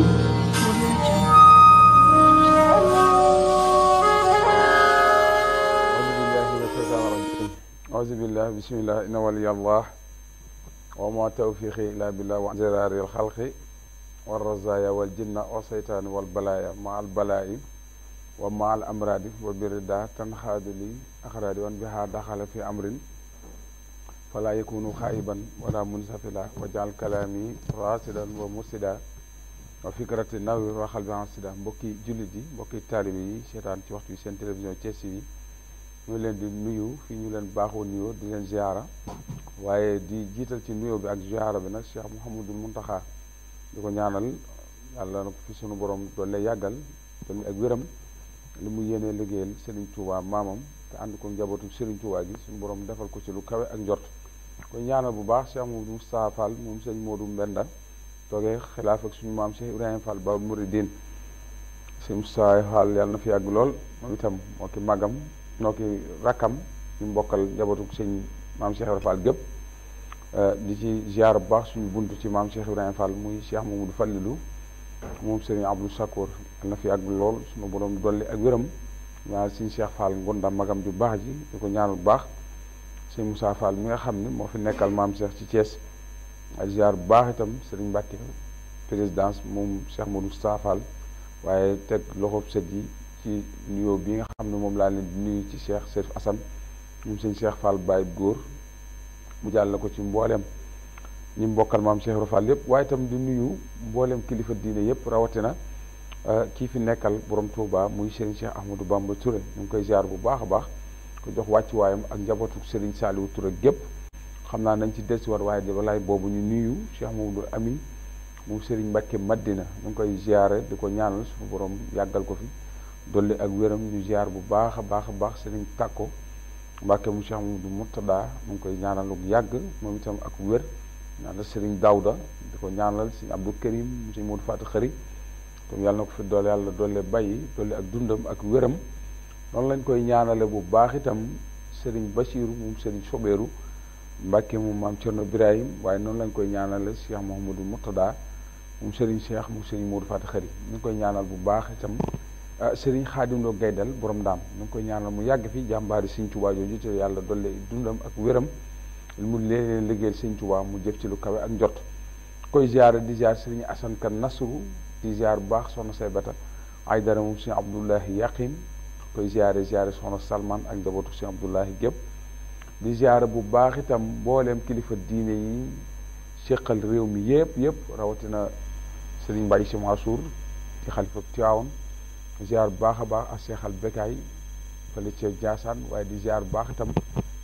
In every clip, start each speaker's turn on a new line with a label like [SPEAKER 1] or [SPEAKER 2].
[SPEAKER 1] أعوذ بالله بسم الله إن ولي الله وما توفيقي إلا بالله وعن زرار الخلق والرزايا والجنة والشيطان والبلايا مع البلاء ومع الأمراض وبالرداء تنخاد لي أخراد بها دخل في أمر فلا يكون خائبا ولا منسفلا وجعل كلامي راسدا ومسدا wa fikrati nawi wa qalbi an sida mbokki jullit yi mbokki taalibe yi seetaan ci waxtu yi seen télévision Thiès bi ñu leen di nuyu fi ñu leen baaxoo nuyoo di leen ziara waaye di jiital ci nuyoo bi ak ziara bi nag Cheikh Mouhamadul Muntaxa di ko ñaanal yàlla na ko fi sunu borom doole yàggal doole ak wéram li mu yéenee liggéeyal Serigne Touba maamam te ànd ko njabootu Serigne Touba gi suñu borom defal ko ci lu kawe ak njort ko ñaanal bu baax Cheikh Mouhamadou Moustapha sëñ Modou Mbenda toogee xilaaf ak suñu maam Cheikh Ibrahima Fall Baabul Muridiin si Moussa Fall yàlla na fi yàgg lool moom itam moo ki màggam noo ñu mbokkal njabootu sëñ maam Cheikh Ibrahima Fall gépp di ci ziar bu baax suñu buntu ci maam Cheikh Ibrahima Fall muy Cheikh Mamadou Fallilu moom sëriñ Abdou Sakoor na fi yàgg lool suñu borom dolli ak wéram ñaanal sëñ Cheikh Fall ngondam magam ju baax ji di ko ñaanal bu baax sëñ Moussa Fall mi nga xam ne fi nekkal maam Cheikh ci Thiès. ay ziar bu baax itam sëriñ Mbàkke présidence moom Cheikh Modou Safal waaye teg loxob sët yi ci nuyoo bi nga xam ne moom laa leen di nuyu ci Cheikh Serif Assane moom sëñ Cheikh Fall Baye góor mu jàll ko ci mbooleem ñi mbokkal maam Cheikh Rofal yépp waaye itam di nuyu mbooleem kilifa diine yëpp rawatina euh, kii fi nekkal borom Touba muy sëriñ Cheikh Ahmadou Bamba Touré ñu ngi koy ziar bu baax a baax ko jox waayam ak njabootu sëriñ Saliou Touré gépp xam naa nañ ci dellusiwaat waaye di walaay boobu ñu nuyu Cheikh Mamadou Amin moom Serigne Mbacke Madina ñu ngi koy ziare di ko ñaanal suñu borom yàggal ko fi dolli ak wéram ñu ziar bu baax a baax a baax Serigne Tako Mbacke mu Cheikh Mamadou Murtada mu ngi koy ñaanal lu yàgg moom itam ak wér ñaanal Serigne Daouda di ko ñaanal Serigne Abdou Karim mu Serigne Modou Fatou Xëri comme yàlla ko fi doole yàlla doole bàyyi doole ak dundam ak wéram noonu lañ koy ñaanale bu baax itam Serigne Bachirou moom Serigne Sobeeru Mbàkke moom maam Cerno Birahim waaye noonu lañ koy ñaanale Cheikh Mouhamadou Mourtada moom Serigne Cheikh mu Serigne Modou Faty Khary ñu ngi koy ñaanal bu baax itam ah, Serigne Khadim Gaydel borom daam ñu ngi koy ñaanal mu yàgg fi jàmbaari Serigne Touba jooju te yàlla dolle dundam ak wéram mu leen liggéeyal Serigne Touba mu jëf ci lu kawe ak njot koy ziare di ziare Serigne Assane ka Nasru di ziare bu baax soxna say bata ay dara moom Serigne Abdoulahi Yaqin koy ziare ziare soxna Salman ak njabootu Serigne Abdoulahi gépp di ziyaara bu baax itam mbolem kilifa diine yi sekkal rew mi yeb yeb rawatina serigne Mbaye ci Mansour ci khalifa tiawon ziyaar bu baax a sekkal ak fële ci Jaasaan way di ziyaar baax itam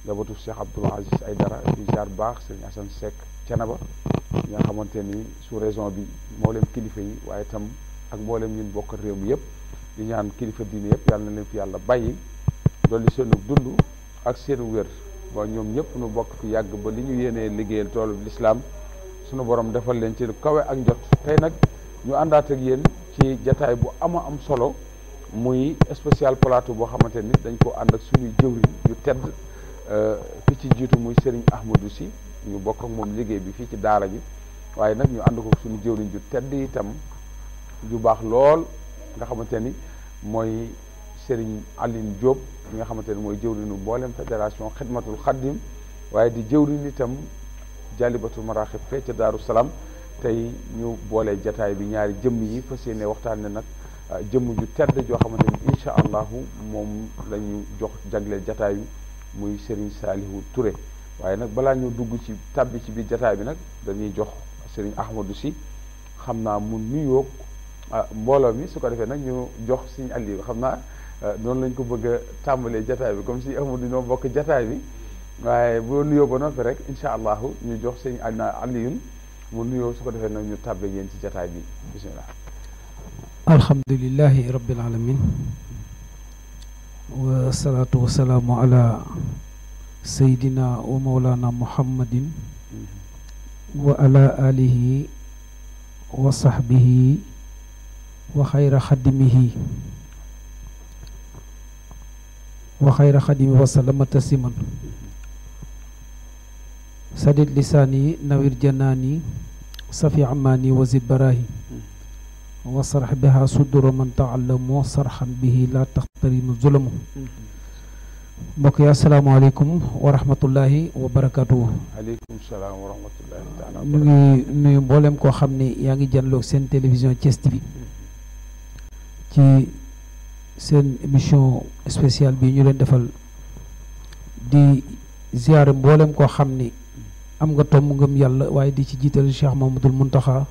[SPEAKER 1] njabootu Cheikh Abdoul Aziz Aïdara di ziyaar bu baax sëriñ Assane Seck Canaba nga xamanteni ni sous raison bi mbolem kilifa yi way itam ak mbolem ñun bokk rew mi yeb di ñaan kilifa diine yeb yàlla na leen fi yàlla bàyyi doli seenu dundu ak seenu wér ba ñoom ñëpp nu bokk fi yàgg ba li ñu yéenee liggéeyal toolub lislaam sunu borom defal leen ci kawe ak njot tey nag ñu àndaat ak yéen ci jataay bu ama am solo muy spécial plateau boo xamante ni dañ ko ànd ak suñuy jëwriñ yu tedd fi euh, ci jiitu muy Serigne Ahmadou ñu bokk ak liggéey bi fii ci daara ji waaye nag ñu ànd ko suñu jëwriñ ju tedd itam ju baax lool nga xamante ni mooy sëriñ Aline Diop mi nga xamante ne mooy jëwriñu mboolem fédération xidmatul xaddim waaye di jëwriñ itam jalibatul maraaxib fee ca Daaru Salaam tey ñu boole jataay bi ñaari jëmm yi fas yéene waxtaan ne nag ah, jëmm ju tedd joo xamante ni incha allahu moom lañu jox jagleel jataay bi muy Serigne Saalihu ture waaye nag balaa ñu dugg ci tàbbi ci biir jataay bi nag dañuy jox sëriñ Ahmadou si xam naa mu nuyoo ah, mbooloo mi su ko defee nag ñu jox Serigne Aliou xam naa Euh, noonu lañ ko bëgg a tàmbalee jataay bi comme si Ahmadu ñoo bokk jataay bi waaye boo nuyoo ba noppi ñu jox sëñ Alioune mu nuyoo su ko defee nag ñu tàbbee yéen ci jataay bi bisimilah.
[SPEAKER 2] alhamdulilahi rabbil alamin wa salaatu wa salaamu ala saydina وخير خديم وسلم تسليما سدد لساني نوير جناني صفي عماني وزيد براهي وصرح بها صدر من تعلم وصرحا به لا تخترين الظلم بقي السلام عليكم ورحمة الله وبركاته
[SPEAKER 1] عليكم السلام ورحمة الله تعالى نوي
[SPEAKER 2] نوي بولم كو خامني ياغي جانلوك سين تيليفزيون تشيستي تي seen émission spéciale bi ñu leen defal di ziare mboolem koo xam ni am nga tomb ngëm yàlla waaye di ci jiital Cheikh Mamadul Muntaxa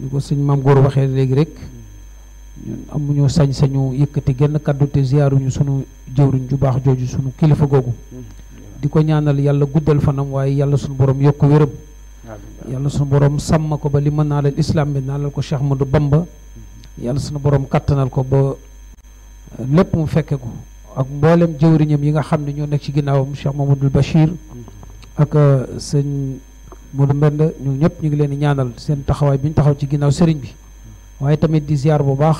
[SPEAKER 2] ñu ko sëñ maam góor waxee léegi rek ñun amuñu sañ-sañu yëkkati genn kàddu te ziaruñu sunu jëwriñ ju baax jooju sunu kilifa googu di ko ñaanal yàlla guddal fanam waaye yàlla sunu borom yokk wéram yàlla ko ba li mën naa leen islam bi naa leen ko Cheikh Ahmadou Bamba yàlla sunu borom kattanal ko lépp mu fekke ko ak mbooleem jëwriñam yi nga xam ne ñoo nekk ci ginnaawam Cheikh Mamadou Bachir ak euh, sëñ Modou Mbend ñu ñëpp ñu ngi leen di ñaanal seen taxawaay bi ñu taxaw ci ginnaaw sëriñ bi waaye tamit di ziar bu baax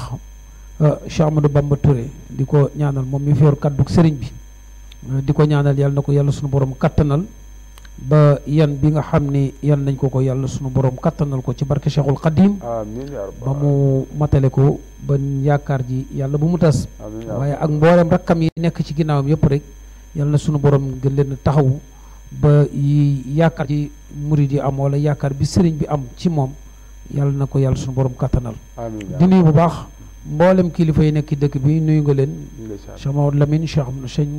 [SPEAKER 2] euh, Cheikh Amadou Bamba Touré di ko ñaanal moom mi fi yor sëriñ bi euh, di ko ñaanal yàlla na ko yàlla suñu borom kattanal ba yan bi nga xam ni yan nañ ko ko yàlla sunu borom kattanal ko ci barke Cheikhul Khadim ba mu matale ko ba yaakaar ji yàlla bu mu tas waaye ak mboolem rakkam yi nekk ci ginnaawam yëpp rek yàlla sunu borom gën leen taxawu ba yi yaakaar ji murid yi am wala yaakaar bi sëriñ bi am ci moom yàlla na ko yàlla sunu borom kattanal di nuyu bu baax mboolem kilifa yi nekk ci dëkk bi nuyu nga leen Cheikh Maodo Lamine Cheikh Cheikh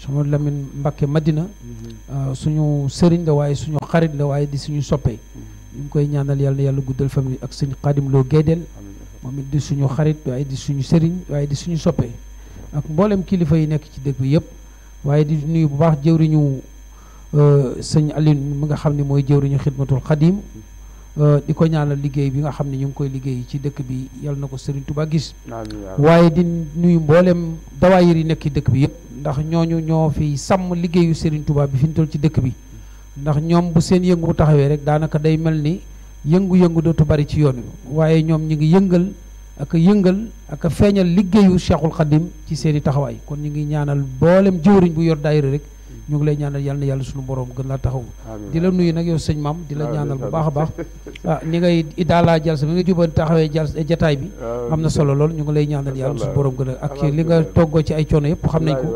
[SPEAKER 2] sama Lamine Mbacke Madina mm-hmm. uh, suñu sëriñ la waaye suñu xarit la waaye di suñu soppee mm-hmm. ñu ngi koy ñaanal yàlla na yàlla guddal famille ak suñu Xaadim Lo Gédeel moom it di suñu xarit waaye di suñu sëriñ waaye di suñu soppee ak mbooleem kilifa yi nekk ci dëkk bi yëpp waaye di nuyu bu baax jëwriñu uh, sëñ Alioune mi nga xam ni mooy jëwriñu xidmatul xadim Euh, di ko ñaanal liggéey bi nga xam ne ñu ngi koy liggéey ci dëkk bi yal na ko Serigne Touba gis waaye di nuyu mboolem dawaayir yi nekk ci dëkk bi yëpp ndax ñooñu ñoo fi sàmm liggéeyu Serigne Touba bi fi ñu toll ci dëkk bi ndax ñoom bu seen yëngu bu taxawee rek daanaka day mel ni yëngu-yëngu dootu bari ci yoon wi waaye ñoom ñu ngi yëngal ak yëngal ak feeñal liggéeyu Cheikhul Khadim ci seen i taxawaay kon ñu ngi ñaanal mboolem jëwriñ bu yor daayira rek ñu ngi lay ñaanal yal yàlla suñu borom gën laa taxaw di la nuyu nag yow sëñ maam di la ñaanal bu baax a baax ah ni ngay idaalaa jalsa bi nga juban taxawee jal jataay bi am na solo lool ñu ngi lay ñaanal yàlla suñu borom gën a ak li nga ay coono yëpp xam nañ ko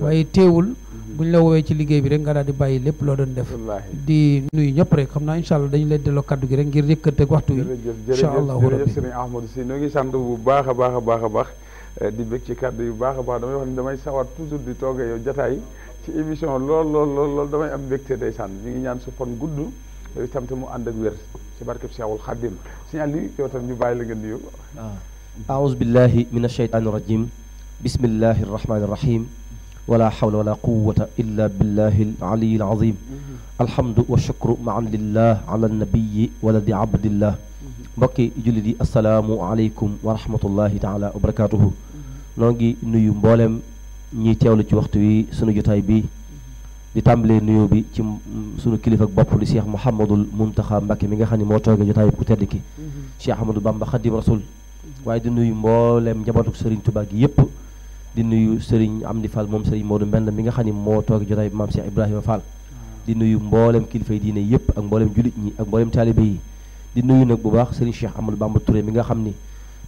[SPEAKER 2] waaye teewul mm-hmm. bu ñu la woowee ci liggéey bi rek nga daal di bàyyi lépp loo doon def di nuyu ñëpp rek xam naa incha allah dañu leen delloo kaddu gi rek ngir yëkkante waxtu yi
[SPEAKER 1] incha allahu rabbi bu baax a baax a baax a eh, yu baax a baax damay wax ne damay sawar toujours di toogee yow jataay ci émission lool lool lool lool damay am mbégte ngi ñaan su fan gudd yow itam te mu la nga nuyu
[SPEAKER 3] aouzu ah. min asheytaani rajim bismillahi arrahmani arrahim wala hawla wala quwata illa billahi alaliyi mm-hmm. alhamdu wa shukru maan wala di abdillah mm-hmm. mbokki jullit yi asalaamu aleykum wa rahmatullahi taala wa barakatuhu mm-hmm. noo ngi nuyu ñiy teewlu ci waxtu wi sunu jotaay bi di tàmbalee nuyoo bi ci sunu kilifa ak bopp di Cheikh Mouhamadul Mountakha Mbacké mi nga xam ne moo jotaay bu tedd ki Cheikh Ahmadou Bamba Khadim Rasoul waaye di nuyu mbooleem njabootu Serigne Touba gi yëpp di nuyu Serigne Amdi Fall moom Serigne Modou Mbend mi nga xam ne moo toogee jotaay bi maam Cheikh Ibrahima Fall di nuyu mboolem kilifa yi diine yëpp ak mboolem julit ñi ak mboolem taalibe yi di nuyu nag bu baax Serigne Cheikh Amadou Bamba Touré mi nga xam ni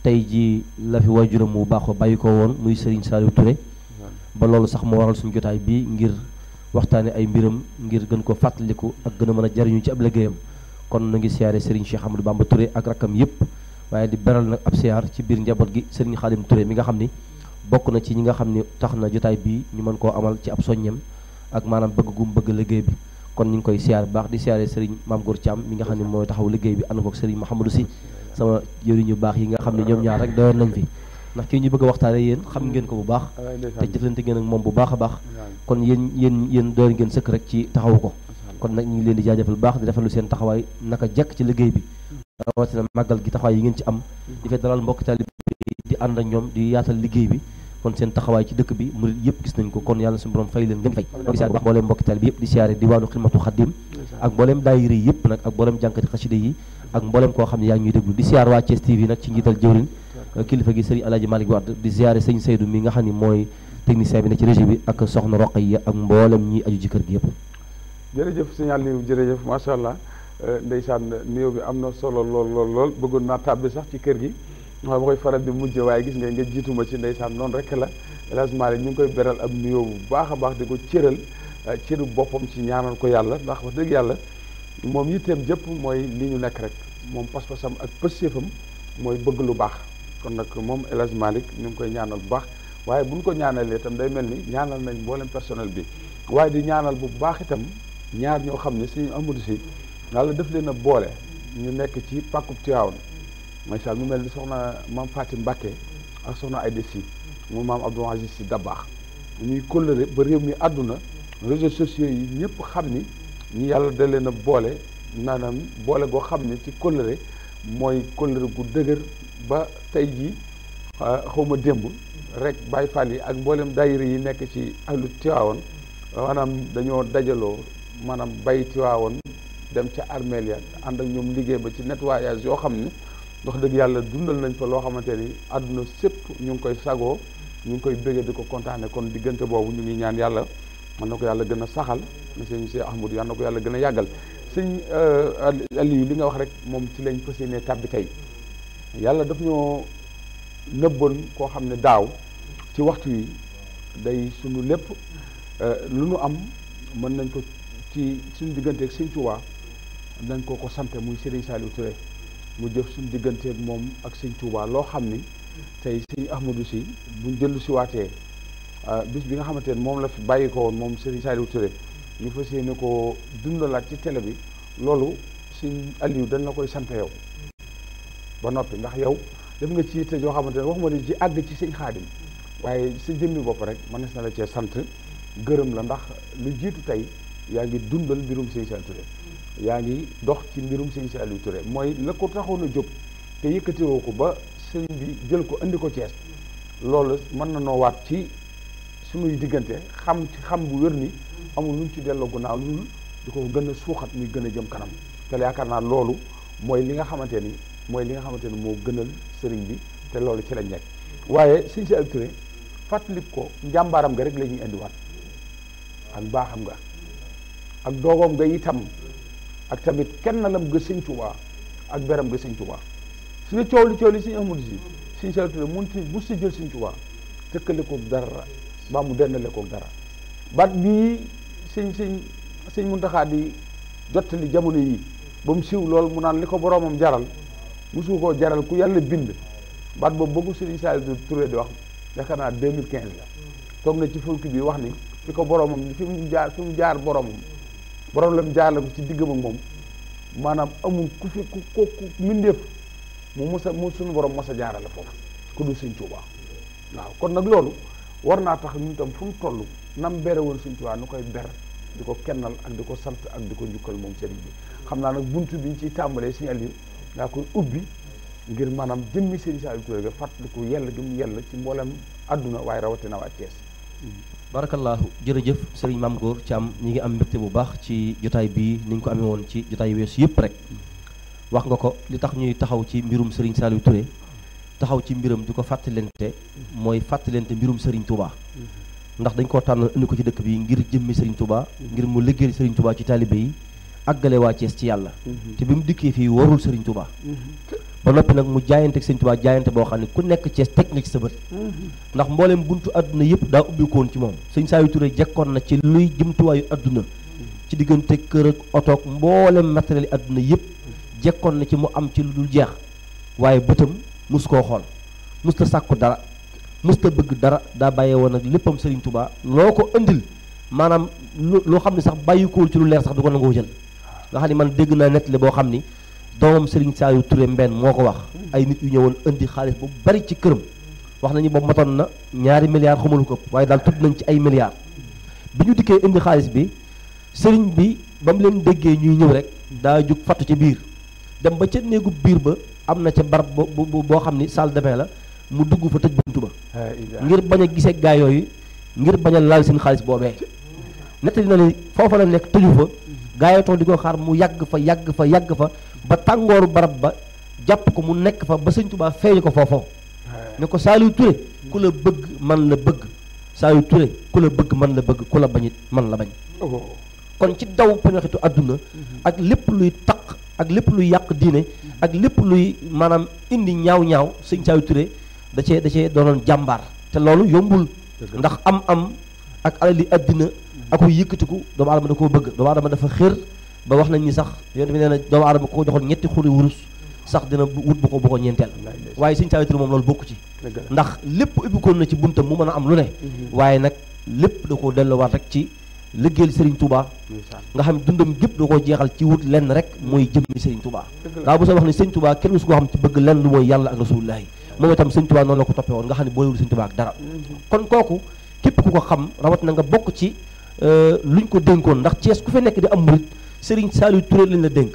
[SPEAKER 3] tey la fi waajuram mu baaxoo bàyyi muy Serigne Saliou Touré ba loolu sax moo waral suñu jotaay bii ngir waxtaane ay mbiram ngir gën ko fàttaliku ak gën a mën a jariñu ci ab liggéeyam kon nangis ngi siyaare Serigne Cheikh Amadou Bamba Touré ak rakam yépp waaye di beral nag ab siyaar ci biir njaboot gi Serigne Khadim Touré mi nga xam ni bokk na ci ñi nga xam ni tax na jotaay bii ñu mën koo amal ci ab soññam ak maanaam bëgg gum bëgg liggéey bi kon ñu ngi koy siyaar baax di siyaare Serigne Mame Gour Thiam mi nga xam ne mooy taxaw liggéey bi ànd koog Serigne Sy sama yori yu baax yi nga xam ne ñoom ñaar rek doyoon nañ fi ndax kii ñu bëgg a waxtaane yéen xam hmm. ngeen ko bu baax ah, te jëflante ngeen ak moom bu baax a baax kon yéen yéen doon ngeen sëkk rek ci taxawu ko kon nag ñu ngi leen di jaajëfal bu baax di rafetlu seen taxawaay naka jekk ci liggéey bi rawatina màggal gi taxawaay yi ngeen ci am hmm. di fee dalal mbokki taalib di ànd ñoom di yaatal liggéey bi kon seen taxawaay ci dëkk bi murid yëpp gis nañ ko kon yàlla suñu borom fay leen ngeen fay di siyaare baax mbooleem mbokki taalib yëpp di siyaare yaa ngi ñuy déglu di siyaar waa Thiès TV nag kilifa gi sëriñ Alaaji Malick Wade di ziare sëñ Seydou mi nga xam ni mooy technicien bi ne ci régie bi ak soxna roq yi ak mboolem ñi aju ci kër gi yëpp
[SPEAKER 1] jërëjëf sëñ Aliou jërëjëf macha allah euh, ndeysaan néew bi am na solo lool lool lool bëggoon naa bi sax ci kër gi ma koy faral di mujj waaye gis nga nga jiituma ci ndeysaan noonu rek la élargement yi ñu ngi koy beral ab nuyoo bu baax a baax di ko cëral euh, cëru boppam ci ñaanal ko yàlla ndax wax dëgg yàlla moom yitteem jëpp mooy li ñu nekk rek moom pas-pasam ak pësséefam mooy bëgg lu baax kon nag moom El Hadj Malick ñu koy ñaanal bu baax waaye bu ñu ko ñaanalee itam day mel ni ñaanal nañ mboolem personnel bi waaye di ñaanal bu baax itam ñaar ñoo xam ne suñu Amadou si def leen a ñu nekk ci pàkkub Tiwaawan may sax ñu mel ni soxna maam Fatim Mbacke ak soxna Aïda Sy mu maam Abdou Aziz Sy Dabakh ñuy kóllëre ba réew mi àdduna réseaux sociaux yi ñëpp xam ni ñu yàlla de leen a boole maanaam boole goo xam ne ci kóllëre mooy kóllëre gu dëgër ba tey jii ah, xawma démb rek Baye Fall yi ak mboolem daayira yi nekk ci ahlu Tiwaawoon maanaam dañoo dajaloo maanaam bay Tiwaawoon dem ca armeel ya ànd ak ñoom liggéey ba ci nettoyage yoo xam ne ndox dëgg yàlla dundal nañ fa loo xamante ni àdduna sépp ñu ngi koy sagoo ñu ngi koy bëggee di ko kontaane kon diggante boobu ñu ngi ñaan yàlla man na ko yàlla gën a saxal monsieur monsieur Ahmadou yal na ko yàlla gën a yàggal sëñ euh, Aliou li nga wax rek moom ci lañ fas yéenee tàbbi tey yàlla daf ñoo nëbboon koo xam ne daaw ci waxtu yi day sunu lépp euh, lu nu am mën nañ ko ci suñu digganteeg Sëñ Tuubaa nañ koo ko sant muy Serigne Saliou Touré mu jëf suñu digganteeg moom ak Sëñ Tuubaa loo xam ni tey Sëñ Ahmadou si buñ jëllu si waatee euh, bis bi nga xamante ne moom la fi bàyyi ko woon moom Serigne Saliou Touré ñu fas yéene ko dundalaat ci télé bi loolu Sëñ Aliou dañ la koy sant yow ba noppi ndax yow def nga ci yitte joo xamante ne waxuma ne ci àgg ci sëñ xaadim waaye sa jëmmi bopp rek mënees na la cee sant gërëm la ndax lu jiitu tey yaa ngi dundal mbirum sëñ Saliou Touré yaa ngi dox ci mbirum sëñ Saliou Touré mooy la ko taxoon a jóg te yëkkatiwoo ko ba sëñ bi jël ko indi ko Cees loolu mën na noowaat ci su muy diggante xam ci xam bu wér ni amul luñ ci delloo gannaaw lu di ko gën a suuxat muy gën a jëm kanam te yaakaar naa loolu mooy li nga xamante ni mooy li nga xamante ne moo gënal sëriñ bi te loolu ci lañ nekk waaye suñ si ak Touré fàttalik ko njàmbaaram nga rek lañuy ñuy indiwaat ak baaxam nga ak doogoom nga itam ak tamit kenn lam nga siñ Tuubaa ak beram nga sëñ Tuubaa su coow li coow li suñu amul si suñ si ak Touré mun ti mus si jël sëñ Tuubaa tëkkale ko dara ba mu dendale ko dara baat bii sëñ sëñ sëñ Muntaxaa di jottali jamono yi ba mu siiw loolu mu naan li ko boroomam jaral mosu koo jaral ku yàlla bind baat boobu boo ko Serigne Saliou Touré di wax yaakaar naa 2015 la toog na ci fulki bi wax ni fi ko boromam fi mu jaar fi mu jaar borom la mu jaar la ci diggam ak moom maanaam amul ku fi ku ku ku mbindeef mu suñu borom mos a jaarale foofu ku dul Serigne Touba waaw kon nag loolu war naa tax ñun tam fu mu toll nam bere woon nu koy ber di ko kennal ak di ko sant ak di ko njukkal moom Serigne bi xam naa nag buntu bi ñu ci tàmbalee si signal yi daa koy ubbi ngir maanaam jëmmi Serigne Saliou Touré ga fàttaliku yàlla gi mu yàlla ci mboolem àdduna waaye rawatina waa Thiès.
[SPEAKER 3] barakallahu jërëjëf Serigne Mame Gor am ñu ngi am mbégte bu baax ci jotaay bii ni ñu ko amee woon ci jotaay weesu yëpp rek wax nga ko li tax ñuy taxaw ci mbirum Serigne Saliou Touré taxaw ci mbiram di ko fàttalente mooy fàttalente mbirum Serigne Touba. Mm-hmm. ndax dañ ko tànn indi ko ci dëkk bii ngir jëmmi Serigne Touba. ngir mu liggéeyal Serigne Touba ci taalibe yi. àggale waa Cees ci yàlla mhm. te bi mu dikkee fii warul Sëriñ Tuubaa mhm. ba noppi nag mu jaayante ak Sëriñ Tuubaa jaayante boo xam ne ku nekk Cees teg nga ci sa bët mhm. ndax mbooleem buntu àdduna yëpp daa ubbikoon ci moom Sëriñ Saliou Touré jekkoon na ci luy jumtuwaayu àdduna ci diggante kër ak otoog mbooleem matériel àdduna yëpp jekkoon na ci mu am ci lu dul jeex waaye bëtam mus koo xool mus la sàkku dara mus la bëgg dara daa bàyyee woon nag léppam Sëriñ tubaa loo ko indil maanaam loo xam ne sax bàyyikool ci lu leer sax du ko nangoo jël nga xam man dégg naa nettali boo xam ni doomam Serigne Saliou Touré Mbène moo ko wax ay nit yu ñëwoon indi xaalis bu bari ci këram wax nañu boobu matoon na ñaari milliards xamalu ko waaye daal tudd nañ ci ay milliards bi ñu dikkee indi xaalis bi sëriñ bi ba mu leen déggee ñuy ñëw rek daa jug fattu ci biir dem ba ca néegu biir ba am na ca barab boo boo xam ni salle demee la mu dugg fa tëj buntu ba ngir bañ a gisee gaa yooyu ngir bañ a laal seen xaalis boobee nettali na ni la nekk tëju fa gaa yi toog di ko xaar mu yàgg fa yàgg fa yàgg fa ba tàngooru barab ba jàpp ko mu nekk fa ba sëñ Tuubaa feeñu ko foofoo ne ko Saliou ture ku la bëgg man la bëgg Saliou Touré ku la bëgg man la bëgg ku la bañit man la bañ oh. kon ci daw pañaxitu àdduna mm-hmm. ak lépp luy taq ak lépp luy yàq diine mm-hmm. ak lépp luy maanaam indi ñaaw ñaaw sëñ Saliou Touré da cee da cee doonoon jàmbaar te loolu yombul ndax am am ak alali àddina ak ku yëkkatiku doomu aadama da ko bëgg doomu aadama dafa xër ba wax nañ ni sax yonent bi nee na doomu aadama ko joxoon ñetti xuri wurus sax dina wut bu ko bu ko ñeenteel waaye sëñ Saaliw Ture moom loolu bokk ci ndax lépp ubbikoon na ci buntam mu mën a am lu ne mhm. waaye nag lépp da koo delluwaat rek ci liggéeyal Serigne Touba nga xam dundam gépp da koo jeexal ci wut lenn rek mooy jëmmi Serigne Touba daa bu sa wax ne Serigne Touba kenn musu koo xam ci bëgg lenn lu mooy yàlla ak rasulullah yi moom itam Serigne Touba noonu la ko toppee woon nga xam mhm. kon kooku képp ku ko xam rawat na nga bokk ci lu euh, luñ ko dénkoon ndax cees ku fi nekk di am murit Serigne Saliou Touré lañ la dénk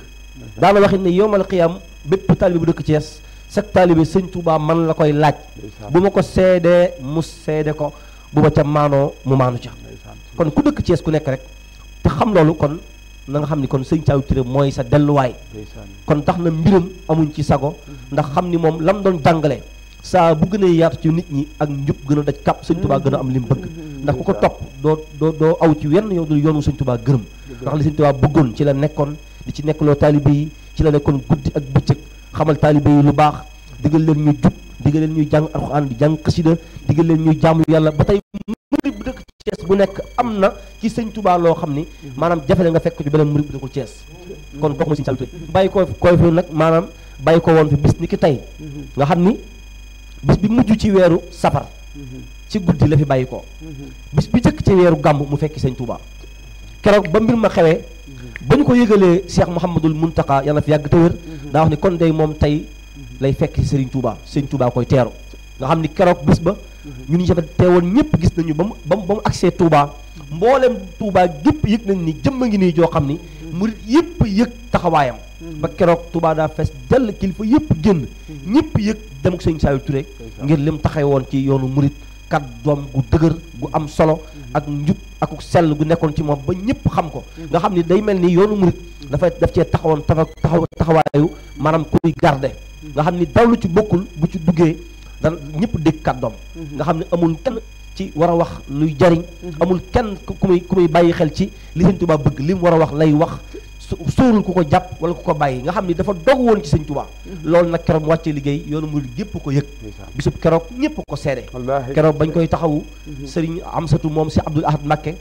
[SPEAKER 3] daana waxit ne yowmal xiyam bépp taalibe bu dëkk cees chaque taalibe sëñ Touba man la koy laaj bu ma ko seedee mu seede ko bu ma ca maanoo mu maanu ca kon ku dëkk cees ku nekk rek te xam loolu kon na nga xam ni kon sëñ Saliou Touré mooy sa delluwaay kon tax na mbiram amuñ ci sago mm-hmm. ndax xam ni moom lam doon jàngale saa bu gën a yaatu ci nit ñi ak njub gën a daj kàpp sëñ tubaa gën a am li mu bëgg mm-hmm. ndax ku ko mm-hmm. topp doo doo doo aw ci wenn yow dul yoonu sëñ tubaa gërëm ndax li sëñ tubaa bëggoon ci la nekkoon di ci nekkloo taalibe yi ci la nekkoon guddi ak bëccëg xamal taalibe yi lu baax digal leen ñu jub digal ñu ñuy jàng alxuraan di jàng xasida digal leen ñuy jaamu yàlla ba tey murid bu dëkk Cees bu nekk am na ci sëñ tubaa loo xam ni mm-hmm. maanaam jafe nga fekk ci beneen murid bu dëkkul Cees kon kooku mooy sëñ Saliou Touré bàyyi ko koy maanaam bàyyi ko woon fi ni ki tey nga ni bis bi mujj ci weeru sapar ci guddi la fi bàyyi ko bis bi jëkk ci weeru gàmb mu fekki sëñ Touba keroog ba mbir ma xewee ba ñu ko yëgalee Cheikh Mouhamadul Muntaka yàlla fi yàgg te wér daa wax ni kon day moom tey lay fekk Serigne Touba sëñ Touba koy teeru nga xam ni keroog bis ba ñun ñu fa teewoon ñëpp gis nañu ba mu ba mu agsee Touba mboolem Touba gépp yëg nañ ni jëmm a ngi nii joo xam ni murit yëpp yëg taxawaayam mm-hmm. ba keroog Touba daa fees dell kilifa yëpp génn mm-hmm. ñëpp yëg dem ak sëñ Saliou Touré ngir lim taxay woon ci yoonu murit kat doom gu dëgër gu am solo mm-hmm. ak njub ak sell gu nekkoon ci moom ba ñëpp xam ko nga xam ni day mel ni yoonu murit dafay def cee taxawoon tafa taxaw taxawaayu maanaam kuy garde nga xam ni daw lu ci bokkul bu ci duggee da ñëpp dégg kat doom nga xam ne amul kenn ci war a wax luy jariñ mhm. amul kenn ku muy ku muy bàyyi xel ci li sëñ tubaab bëgg li mu war a wax lay wax sóorul ku ko jàpp wala ku ko bàyyi nga xam ni dafa dog woon ci sëñ Tuubaa mhm. loolu nag keroog mu wàccee liggéey yoonu murid gépp ko yëg bisub keroog ñëpp ko seede keroog bañ koy taxawu mhm. sëriñ Amsatu moom si Abdul Ahad Mbakke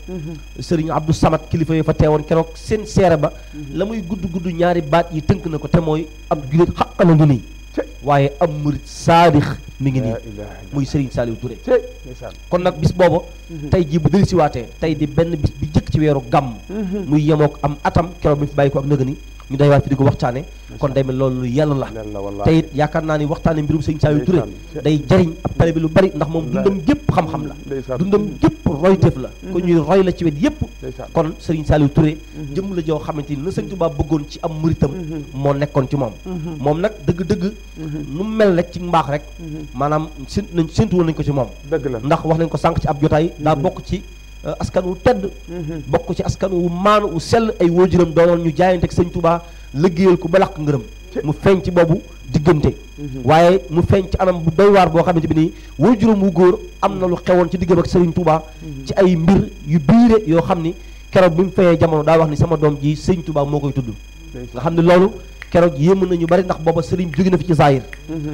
[SPEAKER 3] sëriñ Abdou Samad kilifa yi fa teewoon keroog seen seere ba la muy gudd gudd ñaari baat yi tënk na ko te mooy ab jullit xaqala ngi nii waaye am murit saadix mi ngi nii muy Serigne Saliou Touré kon nag bis boobu mhm. tey jii bu dellusiwaatee tey di benn bi jëkk ci weeru gàmm mhm. muy yemook am atam keroog bi fi bàyyi ko ak nëgëni ñu day waat fi di ko waxtaane kon day mel loolu lu yàlla la te it yaakaar naa ni waxtaane mbirum sëñ Saliou Touré day jariñ ab tale bi lu bari ndax moom dundam gépp xam-xam la dundam gépp royteef la mm-hmm. ko ñuy roy la ci wet yépp kon sëriñ Saliou Touré mm-hmm. jëmm la joo xamante ni la sëñ Tuubaa bëggoon ci am muritam mm-hmm. moo nekkoon ci moom moom nag dëgg-dëgg nu mel rek ci mbaax rek maanaam séntu woon nañ ko ci moom ndax wax nañ ko sànq ci ab jotaay daa bokk ci Euh, askan wu tedd mm-hmm. bokk ci askan wu maanu wu sell ay waajuram doonoon ñu jaayante ak sëñ Tuubaa liggéeyal ko ba làq ngërëm mu feeñ ci boobu diggante mm-hmm. waaye mu feeñ ci anam bu doy waar boo xam xamante bi nii waajuram wu góor am na lu xewoon ci diggam ak sëriñ Tuubaa mm-hmm. ci ay mbir yu biire yoo xam ni keroog bi mu fayee jamono daa wax ni sama doom ji sëriñ Tuubaa moo koy tudd nga xam ne loolu keroog yéem nañu bari ndax booba sëriñ jóge na fi ci zaahir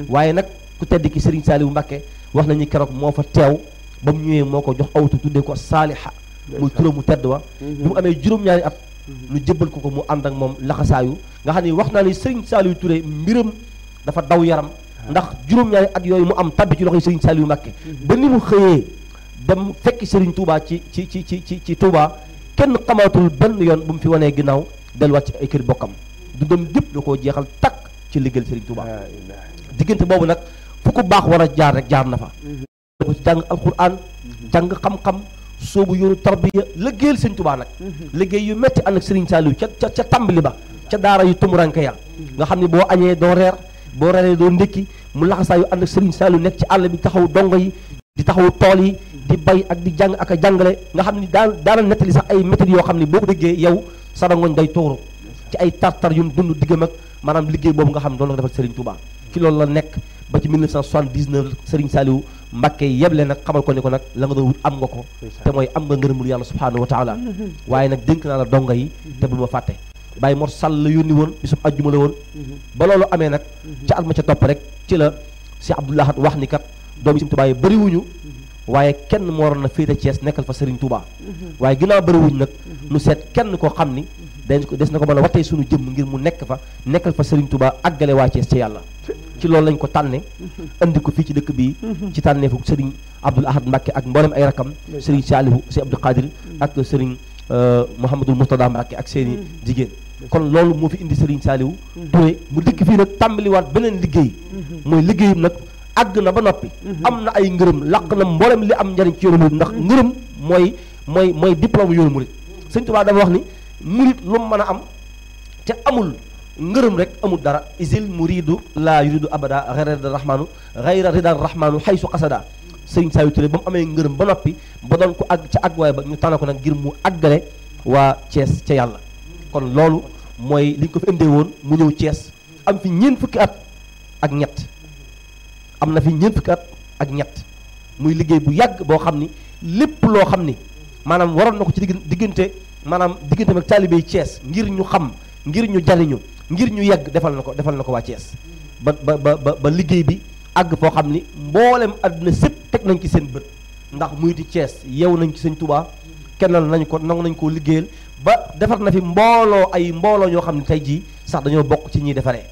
[SPEAKER 3] waaye nag ku tedd ki sëriñ Saliou Mbacké wax nañu keroog moo fa teew ba mu ñëwee moo ko jox awtu tuddee ko saaliha muy mu tedd wa mhm. bi mu amee juróom-ñaari at mhm. ñu jëbbal ko ko mu ànd ak moom laxasaayu nga xam ne wax naa ne Serigne Saliou Touré mbiram dafa daw yaram ah. ndax juróom-ñaari at yooyu mu am tabbi ci loxoy yu Saliou Mbacké mhm. ba ni mu xëyee dem fekki Serigne tuubaa ci ci ci ci ci ci Touba kenn xamaatul benn yoon bu mu fi wanee ginnaaw delluwaat ci ay kër bokkam du dem gépp lu koo jeexal takk ci liggéeyal Serigne Touba diggante boobu nag ko baax war a jaar jaar na fa dafa jàng alquran jàng xam-xam soobu yoonu tarbiya liggéeyal sëñ tubaa nag liggéey yu metti ànd ak sëriñ Saliou ca ca ca tàmbali ba ca daara yu tumuranke ya nga xam ne boo añee doo reer boo reeree doo ndékki mu laxasaa yu ànd ak sëriñ Saliou nekk ci àll bi taxaw dongo yi di taxaw tool yi di bay ak di jàng ak a jàngale nga xam ni daan daana nettali sax ay méthodes yoo xam ne boo ko déggee yow sa rangoñ day tuuru ci ay tartar yu mu dund diggam ak maanaam liggéey boobu nga xam la ko defal sëriñ tubaa ci loolu la nekk ba ci Mbàkke yeble nag xamal ko ni ko nag la nga doon wut am nga ko te mooy am nga ngërëmul yàlla subhaanahu wa taala waaye nag dénk naa la donga yi te bul ma fàtte Baye Mor Sall la yónni woon bisub ajjuma la woon mm-hmm. ba loolu amee nag ca at ma ca topp rek ci la si Abdoulahat wax ni kat doomi Sëriñ Tuubaa yi bëriwuñu mm-hmm. waaye kenn moo waroon na féete Thiès nekkal fa Serigne Touba mm-hmm. waaye ginnaaw bëriwuñ nag nu seet kenn koo xam ni dañ ko des na ko mën a watee suñu jëmm ngir mu nekk fa nekkal fa Serigne Touba àggale waa Thiès ci yàlla ci loolu lañ ko tànnee andi ko fii ci dëkk bii ci tànneefu sëriñ Abdoul Ahad Mbacke ak mboolem ay rakam sëriñ Saalihu si Abdou Khadir ak sëriñ euh, Mouhamadul Mourtada Mbacke ak seeni mm-hmm. jigéen kon loolu moo fi indi sëriñ Saalihu mm-hmm. Touré mu dikk fii nag tàmbaliwaat beneen liggéey mm-hmm. mooy liggéeyam nag àgg na ba noppi am na ay ngërëm lakk na mboolem li am njariñ ci yoonu murit ndax ngërëm mooy mooy mooy diplôme yoonu murit sëñ Tuubaa dafa wax ni murit lu mu mën a am amul ngërëm rek amul dara isil muridu laa yuridu abada xayra rahmanu xayra ridal rahmanu xaysu xasada sëriñ Saliou Touré ba mu amee ngërëm ba noppi ba doon ko àgg ca àgguwaay ba ñu tànn ko nag ngir mu àggale waa Thiès ca yàlla kon loolu mooy liñ ko fi indee woon mu ñëw Thiès am fi ñeent fukki at ak ñett am na fi ñeent fukki at ak ñett muy liggéey bu yàgg boo xam ni lépp loo xam ni maanaam waroon na ko ci diggante maanaam diggante ak taalibe yi ngir ñu xam ngir ñu jariñu ngir ñu yegg defal na ko defal na ko waa Thiès ba ba ba ba liggéey bi àgg foo xam ni mboolem àdduna sépp teg nañ ci seen bët ndax muy di cees yew nañ ci sëñ Touba kennal nañ ko nangu nañ koo liggéeyal ba defar na fi mbooloo ay mbooloo ñoo xam ne tey jii sax dañoo bokk ci ñiy defaree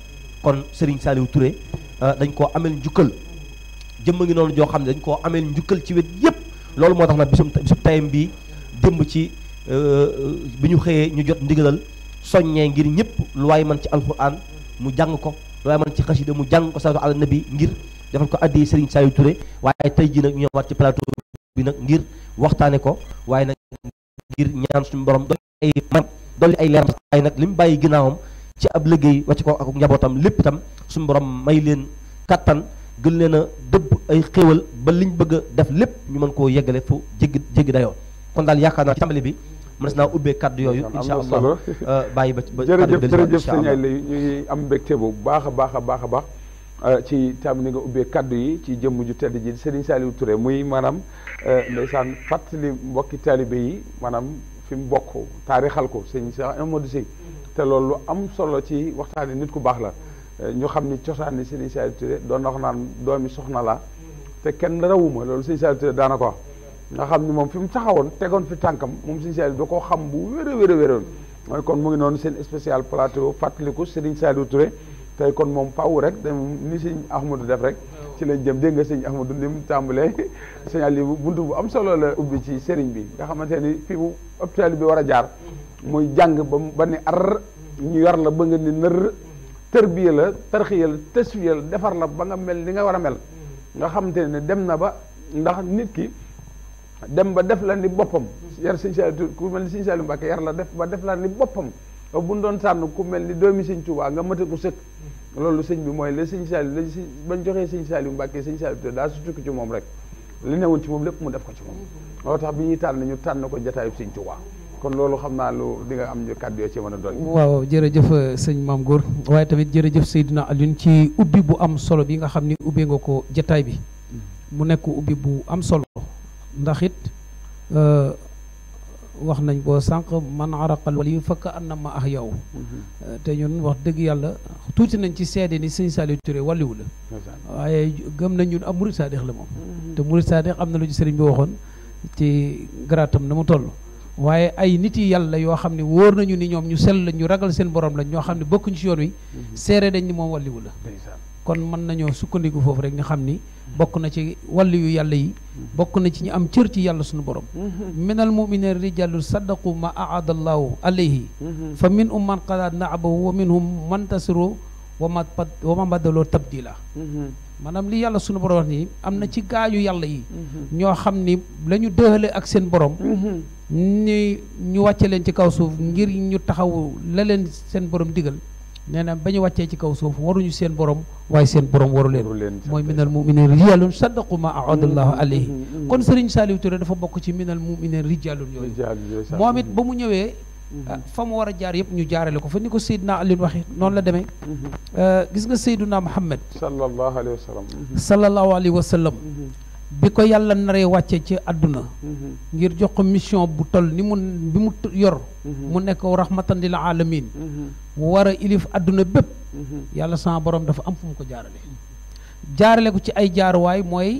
[SPEAKER 3] kon Serigne Saliou ture ah, dañ koo ameel njukkal jëmm ngi noonu joo xam ne dañ koo amel njukkal ci wet yépp loolu moo tax nag bisum bisum tayam bii démb ci euh, bi ñu xëyee ñu jot ndigalal soññee ngir ñëpp lu waay mën ci alquran mu jàng ko lu waay mën ci xasida mu jàng ko salaatu ala nabi ngir defal ko addi Serigne Saliou ture waaye tey jii nag ñu ñëwaat ci plateau bi nag ngir waxtaane ko waaye nag ngir ñaan suñu borom dolli ay man dolli ay leeram waaye nag li mu bàyyi ginnaawam ci ab liggéey wàcc ko ak njabootam lépp itam suñu borom may leen kattan gën leen a dëbb ay xéewal ba liñ bëgg a def lépp ñu mën koo yeggale fu jéggi jéggi dayoo kon daal yaakaar naa ci tàmbali bi mënees naa ubbee kaddu yooyu incha allah euh, bàyyi ba ba jërëjëf jërëjëf sëñ ay
[SPEAKER 1] lay ñuy am mbégte bu baax a baax a baax a baax euh, ci tam ni nga ubbee kàddu yi ci jëmm ju tedd ji Serigne Saliou Touré muy maanaam euh, ndeysaan fàttali mbokki taalibe yi maanaam fi mu bokk taarixal ko sëñ Cheikh te loolu lu am solo ci waxtaani nit ku baax la ñu xam ni cosaan ni Serigne Saliou doon na wax naan doomi soxna la te kenn rawuma loolu Serigne Saliou Touré ko nga xam ni moom fi mu taxawoon tegoon fi tànkam moom Serigne Saliou da koo xam bu wér a wér a wéroon mooy kon mu ngi noonu seen spécial plateau fàttaliku Serigne Saliou Touré tey kon moom faaw rek da ni sëñ Ahmadou def rek ci lañ jëm dégg nga sëñ Ahmadou ni mu tàmbalee sëñ Aliou buntu bu am solo la ubbi ci sëriñ bi nga xamante ni fi mu hôpital bi war a jaar muy jàng ba ba ni ar ñu yar la ba nga ni nër tërbiya la tarxiya la tasfiya la defar la ba nga mel ni nga war a mel nga xamante ne dem na ba ndax nit ki dem ba def la ni boppam yar Sëñ Saliou ku mel ni Sëñ Saliou Mbacke yar la def ba def la ni boppam ba bu ñu doon tànn ku mel ni doomi Sëñ Tuubaa nga mate ku sëkk loolu sëñ bi mooy la Sëñ Saliou la si bañ joxee Sëñ Saliou Mbacke Sëñ Saliou te daa su tukki ci moom rek li newoon ci moom lépp mu def ko ci moom moo tax bi ñuy tànn ñu tànn ko jataayu Sëñ Tuubaa kon loolu xam naa lu dinga nga am ñu kàddu yoo ci mën a doon waaw
[SPEAKER 2] jëf euh, sëñ Maam Góor waaye tamit jërëjëf a Alioune ci ubbi bu am solo bi nga xam ni ubbee nga ko jataay bi mm. mu nekk ubbi bu am solo ndax it euh, wax nañ ko sànq man araqal wali yu fakk am na ma ax yow mm-hmm. te ñun wax dëgg yàlla tuuti nañ ci seede ni sëñ Saliou Touré walliwu la waaye gëm nañ ñun ab murid saadix la moom mm-hmm. te murid saadix am na lu ci sëriñ bi waxoon ci garaatam na mu toll waaye ay nit yi yàlla yoo xam ne wóor nañu ni ñoom ñu sell lañ ñu ragal seen borom lañ ñoo xam ne bokkuñ ci yoon wi mm-hmm. seere dañ ni moom walliwu la kon mën nañoo sukkandiku foofu rek ñu xam ni bokk na ci wàllu yu yàlla yi bokk na ci ñu am cër ci yàlla suñu borom minal muminina rijalun saddaqu ma aadallahu alayhi fa min um man qada naabahu wa minhum man tasiro wa ma wa ma badaloo maanaam li yàlla suñu borom wax nii am na ci gaayu yàlla yi ñoo xam ni lañu ñu ak seen borom ni ñu wàcce leen ci kaw suuf ngir ñu taxaw la seen borom digal nee na ba ñu wàccee ci kaw suuf waruñu seen borom waaye seen borom waru leen mooy minal muminin rijalun saddaqu ma ahadullahu mm-hmm. alayhi mm-hmm. kon Serigne Saliou Touré dafa bokk ci minal muminin rijalun yooyu moom it ba mu ñëwee mm-hmm. ah, fa mu war a jaar yëpp ñu jaarale ko fa ni ko Seydina Alioune waxee noonu la demee ah, gis nga Seydina Muhammad
[SPEAKER 1] sallallahu alayhi wa sallam sallallahu alayhi wa sallam
[SPEAKER 2] bi ko yàlla naree wàcce ci àdduna ngir jox ko mission bu toll ni mu bi mu yor mu nekk rahmatan lil mu war a ilif àdduna bépp yàlla sama borom dafa am fu mu ko jaarale jaarale ko ci ay jaaruwaay mooy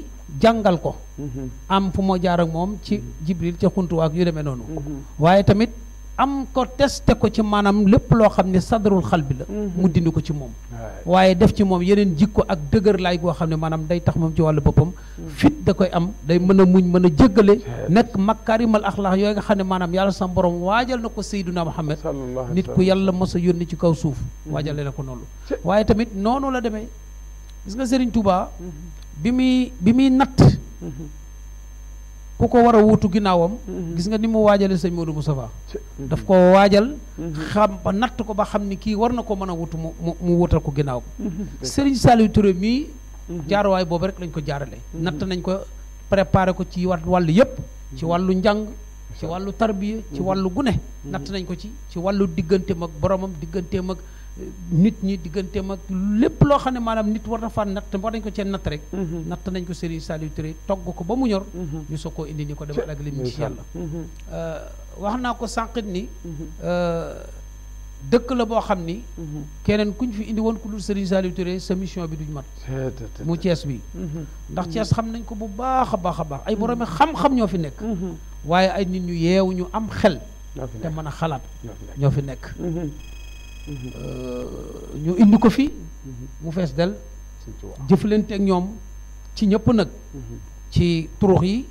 [SPEAKER 2] jàngal ko mm-hmm. am fu ma jaar moom ci mm-hmm. jibril ca xuntuwaak yu deme noonu mm-hmm. waaye tamit am ko testé ko ci maanaam lépp loo xam ne sadarul xal bi la mhm. mu dindi ko ci moom waaye def ci moom yeneen jikko ak dëgër laay goo xam ne maanaam day tax moom ci wàllu boppam mhm. fit da koy am day mën a muñ mën a jéggale nekk makarimal axlaax yooyu nga xam ne maanaam yàlla sam borom waajal na ko Seydina Muhammad nit ku yàlla ma a yónni ci kaw suuf mhm. waajale na ko noonu waaye tamit noonu la demee gis nga Serigne Touba bi muy bi muy natt ku ko war a wutu ginnaawam gis nga ni mu waajalee sëñ Modou Moustapha daf ko waajal xam ba natt ko ba xam ni kii war na ko mën a wutu mu mu wutal ko ginnaawam Serigne Saliou Touré mii jaaruwaay boobu rek lañ ko jaarale natt nañ ko préparé ko ci wàll yépp ci wàllu njàng ci wàllu tarbiya ci wàllu gune natt nañ ko ci ci wàllu diggante ak boromam digganteem mag nit ñi digganteem ak lépp loo xam ne maanaam nit war na faa natt war nañ ko cee natt rek mm-hmm. natt nañ ko Serigne Saliou Touré togg ko ba mu ñor mm-hmm. ñu soo koo indi ni ko demal ak li mu ci yàlla mm-hmm. euh, wax naa ko sànqit ni euh, dëkk la boo xam ni keneen kuñ fi indi woon ku dul Serigne Saliou Touré sa mission bi duñ mat mu Thiès bi ndax Thiès xam nañ ko bu baax a baax a baax ay boromi xam-xam ñoo fi nekk waaye ay nit ñu yeewu ñu am xel te mën a xalaat ñoo fi nekk Euh, ñu indi ko fi mu fees del jëflante ñoom ci ñëpp nag ci turux yi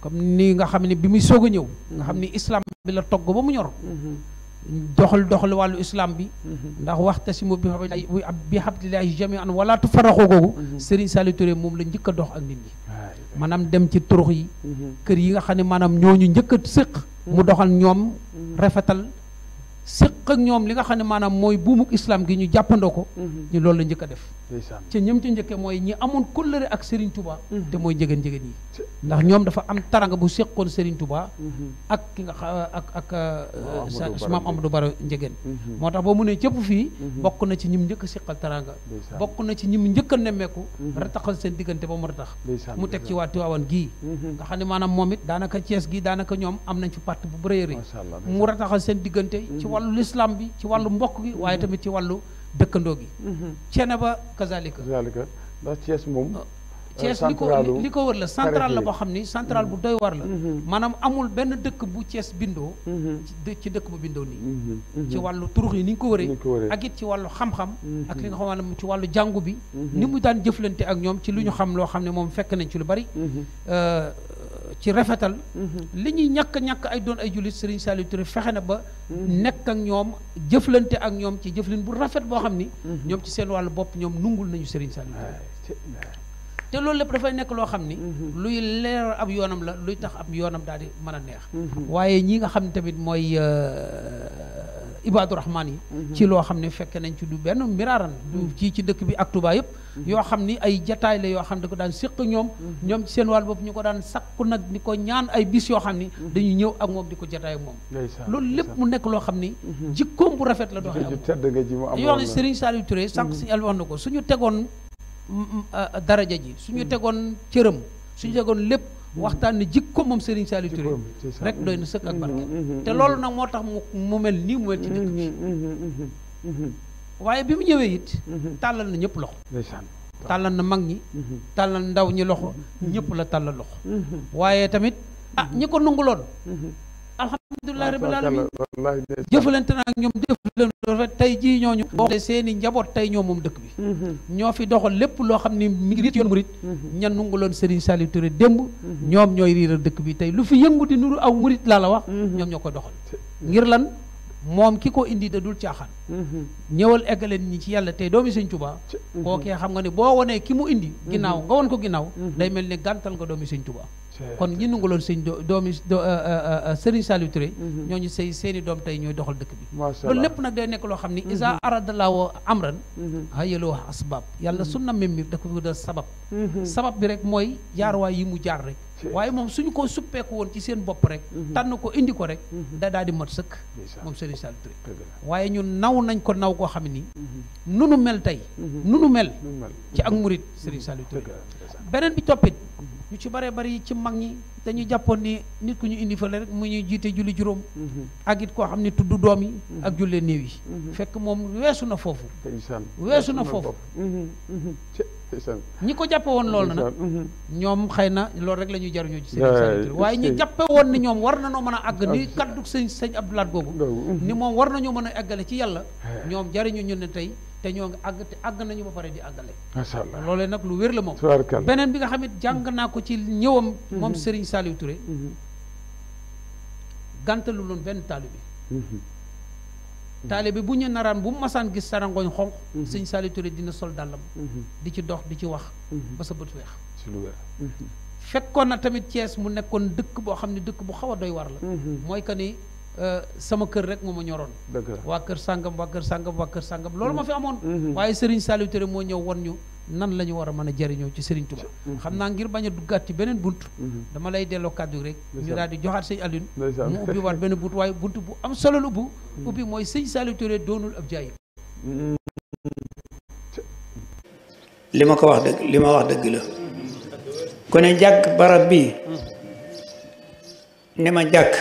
[SPEAKER 2] comme ni nga xam ne bi muy soog a ñëw nga xam ni islam bi la togg ba mu ñor doxal doxal wàllu islam bi ndax wax waxtasimu bi bi hablillahi jami'an wala tufarraqu googu Serigne Saliou Touré moom la njëkk a dox ak nit ñi maanaam dem ci turux yi kër yi nga xam ne maanaam ñooñu njëkk a séq mu doxal ñoom rafetal séq ak ñoom li nga xam ne maanaam mooy buumuk islam gi ñu jàppandoo ko mhm. ñu loolu la njëkk a def ci ñëm ci njëkke mooy ñi amoon kóllëre ak Serigne Touba mhm. te mooy njëgeen njëgeen yi ndax ñoom dafa am taranga bu séqoon Serigne Touba mhm. ak ki nga ak ak euh, sa maam Amadou Baro njëgeen moo tax boo mu ne cëpp fii bokk na ci ñim njëkk a séqal taranga bokk na ci ñim njëkk a nemmeeku rataxal seen diggante ba mu ratax mu teg ci waa Tiwaawan gii nga xam ne maanaam moom it daanaka Thiès gi daanaka ñoom am nañ fi parti bu bërëyëri mu rataxal seen diggante wàllu lislaam bi ci wàllu mbokk gi waaye mm-hmm. tamit ci wàllu dëkkandoo gi Thiénaba mm-hmm. kazalika
[SPEAKER 1] kazalika ndax Thiès moom
[SPEAKER 2] Thiès oh, euh, li ko li ko wër la centrale la boo xam ni centrale bu doy war la mm-hmm. maanaam amul benn dëkk bu cees bindoo ci dëkk bu bindoo nii ci wàllu turux yi ni ñu ko wëree ak it ci wàllu xam-xam ak li nga xam ne ci wàllu jàngu bi ni mu daan jëflante ak ñoom ci lu ñu xam loo xam ne moom fekk nañ ci lu bari euh, ci rafetal. Mhm. li ñuy ñàkk ñàkk ay doon ay jullit Serigne Saliou Touré fexe na ba. Mhm. nekk ak ñoom jëflante ak ñoom ci jëflin bu rafet boo xam ni. Mhm. ñoom ci seen wàllu bopp ñoom nungul nañu Serigne Saliou ah, te loolu lépp dafay nekk loo xam ni. luy leer ab yoonam la luy tax ab yoonam daal di mën a neex. waaye ñii nga xam ne tamit mooy euh, Ibaadu Rahmaan yi. ci loo xam ne fekke nañ ci du benn miraaran. du ci ci dëkk bi ak Touba yëpp. yoo xam ni ay jataay la yoo xam da ko daan séq ñoom ñoom ci seen wàll bopp ñu ko daan sakku nag ni ko ñaan ay bis yoo xam ni dañu ñëw ak moom di ko jataay moom loolu lépp mu nekk loo xam ni mhm. jikkoom bu rafet la doxee
[SPEAKER 1] am yoo xam ne Serigne
[SPEAKER 2] Saliou Touré sànq mhm. suñu el wax na ko suñu tegoon mm, mm, euh, daraja ji su ñu mhm. tegoon cëram suñu tegoon lépp waxtaan ne jikko moom Serigne Saliou Touré rek doy na sëkk ak barke te loolu nag moo tax mu mel nii mu mel ci dëkk bi waaye bi mu ñëwee it. Mhm. tàllal na ñëpp loxo. tàllal na mag ñi. Mhm. tàllal ndaw ñi loxo. Mhm. ñëpp la tàllal loxo. waaye tamit ah ñi ko nanguloon. alhamdulilah laa alamin jëfalante na ak ñoom jëfalante tey jii ñooñu. boo xoolee njaboot tey ñoo moom dëkk bi. ñoo fi doxal lépp loo xam ni mi ngi yoon murit. ña nanguloon Serigne Saliou Touré démb. ñoom ñooy riiral dëkk bi tey lu fi yëngu di nuru aw murit laa la wax. ñoom ñoo koy doxal ngir lan. moom ki ko indi da dul caaxaan.
[SPEAKER 4] Mm-hmm.
[SPEAKER 2] ñëwal eggale nit ñi ci yàlla tey doomi sëñ Tuba. Mm-hmm. kookee xam nga ne boo wonee ki mu indi. Mm-hmm. ginnaaw nga won ko ginnaaw. day mel ni gàntal nga doomi sëñ Tuba. kon ñi nangu loon sëñ doomi euh, euh, euh, Serigne Saliou ñoo ñu sey seeni doom tey ñooy doxal dëkk bi. loolu lépp nag day nekk loo xam ni. isa aradalaawo amran. hayaloo asbab yàlla su na memmir da ko da sabab. sabab bi rek mooy jaaruwaay yi mu jaar rek. waaye moom suñu ko suppeeku woon ci seen bopp rek mhm. tànn ko indi ko rek mhm. da daal di mat sëkk moom Serigne Saliou waaye ñun naw nañ ko naw koo xam ni mhm. nunu mel tey nunu mel ci ak murit Serigne Saliou Touré beneen bi toppit ñu ci baree bari ci mag ñi dañu jàppoon ni nit ku ñu indi fële rek mu ñuy jiite julli juróom mhm. ak koo xam ne tudd doom yi mhm. ak jullee néew yi mhm. fekk moom weesu na foofu weesu na foofu ñi ko jàppe woon loolu nag ñoom xëy na loolu rek lañuy ñuy jaruñoo ci seen waaye ñi jàppe woon ni ñoom war nañoo mën a àgg ni kaddu sëñ sëñ Abdou Lahad googu ni moom war nañoo mën a àggale ci yàlla ñoom jariñu ñu ne tey te ñoo ngi àgg te àgg nañu ba pare di àggale. macha allah loolee nag lu wér la moom. beneen bi nga xam it jàng naa ko ci ñëwam. moom mm-hmm. sëriñ Saliou Touré. Mm-hmm. gàntalu loon benn taalibe.
[SPEAKER 1] Mm-hmm. taalibe
[SPEAKER 2] bu ñu naraan bu mu masaan gis sarangoñ xonq. Serigne Saliou Touré dina sol dàllam. di ci dox di ci wax. ba sa bët weex. ci lu fekkoon na tamit cees mu nekkoon dëkk boo xam ne dëkk bu xaw a doy war la. mooy que ni. Euh, sama kër rek moo ma ñoroon waa kër sàngam waa kër sàngam waa kër sàngam loolu ma fi amoon mm-hmm. Mm-hmm. waaye sëriñ Saliou Touré moo ñëw won ñu nan la ñu war a mën a jëriñoo ci Serigne Touba mm-hmm. xam naa ngir bañ a duggaat ci beneen bunt dama lay delloo kàddu rek ñu daal di joxaat sëñ Alioune mu ubbi waat beneen bunt waaye bunt bu am solo lu bu ubbi mooy sëñ Saliou Touré doonul ab jaay
[SPEAKER 5] li ma ko wax dëgg li ma wax dëgg la ku jàkk barab bi ni ma jàkk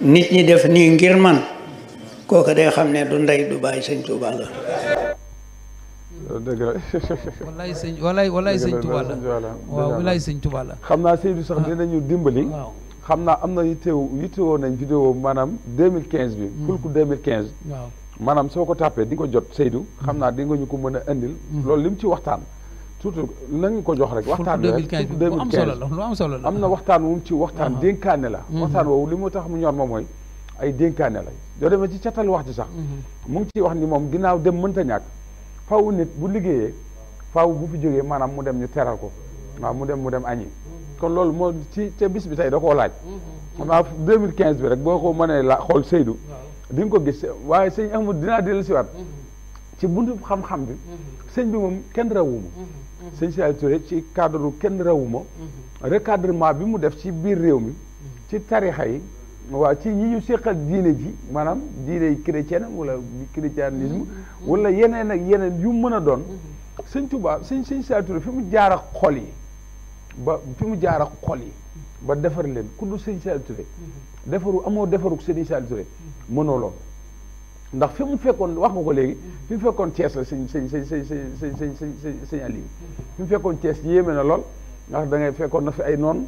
[SPEAKER 5] nit ñi def nii ngir man kooka day xam ne du ndey du bàyyi sëñ Tuuba la.
[SPEAKER 1] dëgg
[SPEAKER 2] la. sëñ walaay walaay sëñ Tuuba la waaw walaay sëñ Tuuba la.
[SPEAKER 1] xam naa Seydou sax ah. dinañu dimbali. xam naa am na yittewoo yittewoo nañ vidéo maanaam 2015 bi. Hmm. fulku 2015. waaw maanaam soo ko tàppee di ko jot Seydou. xam hmm. naa di nga ñu ko mën a indil. Hmm. loolu lim ci waxtaan. surtout nañ ko jox rek. waxtaan bi rek surtout 2015 bu am solo la na waxtaan wu ci waxtaan ah. dénkaane la. Mm-hmm. waxtaan woowu li mu tax mu ñor ma mooy ay dénkaane la yoo demee ci catal wax ci sax. Mm-hmm. mu ngi ciy wax ni moom ginnaaw dem mënta ñàkk faaw nit bu liggéeyee faaw bu fi jógee maanaam mu dem ñu teral ko waaw mu dem mu dem añi kon loolu moo ci ca bi tey da ko laaj. Mm-hmm. xam naa quinze bi rek boo ko mënee la xool Seydou. di nga ko gis waaye sëñ Ahmad dinaa si dellusiwaat. ci buntu xam-xam bi. sëñ bi moom kenn rawuma. sëñ Saliou ci cadre kenn rawuma mhm. recadrement bi mu def ci biir réew mi mhm. ci tarixa yi waaw ci ñi ñu séqal diine ji maanaam diine chrétienne wala christianisme mhm. wala yeneen ak yeneen yu mën a doon sëñ Touba sëñ sëñ Saliou fi mu jaar ak xol yi ba fi mu jaar ak xol yi ba defar leen ku dul sëñ defaru amoo defaru sëñ Saliou Touré ndax fi mu fekkoon wax nga ko léegi fi mu fekkoon Thiès la sëñ sëñ sëñ sëñ sëñ sëñ sëñ sëñ Aliou fi mu fekkoon Thiès yéeme na lool ndax da ngay fekkoon na fi ay noon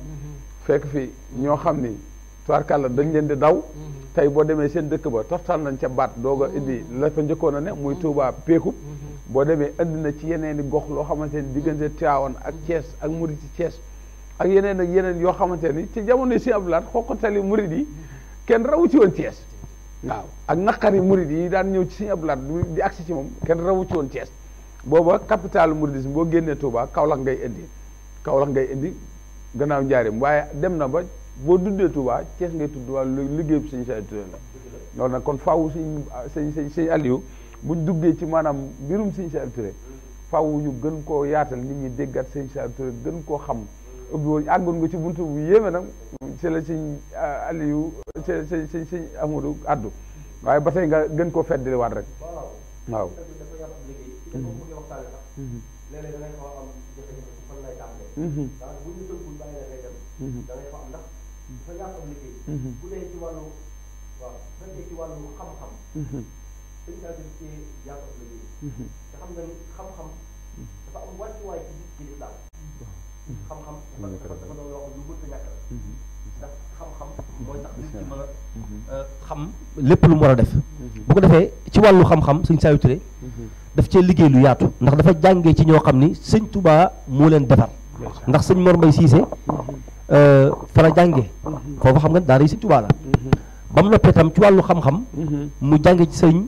[SPEAKER 1] fekk fi ñoo xam ni tubaarkàlla dañ leen di daw tey boo demee seen dëkk ba toftal nañ ca baat doog a indi la fa njëkkoon a ne muy Touba Pékub boo demee indi na ci yeneen i gox loo xamante ni diggante Tivaouane ak Thiès ak murid ci Thiès ak yeneen ak yeneen yoo xamante ni ci jamono si Abdoulaye xoqatali murid yi kenn rawu ci woon Thiès waaw ak naqari murid yi daan ñëw ci Sëriñ Abdou di agsi ci moom kenn rawu ci woon Thiès booba capitalu mouridisme boo génnee Touba Kaolack ngay indi Kaolack ngay indi gannaaw njaarim waaye dem na ba boo duddee Touba Thiès ngay tudd waa liggéey bi Sëriñ Saliou la loolu nag kon faaw Sëriñ Sëriñ Sëriñ Aliou buñ duggee ci maanaam mbirum Sëriñ Saliou Touré faaw ñu gën koo yaatal nit ñi déggat Sëriñ Saliou Touré gën koo xam ubbiwoon àggoon nga ci buntu bu yéeme nag ci la sëñ Aliou ci la sëñ sëñ Amadou addu waaye ba tey nga gën koo feddaliwaat rek waaw parce mhm.
[SPEAKER 3] mhm. mhm. euh, xam lépp lu mu war a def bu ko defee ci wàllu xam-xam suñ Saliou Touré daf cee liggéey lu yaatu ndax dafa jànge ci ñoo xam ni sëñ tubaa moo leen defar ndax sëñ Mor Mbaye Cissé euh, fa jàngee foofu xam nga daara yi sëñ Touba ci wàllu xam mu jànge ci sëriñ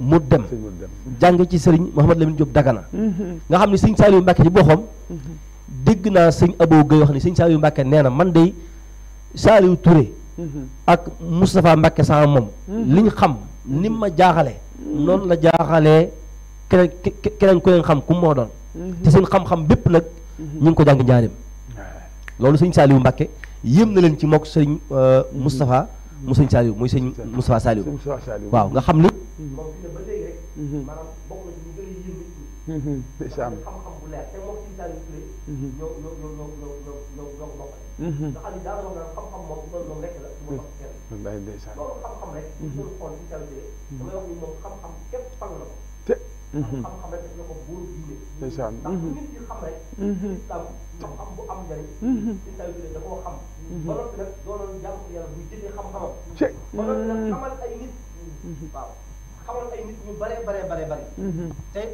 [SPEAKER 3] mu dem jànge ci sëriñ Mouhamad Lamine Diop Dagana nga xam ne sëriñ Saliou Mbacke ci boppam dégg naa sëñ Abo Gueye wax ni sëñ Saliou Mbacke nee na man day Saliou Touré. Mm-hmm. ak Moustapha Mbacke sama moom. Mm-hmm. liñ xam ni ma jaaxale mm-hmm. noonu la jaaxalee keneen keneen ku leen xam ku moo doon. te seen xam-xam bépp nag. ñu ngi ko jàng njaarim loolu sëñ Saliou Mbacke yéem na leen ci mook sëñ euh, Moustapha. mu sëñ Saliou muy sëñ Moustapha Saliou. waaw nga xam ni.
[SPEAKER 1] incha allah xam-xam
[SPEAKER 3] bu leer te moom si saa yu turee. ñoo ñoo ñoo ñoo ñoo ñoo ñoo ñoo ko bokkale. nga xam ne daanaka naan xam-xam moom loolu moom rek la. du ma ko kenn. Mm-hmm. wallaahi ndeysaan loolu xam-xam rek. ñu xool si saa yu turee. damay wax ni moom xam-xam képp fan la ko. te. Mm-hmm. xam-xam rek daf la ko buur diine. ndeysaan ndax mm-hmm. nit ñi xam rek. islam ndax am bu am njëriñ. si saa yu turee da koo xam. ba noppi nag doo doon jàmm yàlla buy jëndee xam-xamam. te ba noppi nag xamal ay nit. waaw. xamal mhm.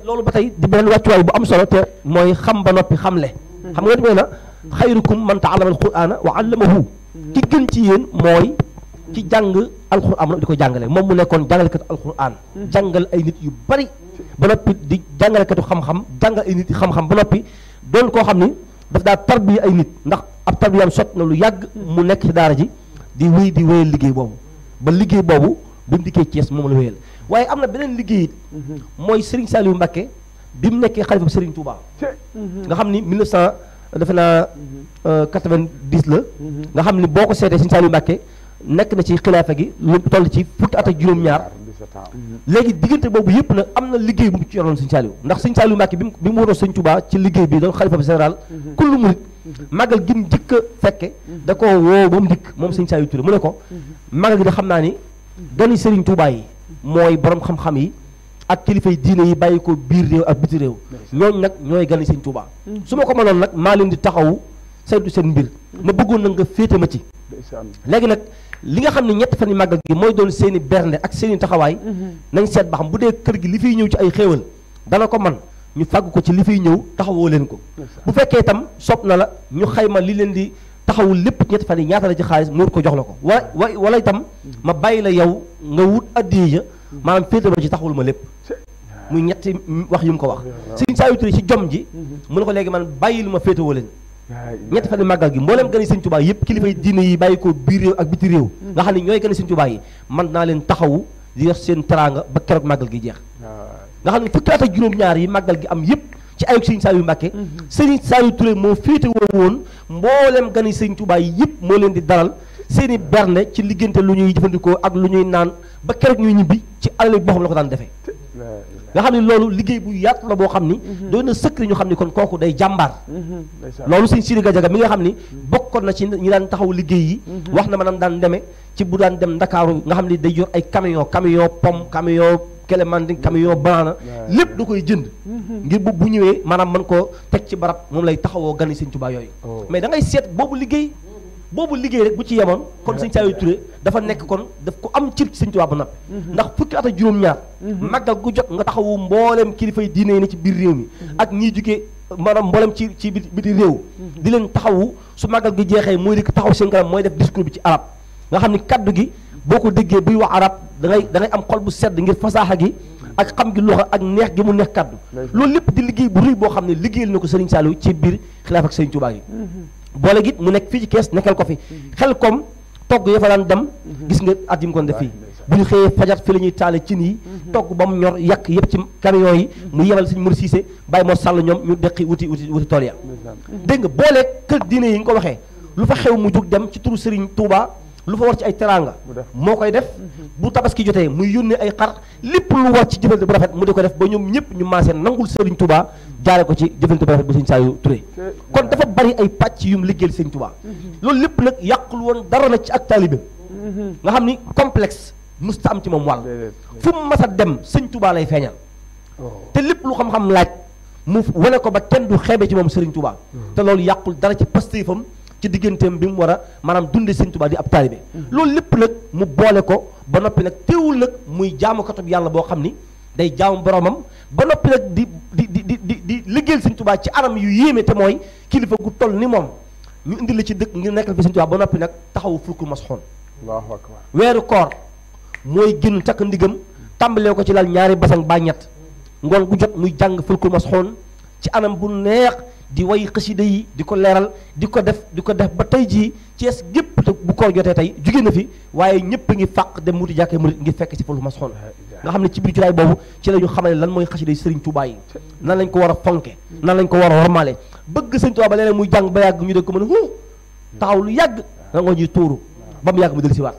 [SPEAKER 3] loolu ba tey di beneen wàccuwaay bu am solo te mooy xam ba noppi xamle mhm. xam nga nee na mhm. xayrukum man taallama alqurana wa allamahu ki gën ci yéen mooy ci jàng alquran ba noppi di ko jàngale moom mu nekkoon jàngalekatu alquran jàngal ay nit yu bari ba noppi di jàngalekatu xam-xam jàngal ay nit xam-xam ba noppi doon koo xam ni daf daa tarbiya ay nit ndax ab tarbiyaam sot na lu yàgg mu nekk ci daara ji di wéy di wéyal liggéey boobu ba liggéey boobu bu mu dikkee Cees moom la wéyal waye amna benen beneen moy Serigne Saliou mbake bim nekké khalifa Serigne Touba. nga xamni 1900 defe naa 90 la. nga xamni boko sété Serigne Saliou mbake nek na ci khilafa gi lu toll ci fukki at ak juróom-ñaar. légui digënté bobu yëpp na amna na bu ci yoron Serigne Saliou ndax Serigne Saliou mbake bi mu bi Serigne Touba ci liggéey bi doon khalifa général. kullu murit magal gi mu njëkk a fekke da koo woo ba mu dikk Serigne Saliou Touré mu ne ko magal gi da xamna ni gani Serigne Touba yi. mooy boroom xam-xam yi ak kilifay diine yi bàyyi ko biir réew ak biti réew ñooñu nag ñooy gani sëñ Tuubaa mm. su ma ko mënoon nag maa leen di taxawu saytu seen mbir mm. ma bëggoon nag nga féete ma ci léegi nag li nga xam ne ñett fan yi màggal gi mooy doon seeni i bernde ak seen i taxawaay mm-hmm. nañ seet ba xam bu dee kër gi li fiy ñëw ci ay xéewal dana ko man ñu fàgg ko ci li fiy ñëw taxawoo leen ko bu fekkee itam sob na la ñu xayma li leen di taxawul lépp ñetti fan yi ñaata la ci xaalis mu ko jox la ko wala wala itam ma bàyyi la yow nga wut addiya maanaam féete ba ci taxawul ma lépp muy ñetti wax yu mu ko wax Serigne Saliou Touré ci jom ji mu ne ko léegi man bàyyi lu ma féetewoo leen ñetti fan yi màggal gi mbooleem gën a Serigne yëpp kilifa yi diine yi bàyyi ko biir ak biti réew nga xam ne ñooy gën a Serigne Touba man naa leen taxawu di def seen teraanga ba keroog màggal gi jeex nga xam ne fukki at ak juróom-ñaar yi màggal gi am yëpp ci ayuk sëriñ Saliou Mbacke mhm. sëriñ Saliou Touré moo féete woo woon mboolem gani sëriñ Touba yëpp moo leen di dalal seeni berne ci liggéeyante lu ñuy jëfandikoo ak lu ñuy naan ba keroog ñuy ñibbi ci alal boo xam la daan defee nga xam ne loolu liggéey bu yaatu la boo xam ni mhm. doy na sëkk ñu xam ni kon kooku day jàmbaar
[SPEAKER 4] mhm. loolu sëñ Sidi
[SPEAKER 3] Gajaga mi nga xam ni bokkoon na ci ñi daan taxaw liggéey yi wax na maanaam daan demee ci bu daan dem Ndakaaru nga xam ni day yor ay camion camion pom camion clémentine camion banaana lépp da koy jënd mhm. ngir bu bu ñëwee maanaam mën koo teg ci barab moom lay taxawoo gani sëñ Tuubaa yooyu oh. mais da ngay seet boobu liggéey boobu liggéey rek bu ci yemoon kon sëñ Saliou Touré dafa nekk kon daf ko am cër ci sëñ Tuubaa ba noppi mhm. ndax fukki at ak juróom-ñaar mhm. màggal gu jot nga taxawu mbooleem kilifay diine yi ne ci biir réew mi ak ñiy jugee maanaam mboolem ci ci biti réew di leen taxawu su màggal gi jeexee mooy dikk taxaw seen kanam mooy bi ci arab nga gi boo ko déggee buy wax arab da ngay am xol bu sedd ngir fasaaxa gi ak xam gi loxo ak neex gi mu neex kàddu loolu lépp di liggéey bu rëy boo xam ne liggéey na ko Serigne Saliou ci biir xilaaf ak Serigne Touba gi
[SPEAKER 4] mm-hmm.
[SPEAKER 3] boole mu nekk fii ci kees nekkal ko fi mm-hmm. xel kom togg ya fa daan dem mm-hmm. gis nga at yi mu kon def fii bu ñu xëyee fajar fi la ñuy taale ci nii togg ba mu ñor yàq yëpp ci camion yi mu yebal suñu mër siise bàyyi moo sàll ñoom ñu deqi wuti wuti wuti tool ya dégg nga boolee kër diine yi nga ko waxee lu fa xew mu jug dem ci turu Serigne Touba lu fa war ci ay teraanga moo koy def mm-hmm. bu tabaski jotee muy yónnee ay xar lépp lu war ci jëfante bu rafet mu di ko def ba ñoom ñëpp ñu maasee nangul Serigne Touba jaare ko ci jëfante bu rafet bu Serigne Saliou kon dafa bari ay pàcc yu mu liggéeyal mm-hmm. loolu lépp nag yàqul woon dara na ci ak taalibe mm-hmm. nga xam ni complexe musta am ci moom wàll fu mu mas dem Serigne Touba lay feeñal oh. te lépp lu xam-xam laaj mu wane ko ba kenn du xeebe ci moom Serigne Touba te loolu yàqul dara ci pastéefam ci digganteem bi mu war a maanaam dundee Sëñ Tuubaa di ab taalibe loolu lépp nag mu boole ko ba noppi nag téewul nag muy jaamukatub yàlla boo xam ni day jaamu boromam ba noppi nag di di di di di di liggéeyal Sëñ ci anam yu yéeme te mooy kilifa gu toll ni moom ñu indi la ci dëkk ngir nekkal fi Sëñ ba noppi nag taxawu fulkul masxoon weeru koor mooy génn takk ndigam tàmbalee ko ci lal ñaari basang baa ñett ngoon gu jot muy jàng fulkul masxoon ci di way xasida yi di ko leeral di ko def di ko def ba tey jii Cees gépp bu koor jotee tey jigéen na fi waaye ñëpp ngi fàq dem wuti jàkkee murit ngir fekk si fa lu ma soxla nga xam ne ci biir juraay boobu ci la ñu xamale lan mooy xasida yi Sëriñ Tuubaa yi nan lañ ko war a fonke nan lañ ko war a warmaale bëgg Sëriñ Tuubaa ba léeg muy jàng ba yàgg ñu dégg ko mën a taxaw lu yàgg da nga ñuy tuuru ba mu yàgg mu dellusiwaat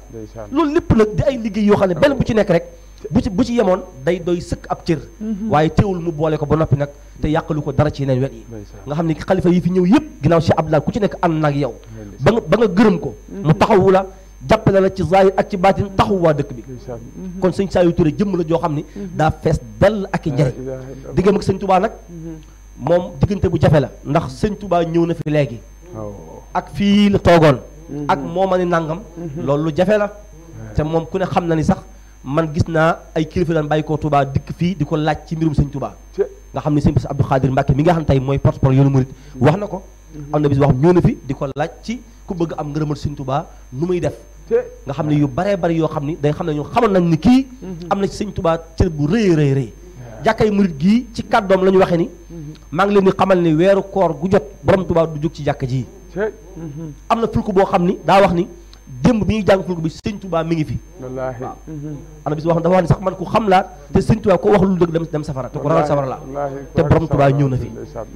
[SPEAKER 3] loolu lépp nag di ay liggéey yoo xam ne benn bu ci nekk rek bu ci bu ci yemoon day doy sëkk ab cër mhm. waaye teewul mu boole ko ba noppi nag te yàqalu ko dara ci yeneen wet yi nga xam ne xalifa yi fi ñëw yëpp ginnaaw Cheikh Abdoulaye ku ci nekk ànd naag yow ba nga gërëm ko mhm. mu taxawu la jàppale la ci zahir ak ci baatin taxaw waa dëkk bi mhm. kon sëñ Saliou Touré jëmm la joo xam ne daa fees dell ak i njariñ diggam ak sëñ Touba nag moom diggante bu jafe la ndax sëñ Touba ñëw na fi léegi ak fii la toogoon ak mooma ni nangam loolu lu jafe la te moom ku ne xam na ni sax man gis naa ay kilifa daan bàyyi ko Touba dikk fii di ko laaj ci mbirum sëñ tubaa nga xam ne sëñ Bass Abdou Khadir Mbacke mi nga xam ne tey mooy porte-parole yoonu murit wax na ko mhm. am na bis wax ñëw na fi di ko laaj ci ku bëgg am ngërëmal sëñ Touba nu muy def nga xam ne yu baree bari yoo xam ni day xam ne ñu xamal nañ ni kii mhm. am na ci sëñ Touba cër bu rëy rëy rëy jàkkay murit gii ci kàddoom la ñu waxee ni mhm. maa ngi leen di xamal ne weeru koor gu jot borom Touba du jóg ci jàkka ji
[SPEAKER 4] na
[SPEAKER 3] fulku boo xam ni daa wax ni démb bi ñuy jàng xuluk bi sëñ tubaa mi ngi fi wallaahi waaw ana bis boo xam dafa wax ne sax man ku xam laa te sëñ Tuubaa ko wax lu dëgg dem dem safara te ko ragal safara laa te borom Tuubaa ñëw na fi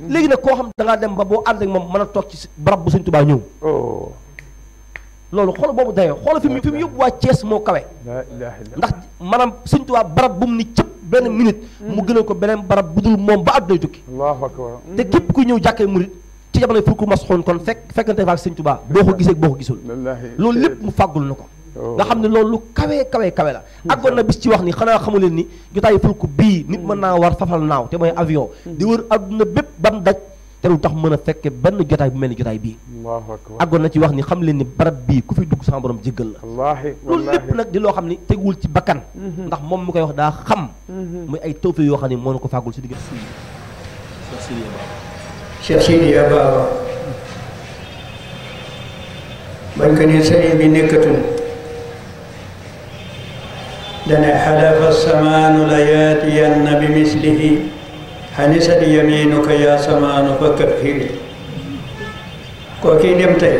[SPEAKER 3] léegi nag koo xam da ngaa dem ba boo ànd ak moom mën a toog ci barab bu sëñ Tuubaa ñëw oh. loolu xool boobu dayoo xool fi mu fi mu yóbbu waa Thiès moo kawe ndax maanaam sëñ Tuubaa barab bu mu ni cëpp benn minute mm. mu gënal ko beneen barab bu dul moom ba at day tukki te képp ku ñëw jàkkee murit ci jamono fukku ku kon fek fekante fa seigne touba boko gisse gisee boo gisul lool lépp mu fagul nako nga xamni lool lu kawe kawe kawe la àggoon na bis ci wax ni xana xamul ni jotay fukku bi nit man na war fafal naw te moy avion di wër aduna bépp bam daj te lu tax mën a fekke benn jotaay bu mel ni jotaay bii na ci wax ni xam leen ni barab bi ku fi dugg sa borom jéggal la lool lépp nak di lo xamni téggul ci bakkan ndax mom mu koy wax da xam muy ay tawfeex yoo xam ne moo na ci fàggul si digg شتيني أباوا من
[SPEAKER 5] كان يسري بنكة لنا حلف السمان لياتين بمثله حنست يمينك يا سمان فكفري كوكي نمتي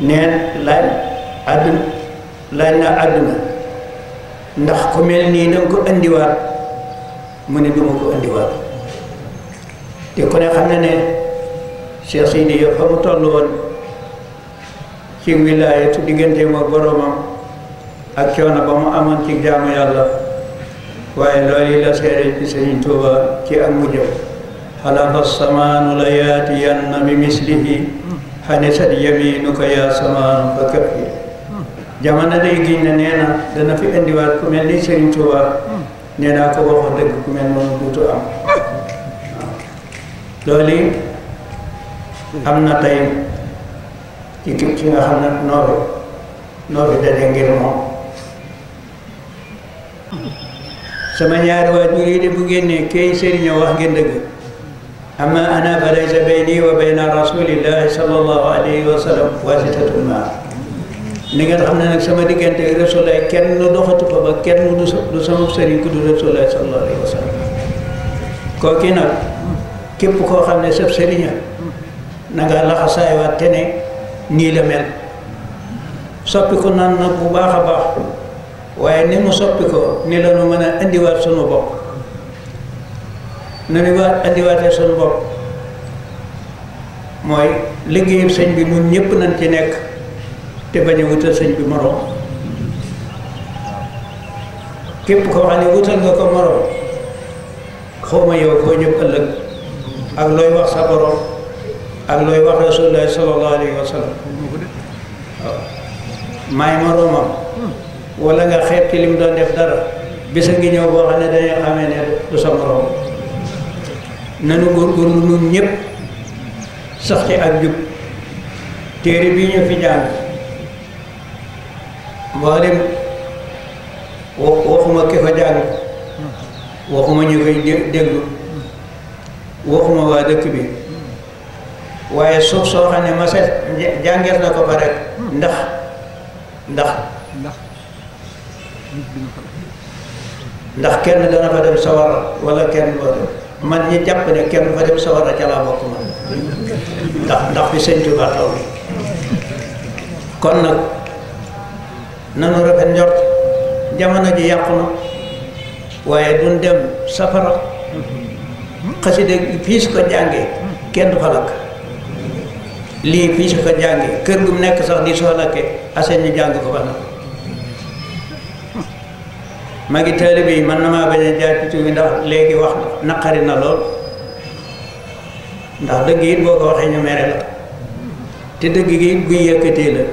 [SPEAKER 5] نين لين عدن لين عدن نحكم النين نكون عندي mu ne duma ko indiwaat te ku ne xam na ne Cheikh Sidi yëpp fa mu toll woon ci wilaayatu diggante ak coono ba mu amoon ci jaamu yàlla waaye loolu la seere ci Sëriñ Tuuba ci ak mujjam xalafa samaanu la yaatiyanna bi mislihi xanisat yaminuka yaa samaanu fa këpp yi jamono day giñ ne nee na fi indiwaat ku mel ni nee naa ko waxoon dëgg ku mel noonu duutu am waaw loolu am na tey ci ki nga xam ne nooru nooru daje ngir moom sama ñaari waajur yi de bu wax ngeen dëgg amma ana fa laysa bayni wa bayna rasulillahi sallallahu wa sallam waasitatun li ngeen xam ne nag sama diggante ak Rasulullah kenn doxatu ko ba kenn du sa du sama sëriñ ku du Rasulullah sallallahu alayhi wa sallam kooki nag képp koo xam ne sab sëriña na nga laxasaay waat te ne nii la mel soppi ko nan nag bu baax a baax waaye ni mu soppi ko ni la nu mën a indiwaat sunu bopp nu nu waat indiwaatee sunu bopp mooy liggéeyub sëñ bi ñun ñëpp nañ ci nekk te bañ a wutal sëñ bi moroom képp ko wax ne wutal nga ko moroom xawma yow foo ñëw ëllëg ak looy wax sa borom ak looy wax rasulullah sallallahu wa sallam waaw moroomam wala nga xeeb ci lim doon def dara bisa ngi ñëw boo xam ne dañoo xamee ne du sa moroom nanu góorgóorlu nun ñëpp sax ci ak jub téere bii ñu fi jàng mboolem waxuma ki fa jàng waxuma ñu koy déglu waxuma waa dëkk bi waaye suuf soo xam ne mase jàngees na ko ba rek ndax ndax ndax kenn dana fa dem sawara wala kenn boo man ñi jàpp ne kenn fa dem sawara ca laa bokk man ndax ndax bi sëñ Tuubaa toog kon nag nanu rafet njort jamono ji yàqu na waaye duñ dem safara xasida fii ko jàngee kenn du xalak lii fii ko jàngee kër gu nekk sax di soo lakke asen ñu jàng ko fana ma ngi taalibe yi man na maa bañ a jaar ci tuuti ndax léegi wax naqari na lool ndax dëgg it boo ko waxee ñu mere la te dëgg gi it buy la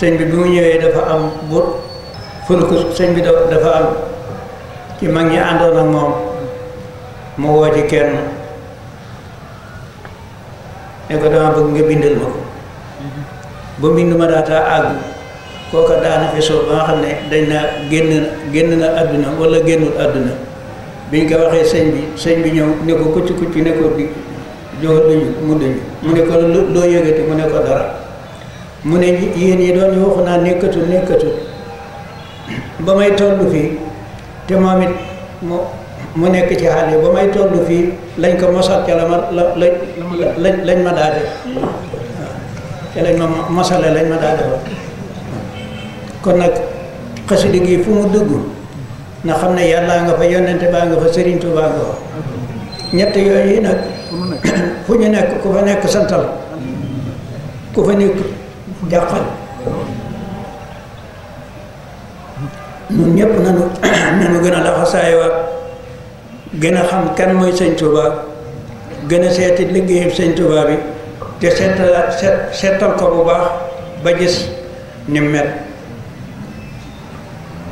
[SPEAKER 5] sëñ bi bi mu ñëwee dafa am bu fulku sëñ bi dafa am ci mag ñi àndoon ak moom mu woo ci kenn ne ko dama bëgg nga bindal ma ko ba mbind ma daata àgg kooka daana fi soo ba nga ne dañ naa génn génn na àdduna wala génnul àdduna bi ñu ko waxee sëñ bi sëñ bi ñëw ne ko kucc kucc ne ko di jox duñu mu duñu mu ne ko loo yëgati mu ne ko dara mu ne yéen yi doon yuuxu naa nekkatul nekkatul ba may toll fii te moom it mu mu nekk ci xale ba may toll fii lañ ko mosal ca la ma la la lañ ma daa def ca lañ ma mosale lañ ma daa defal kon nag xasida gi fu mu dugg na xam ne yàllaa nga fa yonente baa nga fa Sëriñ Tuubaa nga fa ñett yooyu nag fu ñu nekk ku fa nekk santal ku fa nekk jàppal ñun ñëpp nanu nanu gën a laxasaayiwaat gën a xam kenn mooy sëñ Tuba gën a seeti liggéeyam sëñ Tuba bi te seetal ko bu baax ba gis ni mel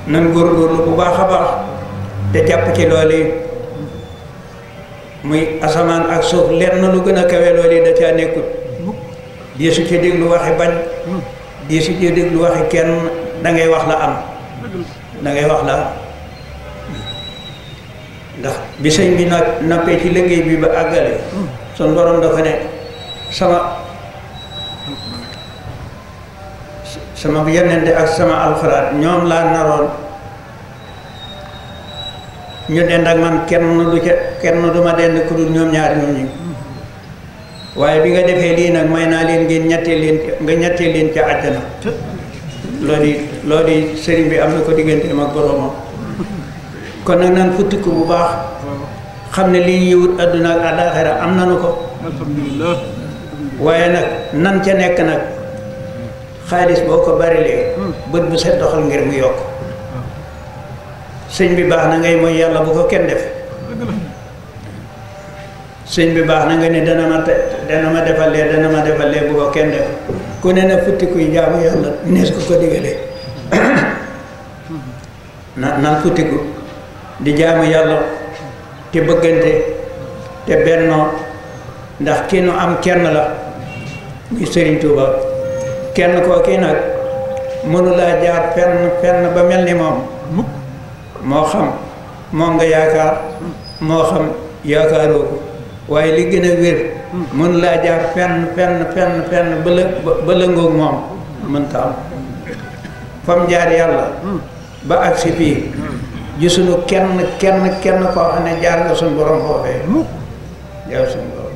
[SPEAKER 5] nan góorgóorlu bu baax a baax te jàpp ci loolu yi muy asamaan ak suuf leer na lu gën a kawe loolu yi da caa nekkul dia su ci deglu waxe bañ hmm. dee su ci deglu waxe kenn ngay wax la am ngay wax la ndax bi sëñ bi nag nappee ci liggéey bi ba àggale hmm. son borom fa ne sama sama yonente ak sama alquran ñom la naroon ñu dend ak man kenn du ci kenn du ma dend ku dul ñoom ñaari waaye bi nga defee lii nag may naa leen ngeen ñettee leen nga ñettee leen ca àjjana loolu yi loolu yi sëriñ bi am na ko digganteem ak boroomam kon nag naan futti ko bu baax xam ne lii yiwut àdduna ak àllaaxira am nanu ko alhamdulilah waaye nag nan ca nekk nag xaalis boo ko barilee bët bu set doxal ngir mu yokk sëñ bi baax na ngay mooy yàlla bu ko kenn def sëñ bi baax na nga ni dana ma te dana ma defalee dana ma defalee bu ko kenn def ku ne nag futti kuy jaamu yàlla nees ko ko digalee na na futtiku di jaamu yàlla te bëggante te bennoo ndax kii nu am kenn la muy Sëriñ Tuuba kenn koo kii nag mënula laa jaar fenn fenn ba mel ni moom moo xam moom nga yaakaar moo xam yaakaaroo waaye li gën a wér hmm. mën laa jaar fenn fenn fenn fenn ba la ba lëngoog moom mënta am fam jaar yàlla hmm. ba agsi fii hmm. gisuñu kenn kenn kenn koo xam ne jaar nga suñ borom foofee jaar
[SPEAKER 1] suñ borom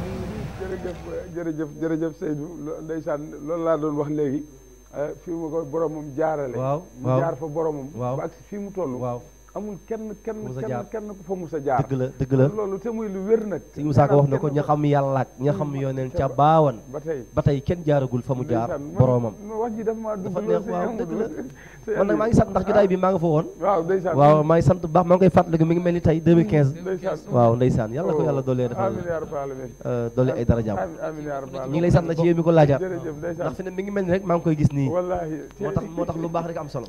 [SPEAKER 1] jërëjëf jërëjëf jërëjëf Seydou ndeysaan loolu laa doon wax léegi eh, fii mu ko boromam jaarale mu jaar fa boromam ba agsi fii mu tollu waaw amul kenn kenn kenn kenn ku fa mus sa jaar dëgg la dëgg la loolu te muy lu wér nag mu saako wax na ko ña
[SPEAKER 3] xam yàlla ak ña xam yooneen ca baawan ba tey ba tey kenn jaaragul fa mu jaar boroomam
[SPEAKER 1] wax ji dafa maa dugg dafa neex waaw dëgg man nag maa ngi sant ndax jotaay bi maa nga fa woon waaw
[SPEAKER 3] maa ngi sant bu baax maa ngi koy fàttaliku mi ngi mel ni tey 2015 waaw ndeysaan yàlla ko yàlla doolee defal euh, doole ay dara jàmm ñu ngi lay sant na ci yow mi ko laajaat ndax fi ne mi ngi mel ni rek maa ngi koy gis nii moo tax moo tax lu baax rek am
[SPEAKER 1] solo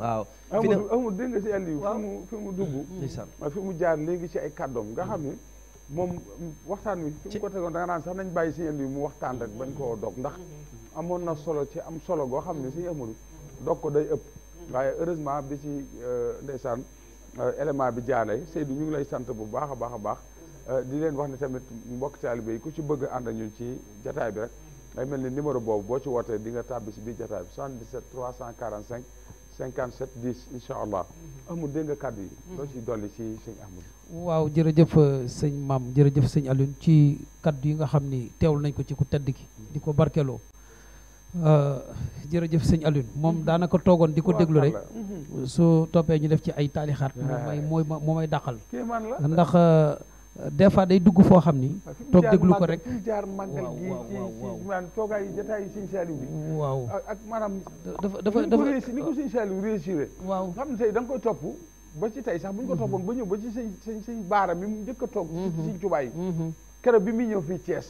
[SPEAKER 1] waaw fi ne amul dégg nga si Aliou fi mu fi mu dugg ndeysaan fi mu jaar léegi ci ay kàddoom nga xam ne moom waxtaan wi fi mu ko tegoon da nga naan sax nañ bàyyi si Aliou mu waxtaan rek bañ koo dog ndax amoon na solo ci am solo goo xam ne si Amadou dog ko day ëpp waaye heureusement bi ci euh, ndeysaan euh, élément bi jaanay Seydou ñu ngi lay sant bu baax a baax a baax euh, di leen wax ne tamit mbokk taalibe yi ku ci bëgg ànd ak ñun ci jataay bi rek day mel ni numéro boobu boo ci wootee di nga tàbbi si biir jataay bi 77 345 57 10 incha allah amul dégg nga kàddu yi loo ciy dolli si sëñ Ahmad
[SPEAKER 2] waaw jërëjëf sëñ maam jërëjëf sëñ Alioune ci kàddu yi nga xam ni teewul nañ ko ci ku tedd ki di ko barkeloo Euh, jërëjëf sëñ Alioune moom mm-hmm. daanaka toogoon di ko déglu rek mm-hmm. soo toppee ñu def ci ay taalixaat moo may moo may dàqal ndax euh, des fois day dugg foo xam ni toog déglu ko rek
[SPEAKER 1] jaar màggal gi ci ci maanaam toogaay sëñ Saliou bi waaw ak maanaam dafa dafa dafa ni ko sëñ Saliou réussiré waaw xam da nga koy ba ci tey sax bu ñu ko toppoon mm-hmm. ba ñëw ba ci sëñ sëñ sëñ baara mu njëkk toog ci sëñ kéro bi mi ñëw fii Thiès.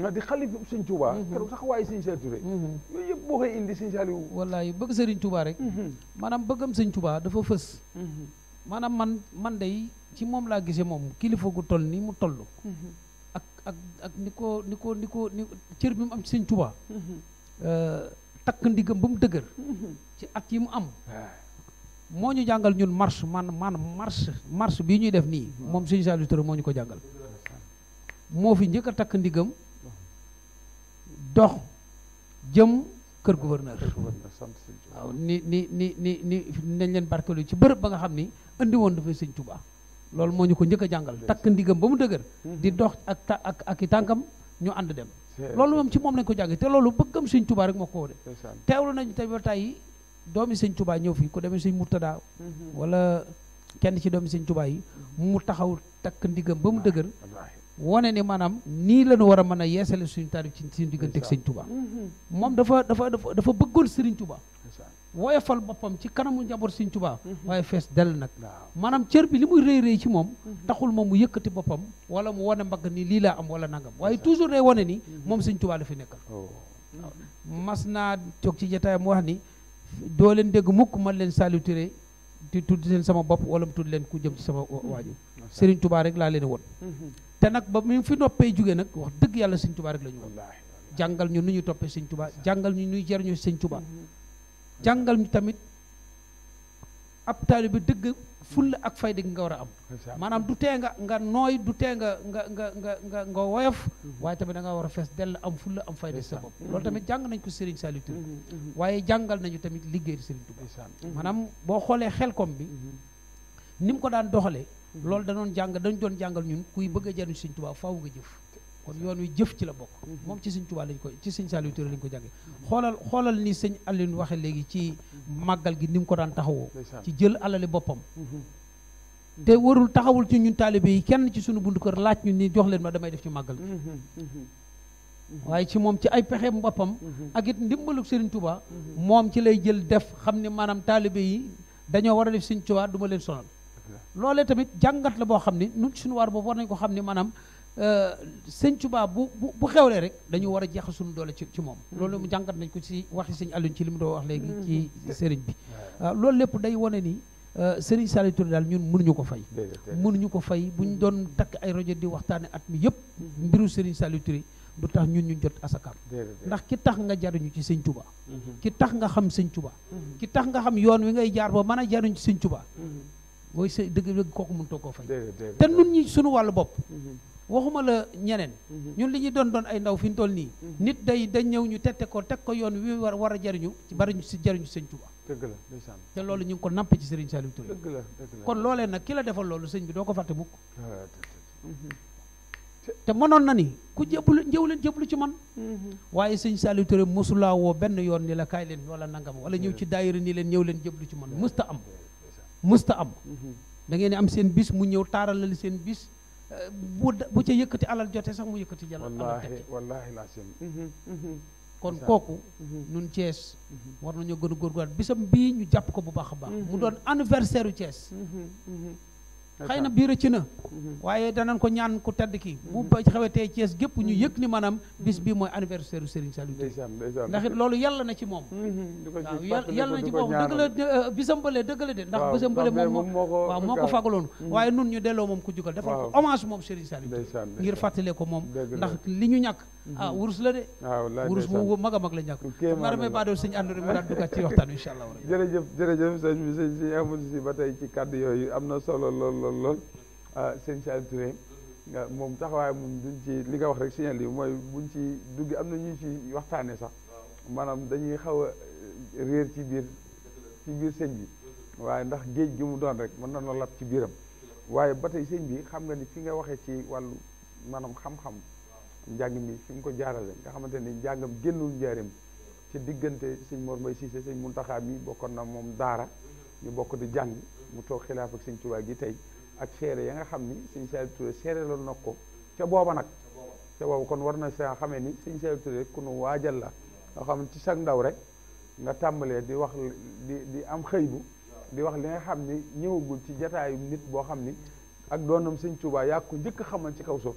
[SPEAKER 1] nga di xalif serigne Touba. kéro sax way serigne Cheikh Touré. yoy yëpp boo koy indi serigne Saliou.
[SPEAKER 2] wallahi bëgg serigne Touba rek. Mhm. manam bëggam serigne Touba dafa fës. Mhm. manam man man day ci mom la gisé mom kilifa gu toll ni mu toll. Mhm. ak ak ak niko niko niko ciir bi mu am ci serigne Touba. euh tak ndigam bu mu deugër ci at yi mu am. moñu jangal ñun marche man man marche marche bi ñuy def ni mom serigne Saliou Touré moñu ko jangal moo fi njëkk a takk ndigam dox jëm kër gouverneur waaw ni ni ni ni ni nañ leen barkelu ci bërëb ba nga xam ni andi woon dafay sëñ Tuubaa loolu moo ñu ko njëkk a jàngal takk ndigam ba mu dëgër mhm. di dox ak ak ak i tànkam ñu ànd dem loolu moom ci moom lañ ko jàngi te loolu bëggam sëñ Tuubaa rek moo ko de teewlu nañu te ba tey doomi sëñ Tuubaa ñëw fi ku demee sëñ Murtada mhm. wala kenn ci doomi sëñ Tuubaa yi mu taxaw takk ndigam ba mu dëgër wone ni maanaam nii la ñu war a mën a yeesale suñu taarif ci suñu diggante ak sëñ Touba. Mm-hmm. moom dafa dafa dafa dafa bëggoon Serigne Touba. woyofal boppam ci kanamu njaboot sëñ Touba. Mm-hmm. waaye fees dell nag. maanaam cër bi li muy rëy rëy ci moom. Mm-hmm. taxul ma mu yëkkati boppam wala mu wane mbagg ni lii laa am wala nangam waaye toujours day wane nii moom sëñ Touba la fi nekkal. Oh. mas naa toog ci jotaayam wax ni doo leen dégg mukk man leen saluturé di tudd leen sama bopp wala mu leen ku jëm ci sama waajur Serigne Touba rek laa leen woon te nag ba mu fi noppee jóge nag wax dëgg yàlla sëñ tubaa rek la ñu jàngal ñu nu ñuy toppee sëñ tubaa jàngal ñu nuy jariñoo sëñ tubaa mm-hmm. jàngal ñu tamit ab taalibe dëgg fulla ak fayda gi nga war a am maanaam du tee nga nga nooy du tee nga nga nga nga nga woyof mm-hmm. waaye tamit da war a fees dell am fulla am fayda sa bopp loolu tamit jàng nañ ko Serigne Saliou Touré mm-hmm. waaye jàngal nañu tamit liggéey Serigne Touba maanaam boo xoolee xelkom bi ni ko daan doxalee loolu danoon jàng dañu doon jàngal ñun kuy bëgg a jariñu Sëñ Tuubaa faaw jëf kon yoon wi jëf ci la bokk mhm. moom ci Sëñ Tuubaa lañ ko ci Sëñ Saliou Touré lañ ko jànge xoolal xoolal ni Sëñ Alioune waxe léegi ci màggal gi ni mu ko daan taxawoo ci jël alali boppam mhm. te warul taxawul ci ñun taalibe yi kenn ci sunu buntu kër laaj ñu ni jox leen ma damay def ci màggal gi mhm. waaye ci moom ci ay pexeem boppam ak it ndimbalu Sëriñ Tuubaa moom ci lay jël def xam ne maanaam taalibe yi dañoo war a def Sëñ Tuubaa du leen sonal loole tamit jàngat la boo xam ni nun suñu waar boobu war nañ ko xam ni maanaam euh, sëñ Tuubaa bu bu bu xewlee rek dañu war a jeex suñu doole ci ci moom mm-hmm. loolu mu jàngat nañ ko ci waxi sëñ Alioune ci li mu doon wax léegi ci mm-hmm. sëriñ bi ah, loolu lépp day wane ni euh, sëriñ Saliou daal ñun mënuñu ko fay mënuñu ko fay bu ñu mm-hmm. doon takk ay rajo di waxtaane at mi yëpp mbiru sëriñ Saliou du tax ñun ñu jot asakam ndax ki tax nga jariñu ci sëñ Tuubaa ki tax nga xam sëñ Tuubaa ki tax nga xam yoon wi ngay jaar ba mën a jariñu ci sëñ Tuubaa booy sëy dëgg-dëgg kooku mënutoo koo fay. te nun ñi suñu wàllu bopp. Mhm. waxuma la ñeneen. Mhm. ñun li ñuy doon doon ay ndaw fi ñu toll nii. Mhm. nit day dañ ñëw ñu tette ko teg ko yoon wi war war a jariñu ci bari si jariñu sëñ Tuba. dëgg la te loolu ñu ngi ko namp ci Serigne Saliou Touré. dëgg la dëgg la kon loolee nag ki la defal loolu sëñ bi doo ko fàtte mukk. Ah, te mënoon na ni ku jëblu njëw leen lu ci man waaye sëñ Saliou Touré mosulaa woo benn yoon ni la kaay leen wala nangam wala ñëw ci daayira nii leen ñëw leen ci man musta am mësta am mhm. da ngeen am seen bis mu ñëw taaralal seen bis bu bu ca yëkkati alal jote sax mu yëkkati jàll alal teg wallaahi laa mhm, mhm. kon kooku nun Thiès war nañoo gën a góorgóorlu bisam bii ñu jàpp ko bu baax a baax mu doon anniversaire u Thiès xëy na biir ci na mhm. waaye danañ ko ñaan ku tedd ki bu ba xewetee Thiès gépp ñu yëkk ni maanaam bis bi mooy anniversaire u Serigne Saliou Touré ndax loolu yàlla na ci moom mhm, waaw yàlla na ci moom dëgg la euh, bisam bële dëgg la de ndax bisam bële moom moo waaw moo ko fagaloon mhm. waaye nun ñu delloo moom ku jugal defal ko hommage moom Serigne Saliou ngir fàttale ko moom ndax li ñu ñàkk Mhm. ah wurus la de.
[SPEAKER 1] Ah, waaw laaj wurus bu
[SPEAKER 2] a mag la ñu àgg. kéemaan la damay baal sëñ waxtaan wi
[SPEAKER 1] incha allah. jërëjëf jërëjëf sëñ bi sëñ si Amadou si ba tey ci kàddu yooyu am na solo lool lool lool ah, sëñ Sall Touré moom taxawaay moom duñ ci li nga wax rek signal mooy buñ ci dugg am na ñu ci waxtaanee sax maanaam dañuy xaw a eh, réer ci biir ci biir sëñ bi waaye ndax géej gi mu doon rek mën na noo ci biiram waaye ba tey sëñ bi xam nga ni fi nga waxee ci wàllu maanaam xam-xam njàng mi fi mu ko jaarale nga xamante ni njàngam génnul njaarim ci diggante sëñ Mor Mbaye Cissé sëñ Muntaxa mi bokkoon na moom daara ñu bokk di jàng mu toog xilaaf ak gi tey ak seere ya nga xam ni sëñ Saliou seere la nag ko ca booba nag ca booba kon war na sa xamee ni sëñ Saliou Touré ku nu waajal la nga xam ci sag ndaw rek nga tàmbalee di wax di di am xëybu di wax li nga xam ni ñëwagul ci jataayu nit boo xam ni ak doonam sëñ Tuubaa yaa ko njëkk xamal ci kaw suuf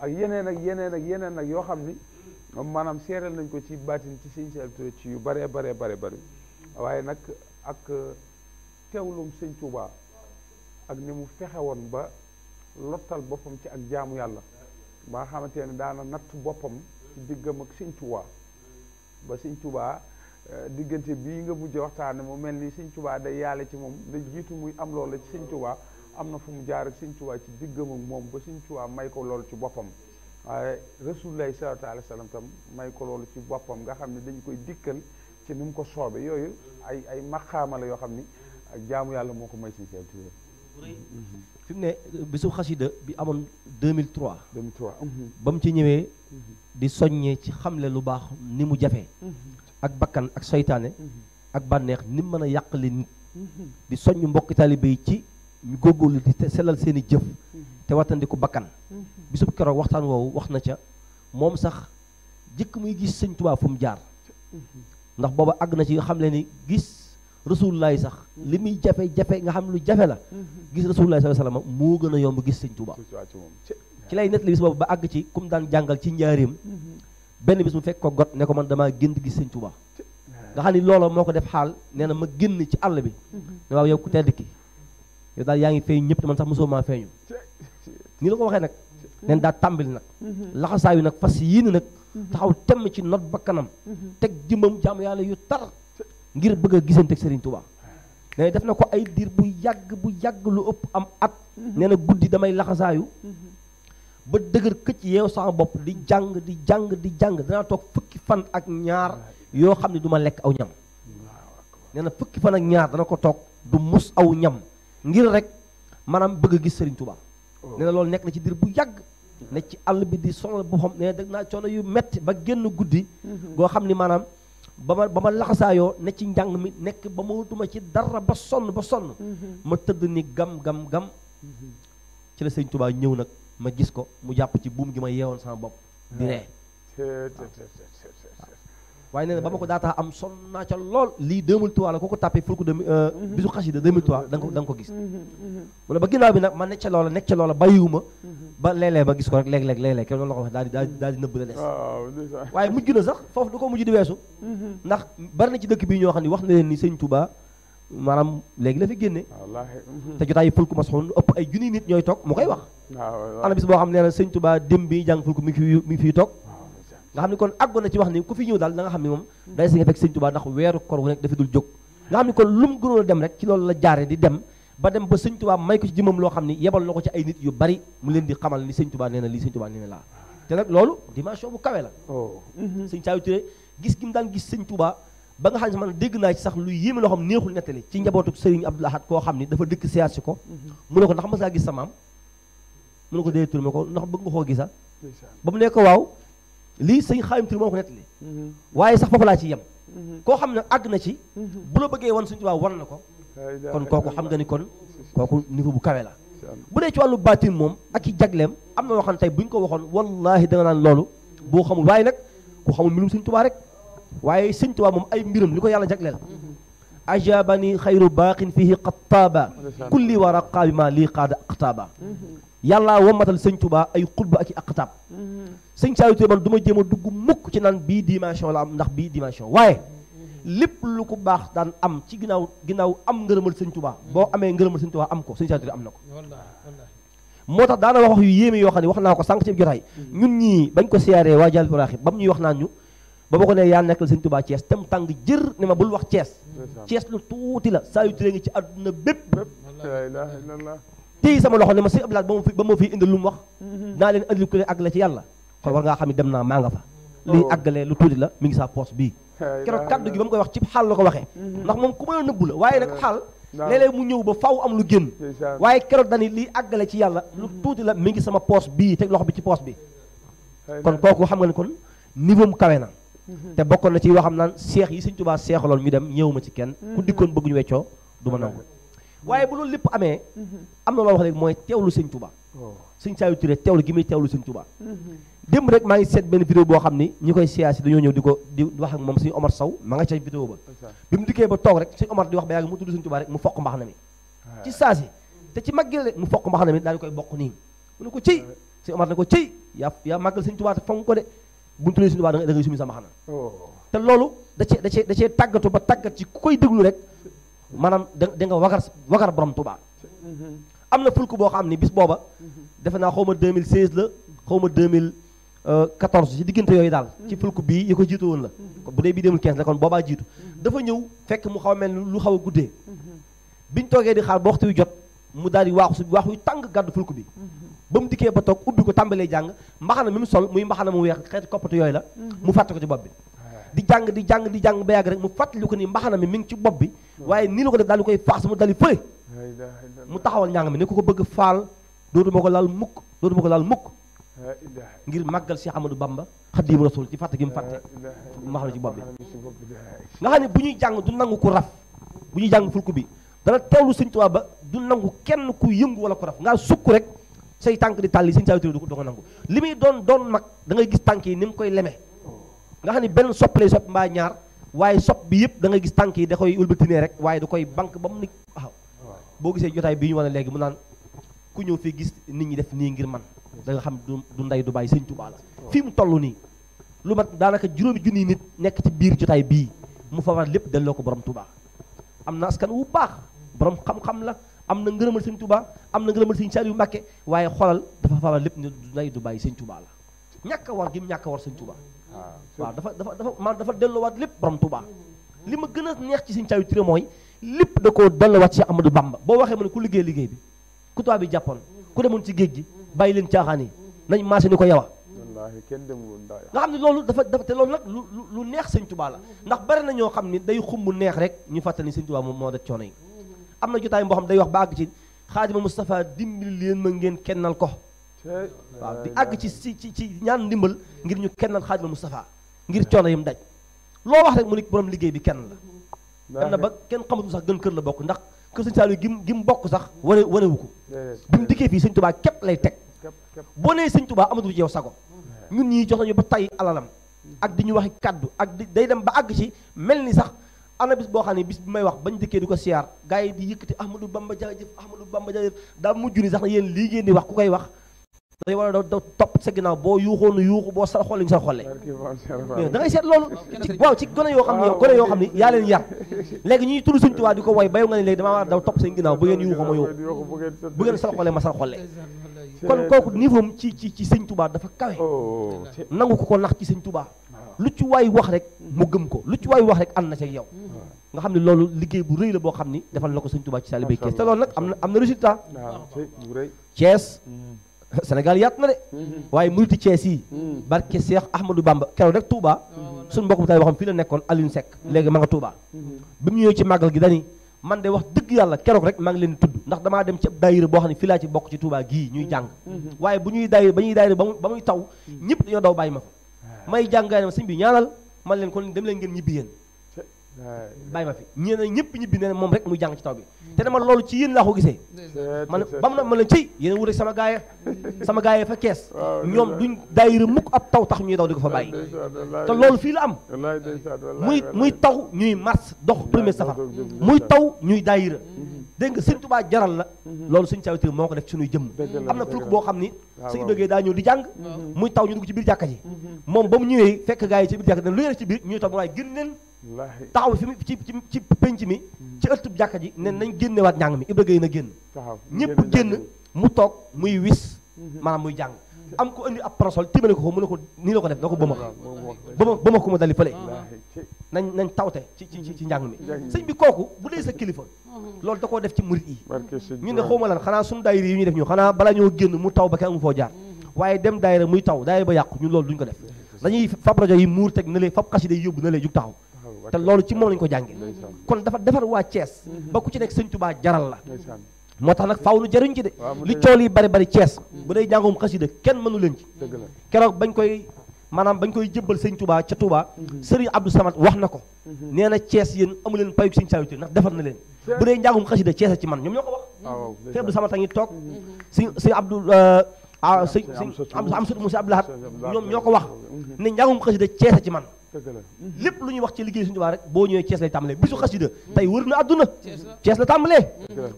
[SPEAKER 1] ak yeneen ak yeneen ak yeneen ak yoo xam ni maanaam seeral nañ ko ci baatin ci sëñ Cheikh Touré ci yu bare bare bare bëri waaye nag ak teewlum sëñ Touba ak ni mu fexe woon ba lottal boppam ci ak jaamu yàlla ba xamante ne daana natt boppam ci diggam ak sëñ Touba ba sëñ Touba eh, diggante bii nga mujj waxtaane mu mel ni sëñ Touba day yàlla ci moom da jiitu muy am loola ci sëñ Touba am na fu mu jaar ak Sëñ Tuubaa ci diggam ak moom ba Sëñ Tuubaa may ko loolu ci boppam waaye Rasulullaahi sallallaahu alayhi wa tam may ko loolu ci boppam nga xam ne dañu koy dikkal ci ni mu ko soobee yooyu ay ay maqaama yoo xam ni ak jaamu yàlla moo ko may Sëñ Cheikh Touré fi mu ne
[SPEAKER 3] bi su xasida bi amoon 2003. 2003. Mhm. ba mu ci ñëwee di soññee ci xamle lu baax ni mu jafee mhm. ak bakkan ak seytaane mhm. ak bànneex ni mën a yàqale nit di soññ mbokki taalibe ci ñu góorgóorlu di sellal seen i jëf mhm. te wattandiku bakkan mhm. bisub keroog waxtaan woowu wax na ca moom sax jëkk muy gis sëñ Tuubaa fu mu jaar mhm. ndax booba àgg na ci xam le ni gis rasulullaahi sax li muy jafe-jafe nga xam lu jafe la gis rasulullaahi sallallaahu alayhi wa sallam moo gën a yomb gis sëñ Tuubaa ci lay nettali bis boobu ba àgg ci kum daan jàngal ci njaareem benn bis mu fekk ko got ne ko man damaa génn gis sëñ Tuubaa nga xam ni looloo moo ko def xaal nee na ma génn ci àll bi ne waaw yow daal yaa ngi feeñ ñëpp te man sax mosoo maa feeñu nii la ko waxee nag nen daa tàmbali nag mhm. laxasaayu nag fas yéene nag mhm. taxaw temm ci not bakkanam mhm. teg jëmbam jaamu yàlla yu tar ngir bëgg a gisante ak Serigne Touba nee def na ko ay diir bu yàgg bu yàgg lu ëpp am at nee na guddi damay laxasaayu ba dëgër këcc yeew sama bopp di jàng di jàng di jàng dana toog fukki fan ak ñaar yoo xam ne duma lekk aw ñam nee na fukki fan ak ñaar dana ko toog du mus aw ñam ngir rek maanaam bëgg a gis Serigne Touba. Oh. nee na loolu nekk na ci diir bu yàgg. ne ci àll bi di sonal boppam nee ne dagg naa coono yu metti ba génn guddi. Mm-hmm. goo xam ni maanaam ba ma ba ma laxasaayoo ne ci njàng mi nekk ba ma wutuma ci dara ba sonn ba sonn. Mm-hmm. ma tëdd ni gam gam gam. Mm-hmm. ci la Serigne Touba ñëw nag ma gis ko mu jàpp ci buum gi ma yeewoon sama bopp. di ah. ree waaye nee na ba ma ko daataa am son naa ca lool lii 2003 la ko ko tàppee fulku euh, mm-hmm. de bisu xasida 2003 da nga ko da nga ko gis mu mm-hmm. mm-hmm. ba ginnaaw bi nag ma nekk ca loola nekk ca loola bàyyiwuma ba léeg-léeg ba gis ko rek léeg-léeg léeg-léeg kenn loolu la ko wax daal di daal di nëbb la des waaye mujj sax foofu du ko mujj di weesu ndax bari na ci dëkk bii ñoo xam ne wax na leen ni sëñ Touba maanaam léegi la fi génne te jotaay fulku masxoon ëpp ay junni nit ñooy toog mu koy wax ana bis boo xam ne na sëñ Touba dém bi jàng fulku mi fi mi ngi fiy nga xam ne kon àggoon na ci wax ni ko fi ñëw daal da nga xam ne moom day si nga fekk sëñ Tuubaa ndax weeru kor wu nekk dafa dul jóg nga xam ne kon lu mu gënoon dem rek ci loolu la jaare di dem ba dem ba sëñ Tuubaa may ko ci jëmam loo xam ni yebal na ko ci ay nit yu bari mu leen di xamal ni sëñ Tuubaa nee na li sëñ Tuubaa nee na laa te nag bu kawe la oh. mm-hmm. sëñ Saliou gis gi mu daan gis sëñ Tuubaa ba nga xam ne dégg naa ci sax lu yéeme loo xam neexul nettali ci njabootu Sëriñ Abdul Ahad koo xam ni dafa dëkk siyaas si ko mm-hmm. mu ne ko ndax mas ngaa gis sa maam mu ne ko déedéet Touré ma ko ndax bëgg nga koo gisa ah? ne ko waaw lii sëñ xaalim tur moo ko nettali waaye sax foofu laa ci yem koo xam ne àgg na ci bu la bëggee wan suñu tubaab wan na ko kon kooku xam nga ni kon kooku niveau bu kawe la bu dee ci wàllu baatin moom ak i jagleem am na waxoon tey bu ko waxoon wallahi da nga naan loolu boo xamul waaye nag ku xamul mbirum sëñ tubaab rek waaye sëñ tubaab moom ay mbirum li yàlla jagleel ajabani xayru baaqin fihi qattaaba kulli waraqaabi ma lii qaada aqtaaba yàlla wammatal sëñ tubaab ay xutba ak i sëñ Saliou Touré man du ma jéem a dugg mukk ci naan bii dimension la am ndax bii dimension waaye lépp lu ko baax daan am ci ginnaaw ginnaaw am ngërëmal sëñ Touba boo amee ngërëmal sëñ Touba am ko sëñ Saliou am na ko moo tax daana wax wax yu yéeme yoo xam ne wax naa ko sànq ci jotaay ñun ñii bañ ko siyaaree waa Jal Ibrahim ba mu ñuy wax naa ñu ba ma ko ne yaa nekkal sëñ Touba Thiès tam tàng jër ne ma bul wax Thiès cees lu tuuti la Saliou Touré ngi ci àdduna bépp tey sama loxo ne ma sëñ Abdoulaye ba ma fi indil lu mu wax mm-hmm. naa leen andil ku ak ci yàlla fa war ngaa xam ne dem naa maa nga fa liy oh. àggalee lu tuuti la mi ngi saa poos bii keroog kaddu gi ba mu koy wax ci xaal la ko waxee mm-hmm. ndax moom ku mën a nëbbu la waaye nag xaal léeg mu ñëw ba faw am lu génn waaye keroog dani liy àggale ci yàlla lu mm-hmm. tuuti la mi ngi sama poos bii teg loxo bi ci poos bi kon kooku xam nga ne kon niveau mu kawe na mm-hmm. te bokkoon na ci yoo xam naan seex yi sëñ Tuubaa seexaloon ñu dem ñëwuma ci kenn ku dikkoon bëgguñu weccoo du ma nangu waaye bu loolu lépp amee am na loo wax léegi mooy teewlu sëñ Tuubaa oh. sëñ Saliou Touré teewlu démb rek maa ngi seet benn vidéo boo xam ni ñi koy siyaasi dañoo ñëw di ko di wax ak moom suñu Omar Sow ma nga ca vidéo ba bi mu dikkee ba toog rek suñu Omar di wax ba yàgg mu tudd rek mu fokk mbax mi ah. ci saasi te ci màggal rek mu fokk mbax na mi daal di koy bokk nii mu ne ko ciy ah. suñu Omar ne ko ciy yaa yaa màggal suñu Tuubaa te fonk ko de bu ñu tuddee suñu sa mbax oh. te loolu da cee da cee da cee tàggatu ba tàggat ci ku koy déglu rek maanaam da da nga wagar wagar borom Tuubaa mm-hmm. am na fulk boo xam ni bis booba mm-hmm. defe naa xaw ma 2016 la xaw ma 2000 14 ci digënté yoy dal ci mm-hmm. fulku bi yi jitu won la mm-hmm. bu bi bii 15 la kon boba jitu mm-hmm. dafa ñëw fekk mu xaw mel lu xaw guddé biñ togué di xaar ba yu jot mu dal di su wax yu tang gaddu fulku bi bam diké ba tok ubbi ko tambalé jang mbaxana sol muy mbaxana mu wéx xéet kopatu yoy la mu fatte ko ci bopp bi ah. di jang di jang di jang ba rek mu fàttali ko ni mbaxana mi mi ngi ci bopp bi waaye ni lu ko def di koy fax mu di feuy mu taxawal ñang mi ne ko ko bëgg faal dootuma ko laal mukk dootuma ko laal mukk ngir magal Cheikh Amadou Bamba khadim Rasul ci fatte gi mu fàtte maxalu ci bobbi nga xam ne jang du nangou ko raf bu jang fulku bi dana teewlu seigne touba ba du nangou kenn ku yëngu wala ko raf nga sukku rek say tank di tali seigne touba do ko nangou limi don don mak da ngay gis tanki nim koy leme nga xam sop benn sop lay sop mbaa ñaar waaye bi yep da ngay gis tanki da koy ulbatinee rek waye da koy bank bam ni bo gisé jotay bi ñu mu nan ku ñew fi gis nit ñi def ni ngir man da nga xam du nday du bàyyi sëñ Tuubaa la fi mu tollu ni lu mat daanaka juróomi junniy nit nek ci biir jotay bi mu fawar lepp delloo lako borom touba am askan wu bax borom xam-xam la am ngeureumal seigne touba amna am seigne ngërëmal sëñ waye xolal waaye fa dafa fawar lépp ni du nday du bàyyi sëñ la ñaka war gi ñaka war seigne touba ah. wa dafa dafa dafa man dafa wat lepp borom touba lima gëna neex ci seigne Saaliw tire moy lepp da delu wat ci Amadou Bamba bo waxe man ku liggey liggey bi ku tubaab bi ku demone ci geejgi bàyyi leen caaxaan yi nañ maase ni ko yawa nga xam ne loolu dafa dafa te loolu nag lu lu neex sëñ tubaa la ndax bari na ñoo xam ni day xumb neex rek ñu fàttali sëñ tubaa moom moo def coono yi am na jotaay boo xam day wax ba àgg ci xaadima Moustapha dimbali leen ma ngeen kennal ko waaw àgg ci ci ci ci ñaan ndimbal ngir ñu kennal xaadima Moustapha ngir coono mu daj loo wax rek mu ni borom liggéey bi kenn la dem na ba kenn xamatul sax gën kër la bokk ndax kër sëñ Saliou gi mu bokk sax wane warewu ko bi mu dikkee fii sëñ képp lay teg boo nee sëñ tubaa amatul ci yow sago ñun ñii jox nañu ba tay alalam ak di ñu waxi kaddu ak di day dem ba àgg ci mel ni sax ana bis boo xam ne bis bi may wax bañ dëkkee di ko siyaar gars yi di yëkkati ahmadou bamba jaajëf ahmadou bamba jaajëf mujj ni sax ne yéen lii ngeen wax ku koy wax day war a daw topp sa ginnaaw boo yuuxoo nu yuuxu boo sal xolle ñu sal xolle da ngay seet loolu waaw ci gone yoo xam ne yaa leen yar léegi ñuy tudd suñ tubaa di ko way bayu nga ne léegi a kon kooku niveau am ci ci ci sëñ Touba dafa kawe. Oh, oh, oh, nangu ko ko nax ci sëñ Touba. lu ci waay wax rek mu gëm ko lu ci waay wax rek ànd na ci yow.
[SPEAKER 4] Mm-hmm.
[SPEAKER 3] nga xam ne loolu liggéey bu rëy la boo xam ni defal na ko sëñ Touba ci Saliou Kees te loolu nag am na am na résultat. Kees. Mm-hmm. Sénégal yaat na de. Mm-hmm. waaye muriti Cees yi. barke Cheikh Ahmadou ba keroog rek Touba. suñu mbokk bu tey waxam fii la nekkoon Alioune Seck. léegi ma nga Touba. bi mu ñëwee ci màggal gi dani man de wax dëgg yàlla keroog rek maa ngi leen tudd ndax damaa dem ci daayira boo xam ne fii laa ci bokk ci Touba gii ñuy jàng mm-hmm. waaye bu ñuy daayira ba ñuy daayira ba muy taw mm-hmm. ñëpp dañoo daw bàyyi ma fa ah. may jàngaane ma sëñ bi ñaanal man leen kon dem leen ngeen ñibbi yeen bàyyi ma fi ñeena ñëpp ñibbi ne moom rek muy jàng ci taw bi mm. te ma loolu ci yéen laa ko gisee man bam na ma la ciy yéen a wut sama gaaya mm. sama gaaya fa kees ñoom duñ daayira mukk ab taw tax ñuy daw di ko fa bàyyi te
[SPEAKER 1] loolu fii la am muy muy
[SPEAKER 3] taw ñuy mars dox premier safar muy taw ñuy daayira mm. dégg nga sëñ Tuubaa jaral la mm-hmm. loolu sëñ sawitir moo ko def suñuy jëmm am na fukk boo xam ni suñu bëggee daa ñëw di jàng muy taw ñu dugg ci biir jàkka
[SPEAKER 4] mm-hmm.
[SPEAKER 3] yi ci biir jàkka ji lu ñu def ci biir ñuy taw taxaw fi ci ci ci penc mi ci ëttub jàkka ji ne nañ génnewaat njàng mi Ibra Gueye na génn ñëpp génn mu toog muy wis mhm. maanaam muy jàng am ko indi ab parasol timale ko ko mu ne ko nii la ko def na ko bëmax bëmax bëmax ku ma dali fële nañ nañ ci ci ci njàng mi sëñ bu dee sa kilifa mhm. loolu da koo def ci murit yi ñu ne xawma lan xanaa suñu daayira yi ñuy def ñu xanaa bala ñoo génn mu taw ba kenn amu foo jaar mhm. waaye dem daayira muy taw daayira ba yàqu ñun loolu duñ ko def dañuy fab rajo yi muur teg na lee fab xasida yi yóbbu na jug taxaw te loolu ci moom lañ ko jànge kon dafa defar waa Thiès mhm. ba ku ci nekk sëñ tubaa jaral la moo tax nag faaw nu jëriñ ci de li cool yi bari bari Thiès mhm. bu dee jàngum xasida kenn mënu leen ci keroog bañ koy maanaam bañ koy jébbal sëñ tubaa ca tubaa mhm. Serigne Abdou Samad wax na ko nee na Thiès yéen amu leen payuk sëñ Saliou ndax defar na leen bu dee njàngum xasida Thiès a ci man ñoom ñoo ko wax
[SPEAKER 4] ah, sëñ Abdou Samad a
[SPEAKER 3] ngi toog sëñ sëñ Abdou euh, ah sëñ sëñ am sut Moussa Abdou Lahad ñoom ñoo ko wax ne njàngum xasida Thiès a ci man Mhm. lépp lu ñuy wax ci liggéey Sëñ Tuubaa rek boo ñëwee Thiès lay tàmbalee bisu xasida mhm. tey wër na àdduna Thiès la tàmbalee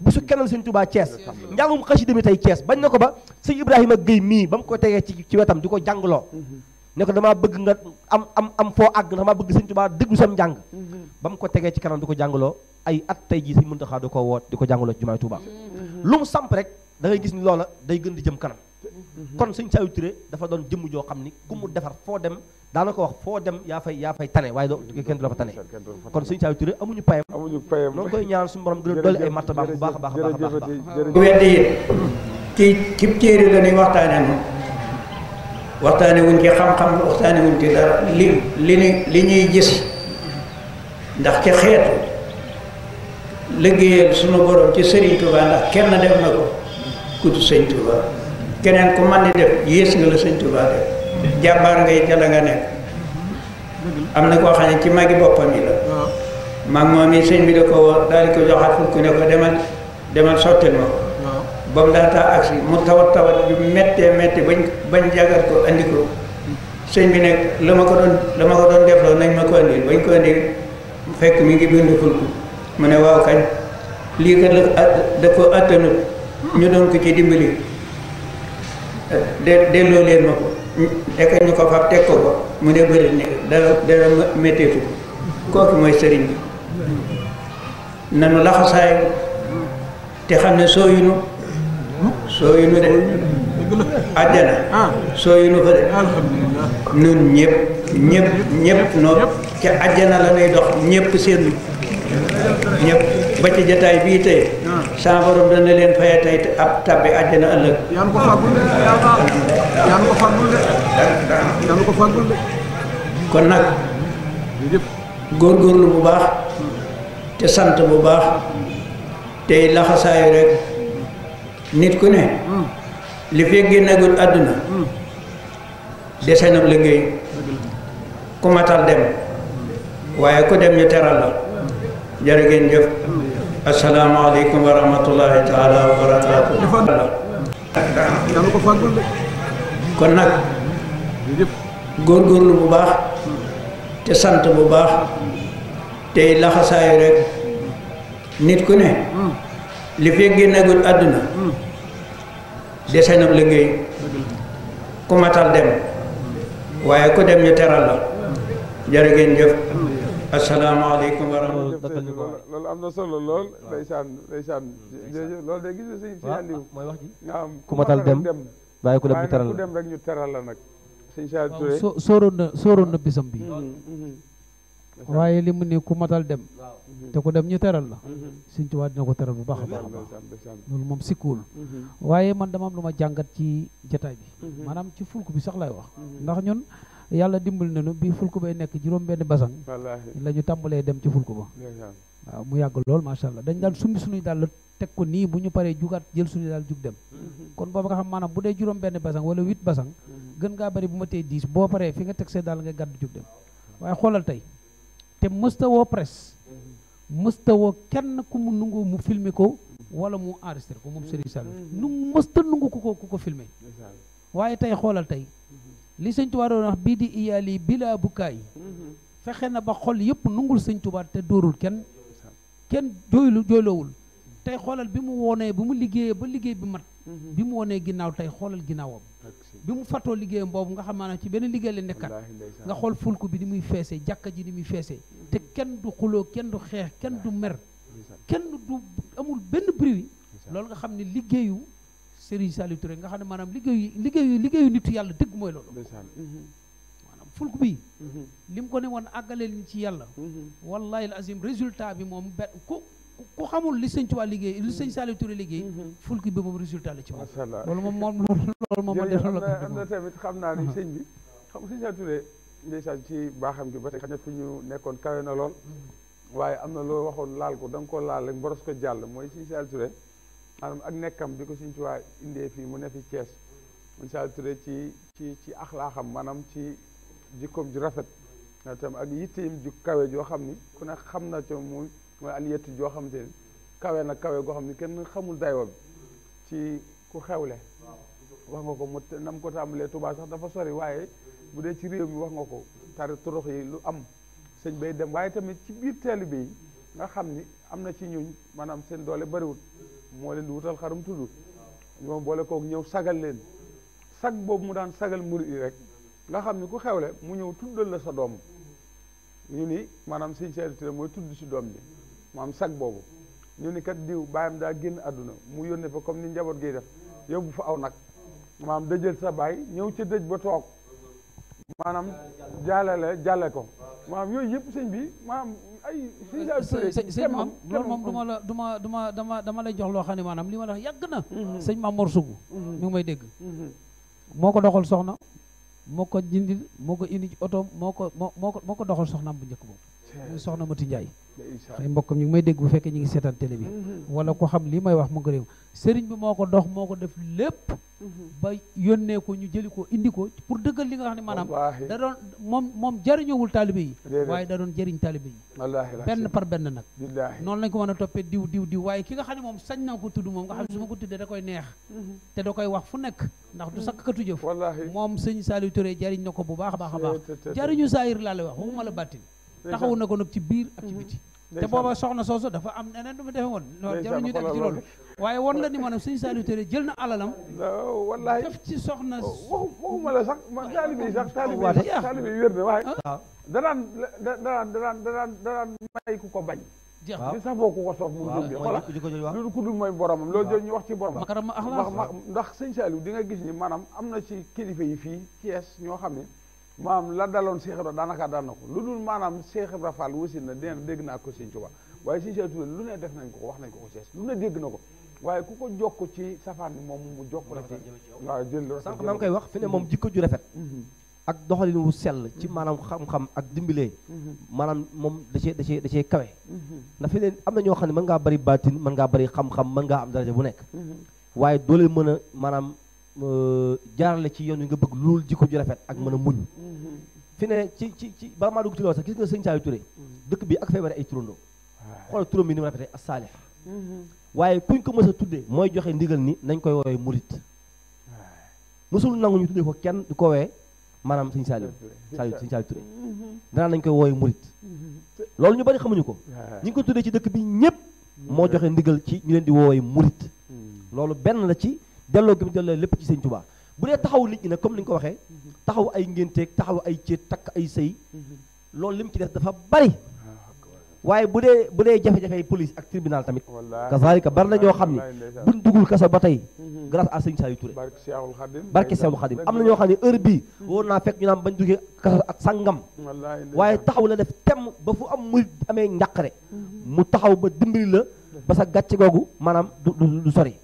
[SPEAKER 3] bisu su Sëñ Tuubaa Thiès njàngum xasida mi tey Thiès bañ na ko ba sëñ Ibrahima Guèye mii ba mu ko tegee ci ci wetam di ko jàngloo mhm. ne ko damaa bëgg nga am am am foo àgg damaa bëgg Sëñ Tuubaa déglu sam njàng ba mu ko tegee ci kanam di ko jàngloo ay at tey jii Sëñ Muntaxaa da koo woot di ko jàngloo ci jumaay tubaa lu mu samp rek dangay gis ni loola day gën di jëm kanam kon Sëñ Saliou Touré dafa doon jëmm joo xam ni ku mu defar foo dem daanaka wax foo dem yaa fay yaa fay tane waaye doo kenn du la fa tane kon suñu Saliou Touré amuñu payam amuñu payam noo koy ñaan suñu borom gën a dolli ay martabaam bu baax a baax a baax weddi yi ci cib
[SPEAKER 5] téere la ñuy waxtaane moom waxtaane wuñ ci xam-xam waxtaane wuñ ci dara li li ñuy li ñuy gis ndax ci xeetu liggéeyal suñu borom ci Serigne Touba ndax kenn def na ko ku Sëñ Touba keneen ku man di def yées nga la Sëñ Touba def jàmbaar ngay ca nga nekk am na ko xam ne ci magi boppam yi la mag moom yi sëñ bi da ko daal ko joxaat fukki ne ko demal demal sottil ma ba mu laataa agsi mu tawat tawat bi méttee métti bañ bañ jagar ko andi ko bi nekk la ma ko doon la ma ko doon def loolu nañ ma ko andil bañ ko andil fekk mi ngi bind fulku mu ne waaw kañ lii kat la ah, ko attanut ñu doon ko ci dimbali de delloo leen ma ko nekk ñu ko fab teg ko ko mu ne bëri ne dara dara métteeku kooku mooy sëriñ bi nanu laxasaay te xam ne sooyunu sooyunu de àjjana sooyunu fa de nun ñëpp ñëpp ñëpp noo ca àjjana la nuy dox ñëpp seen ñëpp ba ci jataay bii tey sama borom dana leen fay tey ab tabbi àjjana ëllëg. kon nag. góorgóorlu bu baax. te sant bu baax. tey laxasaayu rek. nit ku ne. Hmm. li fi génnagul àdduna. Hmm. dese na liggéey. ku matal dem. waaye ku dem ñu teral la. Hmm. jërë jëf. asalaamaaleykum wa rahmatullahi taala wa barakaatu. kon nag góorgóorlu bu baax te sant bu baax tey laxasaayu rek nit ku ne li fi génnagul àdduna dese na liggéey ku matal dem waaye ku dem ñu teral la jërë jëf asalaamaaleykum wa rahmatulah.
[SPEAKER 1] loolu am na solo lool. waaw ndeysaan ndeysaan. jërëjëf loolu day gis ku matal dem bàyyi ku dem la dem rek ñu teral la nag. sëñ Saa so sooroon bi. Mhm, mhm.
[SPEAKER 4] waaye li mu ne ku matal dem.
[SPEAKER 2] te ku dem ñu la. Mhm. sëñ Tuubaa ko teral bu baax a moom sikkuwul. waaye man dama am lu ma jàngat ci jataay bi. maanaam ci fulk bi sax lay wax. ndax ñun. yàlla dimbali nañu bi fulku bay nekk juróom benn basan la ñu tàmbalee dem ci fulku ba waaw mu yàgg lool macha allah dañ daan summi suñuy daal teg ko nii bu ñu paree jugaat jël suñu daal jug dem mm-hmm. kon booba nga xam maanaam bu dee juróom benn basang wala huit basang mm-hmm. gën ngaa bari bu ma tee dix boo paree fi nga teg see daal nga gàddu jug dem waaye xoolal tey te mësta woo presse mm-hmm. mësta woo kenn ku mu nungu mu filmer ko wala mu enregistré ko moom Serigne Saliou nu mësta ko ku ko filmer waaye tey xoolal tey li sëñ Tuubaa doon bii di iyaali bila bukaay mhm. fexe na ba xol yëpp nungul sëñ Tuubaa te dóorul kenn kenn jooylu jooylowul tey xoolal bi mu woonee bi mu liggéeyee ba liggéey bi mat mhm. bi mu woonee ginnaaw tey xoolal ginnaawam bi mu fattoo liggéeyam boobu nga xam ne ci benn liggéey la nekkat nga xool fulku bi ni muy feesee jàkka ji ni muy feesee te mhm. kenn du xuloo kenn du xeex kenn du mer kenn du amul benn bruit loolu nga xam ne liggéeyu Serigne Saliou Touré nga xam ne maanaam liggéeyu liggéeyu liggéeyu nitu yàlla dëgg mooy loolu mhm. maanaam fulk bi mhm. li ko ne woon àggaleel ñu ci yàlla mhm. wallahi al azim résultat bi moom benn ku ku xamul li sëñ Tuubaa liggéey li sëñ Saliou Touré liggéey fulk bi moom résultat la ci moom loolu moom moom loolu moom am na
[SPEAKER 1] tamit xam naa ni bi xam sëñ Saliou Touré ci baaxam gi ba tey xëy fi ñu nekkoon kawe na lool waaye am na loo waxoon laal ko da nga ko laal rek boros ko jàll mooy sëñ Saliou maanaam ak nekkam bi ko Sëñ Tuubaa indee fii mu ne fi Thiès mu saal Touré ci ci ci axlaaxam maanaam ci jikkoom ju rafet na tam ak yittayim ju kawe joo xam ni ku ne xam na ca mu mooy joo xam te ni kawe na kawe goo xam ni kenn xamul daywa bi ci ku xewle wax nga ko mu nam ko tàmbalee Tuubaa dafa sori waaye bu dee ci réew mi wax nga ko tari turux yi lu am sëñ bay dem waaye tamit ci biir taalibe yi nga xam ni am na ci ñuñ maanaam seen doole bariwul moo leen di wutal xarum tudd ñoom boole kook ñëw sagal leen sag boobu mu daan sagal murit yi rek nga xam ni ku xewle mu ñëw tuddal la sa doom ñu ni maanaam sëñ Seex Ture mooy tudd si doom ji maanaam sag boobu ñu ni kat diw baayam daa génn àdduna mu yónnee fa comme ni njaboot giy def yóbbu fa aw nag maanaam dëjël sa baay ñëw ca dëj ba toog maanaam jàllale jàlle ko maanaam yooyu yëpp sëñ bi maanaam ay euh, sëñ maam loolu moom du
[SPEAKER 2] ma la du ma dama dama lay jox loo xam ne maanaam li ma la yàgg na mm-hmm. sëñ maam Mor Sugu mm-hmm. mi ngi may dégg mm-hmm. moo ko doxal soxna moo ko jindi moo ko indi ci otoom moo ko moo ko moo ko doxal soxnaam bu njëkk boobu soxna Mati Ndiaye mbokk mbokkam ñu may dégg bu fekkee ñu ngi seetaan télé bi mm-hmm. wala ko xam lii may wax mu ngi réew sëriñ bi moo ko dox moo ko def lépp mm-hmm. ba yónnee ko ñu jëli ko indi ko pour dëggal li nga xam ne maanaam da doon moom moom jariñowul taalibe yi waaye da doon jëriñ taalibe
[SPEAKER 1] yi benn par
[SPEAKER 2] benn nag noonu lañ ko mën a toppee diw diw diw waaye ki nga xam ne moom sañ na ko tudd moom nga xam su ma ko tuddee da koy neex mm-hmm. te da koy wax fu nekk ndax du sakkatu jëf moom sëñ Saliou Touré jariñ na ko bu baax baax a jariñu saayir laa lay wax waxuma la taxawu na ko nag ci biir ak ci biti te booba soxna soosu dafa am neneen du ma defe woon jaru ñu dagg ci loolu waaye won la ni maanaam sëñ Saliou Touré jël na alalam
[SPEAKER 1] wallaay def ci soxna oh, waxuma la sax man taalibe yi sax oh, taalibe yi taalibe yi wér na waaye ah. danaan danaan danaan danaan danaan may ku ko bañ jeex di safoo ku ko soof mu jëm bi xoola loolu ku dul mooy boromam loolu jël ñu wax ci boromam ndax sëñ Saliou di nga gis ni maanaam am na ci kilifa yi fii Thiès ñoo xam ne maam la daloon Cheikh Ibra daanaka daan na ko lu dul maanaam Cheikh na deen dégg naa ko Sëñ Tuubaa waaye Sëñ Tuubaa lu ne def nañ ko ko wax nañ ko ko Cees lu ne dégg na ko waaye ku ko jokk ci safaan moom mu jokk la ci waaw koy wax fi ne moom
[SPEAKER 3] jikko ju rafet mhm. ak doxalin wu sell ci maanaam xam-xam ak dimbalee mhm. maanaam moom da cee da cee da cee kawe mhm. ndax fi leen am na ñoo xam ne mën ngaa bari baatin mën ngaa bari xam-xam man ngaa am daraja bu nekk waaye doo mën a maanaam Euh, jaar la ci yoon wi nga bëgg loolu jikko ju rafet ak mën a muñ mm-hmm. fi ne ci ci ci bala maa dugg ci gis nga sëñ Saliou Touré mm-hmm. dëkk bi ak feebare ay turandoo xoolal turam bi ni mu rafetee as saalix mm-hmm. waaye kuñ ko mës a mooy joxe ndigal ni nañ koy woowee murit mësul nangu ñu ko kenn ko wee maanaam sëñ Saliou Saliou sëñ Saliou Touré danaa nañ koy woowee
[SPEAKER 4] loolu ñu bari xamuñu ko ñi ko tuddee
[SPEAKER 3] ci dëkk bi ñépp moo joxe ndigal ci ñu leen di woowee murit loolu benn la ci delloo gi mu delloo lépp ci sëñ Tuubaa bu dee taxaw nit ñi nag comme ni ñu ko waxee taxaw ay ngénteeg taxaw ay céet takk ay sëy loolu li mu ci def dafa bari waaye bu dee bu dee jafe-jafey police ak tribunal tamit kazalika bari na ñoo xam ne buñ duggul kaso ba tey mhm. grâce a sëñ Saliou Touré
[SPEAKER 4] barke Seexul Xadim am na ñoo xam ne heure
[SPEAKER 3] bii war naa fekk ñu naan bañ duggee kaso ak sangam waaye taxaw la def tem ba fu am muy amee njàqare mhm. mu taxaw ba dimbali la ba sa gàcce googu maanaam du du sori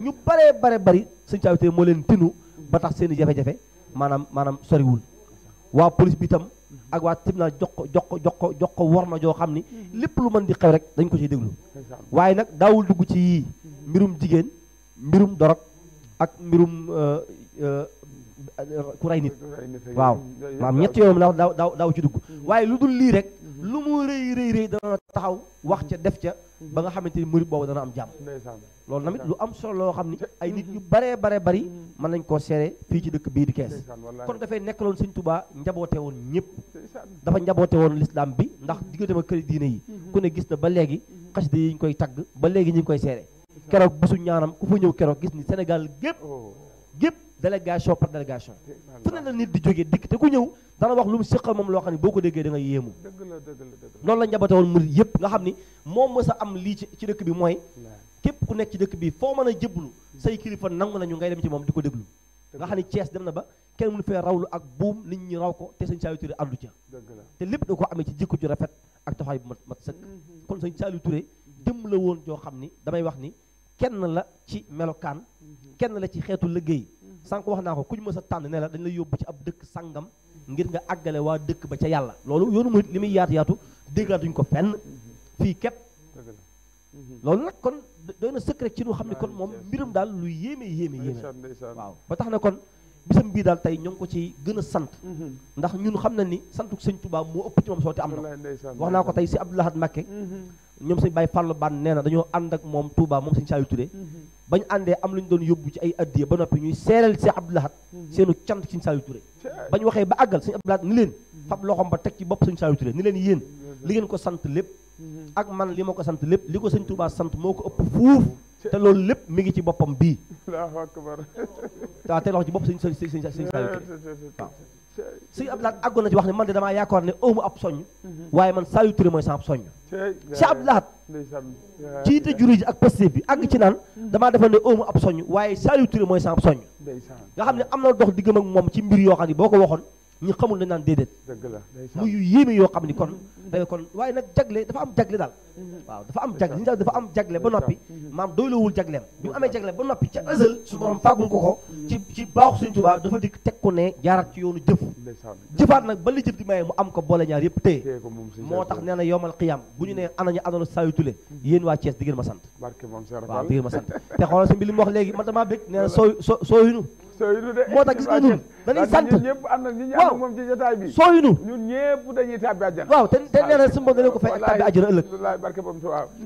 [SPEAKER 3] ñu baree bare bari sëñ Thiaw Té moo leen tinu ba tax seen i jafe-jafe maanaam maanaam soriwul waaw polis bi itam ak waa naa jox ko jox ko jox ko jox ko war na joo xam ni lépp lu mën di xew rek dañ ko ci déglu waaye nag daawul dugg ci yii mbirum jigéen mbirum dorog ak mbirum euh, euh, ku rey nit waaw maam ñett yooyu daaw daaw daaw ci dugg mm-hmm. waaye lu dul lii rek lu mu rëy rëy rëy dana taxaw wax ca def ca ba nga xamante ni murit boobu dana am jàmm loolu namit lu am solo loo xam ni ay nit ñu mhm. baree bare bari mhm. mën nañ koo seere fii ci dëkk bii di kees kon dafay nekkaloon sëñ tubaa njaboote woon ñëpp dafa njaboote woon lislaam bi ndax mhm. diggante ma këri diine yi ku ne gis na ba léegi xasida yi ñu koy tagg ba léegi ñu ngi koy seere keroog bisu ñaanam ku fa ñëw keroog gis ni senegal gépp oh. gépp délégation par délégation fu ne la nit di jógee dikk te ku ñëw dana wax lu mu séqal moom loo xam ne boo ko déggee da nga yéemu noonu la njabate woon murid yëpp nga xam ni moo mës am lii ci dëkk bi mooy képp ku nekk ci dëkk bi foo mën a jëblu say kilifa nangu nañu ngay dem ci moom di ko déglu nga xam ne cees dem na ba kenn mënu fee rawlu ak buum nit ñi raw ko te sëñ Saliou Touré àndu ca te lépp da ko amee ci jikko ju rafet ak taxawaay bu mat mat sëkk mm-hmm. kon sëñ Saliou Touré jëm la woon joo xam ni damay wax ni kenn la ci melokaan mm-hmm. kenn la ci xeetu liggéey sànq wax naa ko ku ñu mës a tànn nee la dañ la yóbbu ci ab dëkk sàngam ngir nga àggale waa dëkk ba ca yàlla loolu yoonu murit li muy yaatu yaatu déggaatuñ ko fenn fii képp loolu nag kon doy na secret ci ñu xam ne kon moom mbirum daal lu yéeme yéeme yéeme waaw ba tax na kon bisam bii daal tey ñoo ko ci gën a sant mhm. ndax ñun xam na ni santuk sëñ Tuubaa moo ëpp ci moom sooti am na wax naa ko tey si ab Lahad Mbacké mhm. ñoom sëñ Baye Fallou Ban nee na dañoo ànd ak moom Touba moom sëñ Saliou Touré mhm. bañ àndee am lu ñu doon yóbbu ci ay addiya ba noppi ñuy seeral si Abdou Lahad mhm. seenu cant ci Sëñ Saliou Touré bañ waxee ba àggal Sëñ Abdou Lahad ni leen mhm. fab loxoom ba teg ci bopp Sëñ Saliou Touré ni leen yéen mhm. li ngeen ko sant lépp ak man li ma ko sant lépp li ko Sëñ Touba sant moo ko ëpp fuuf te loolu lépp mi ngi ci boppam bii
[SPEAKER 4] Allahu akbar waaw
[SPEAKER 3] tey loxo ci bopp Sëñ Sëñ Sëñ Saliou Touré
[SPEAKER 4] waaw Sëñ Abdou
[SPEAKER 3] Lahad àggoon na ci wax ne man de damaa yaakaar ne amu ab soññ waaye man Saliou Touré mooy sama ab si ab laat
[SPEAKER 1] jiite juri ji ak Pastef
[SPEAKER 3] bi àgg ci naan mm-hmm. damaa defal ne ëwma ab soññ waaye Saliou Touré mooy sa ab soññ nga xam ne am na dox diggam ak moom ci mbir yoo xam ne boo ko waxoon ñi xamul dañ naan déedéet mu yu yéeme yoo xam ni kon da kon waaye nag jagle dafa am jagle daal waaw dafa am jagle dafa am jagle ba noppi mhm. maam doylawul jagleem bi mu amee jagle ba noppi ca ësal su borom fàggul ko ko mhm. ci ci baaxu suñ tubaab dafa dikk teg ko ne jaarat ci yoonu jëf jëfaat nag ba li di maye mu am ko boole ñaar yëpp téye moo tax nee na yoomal xiyam bu ñu ne mhm. anañu andoona saayutule yéen waa Thiès di ngeen ma sant
[SPEAKER 1] waaw di ma sant
[SPEAKER 3] te xoolal si mbi mu wax léegi man damaa bég nee
[SPEAKER 1] moo tax gis nga ñun dañuy sant waaw sooy nu waaw te te nee na su
[SPEAKER 3] a ko fay ak tàbbi àjjana ëllëg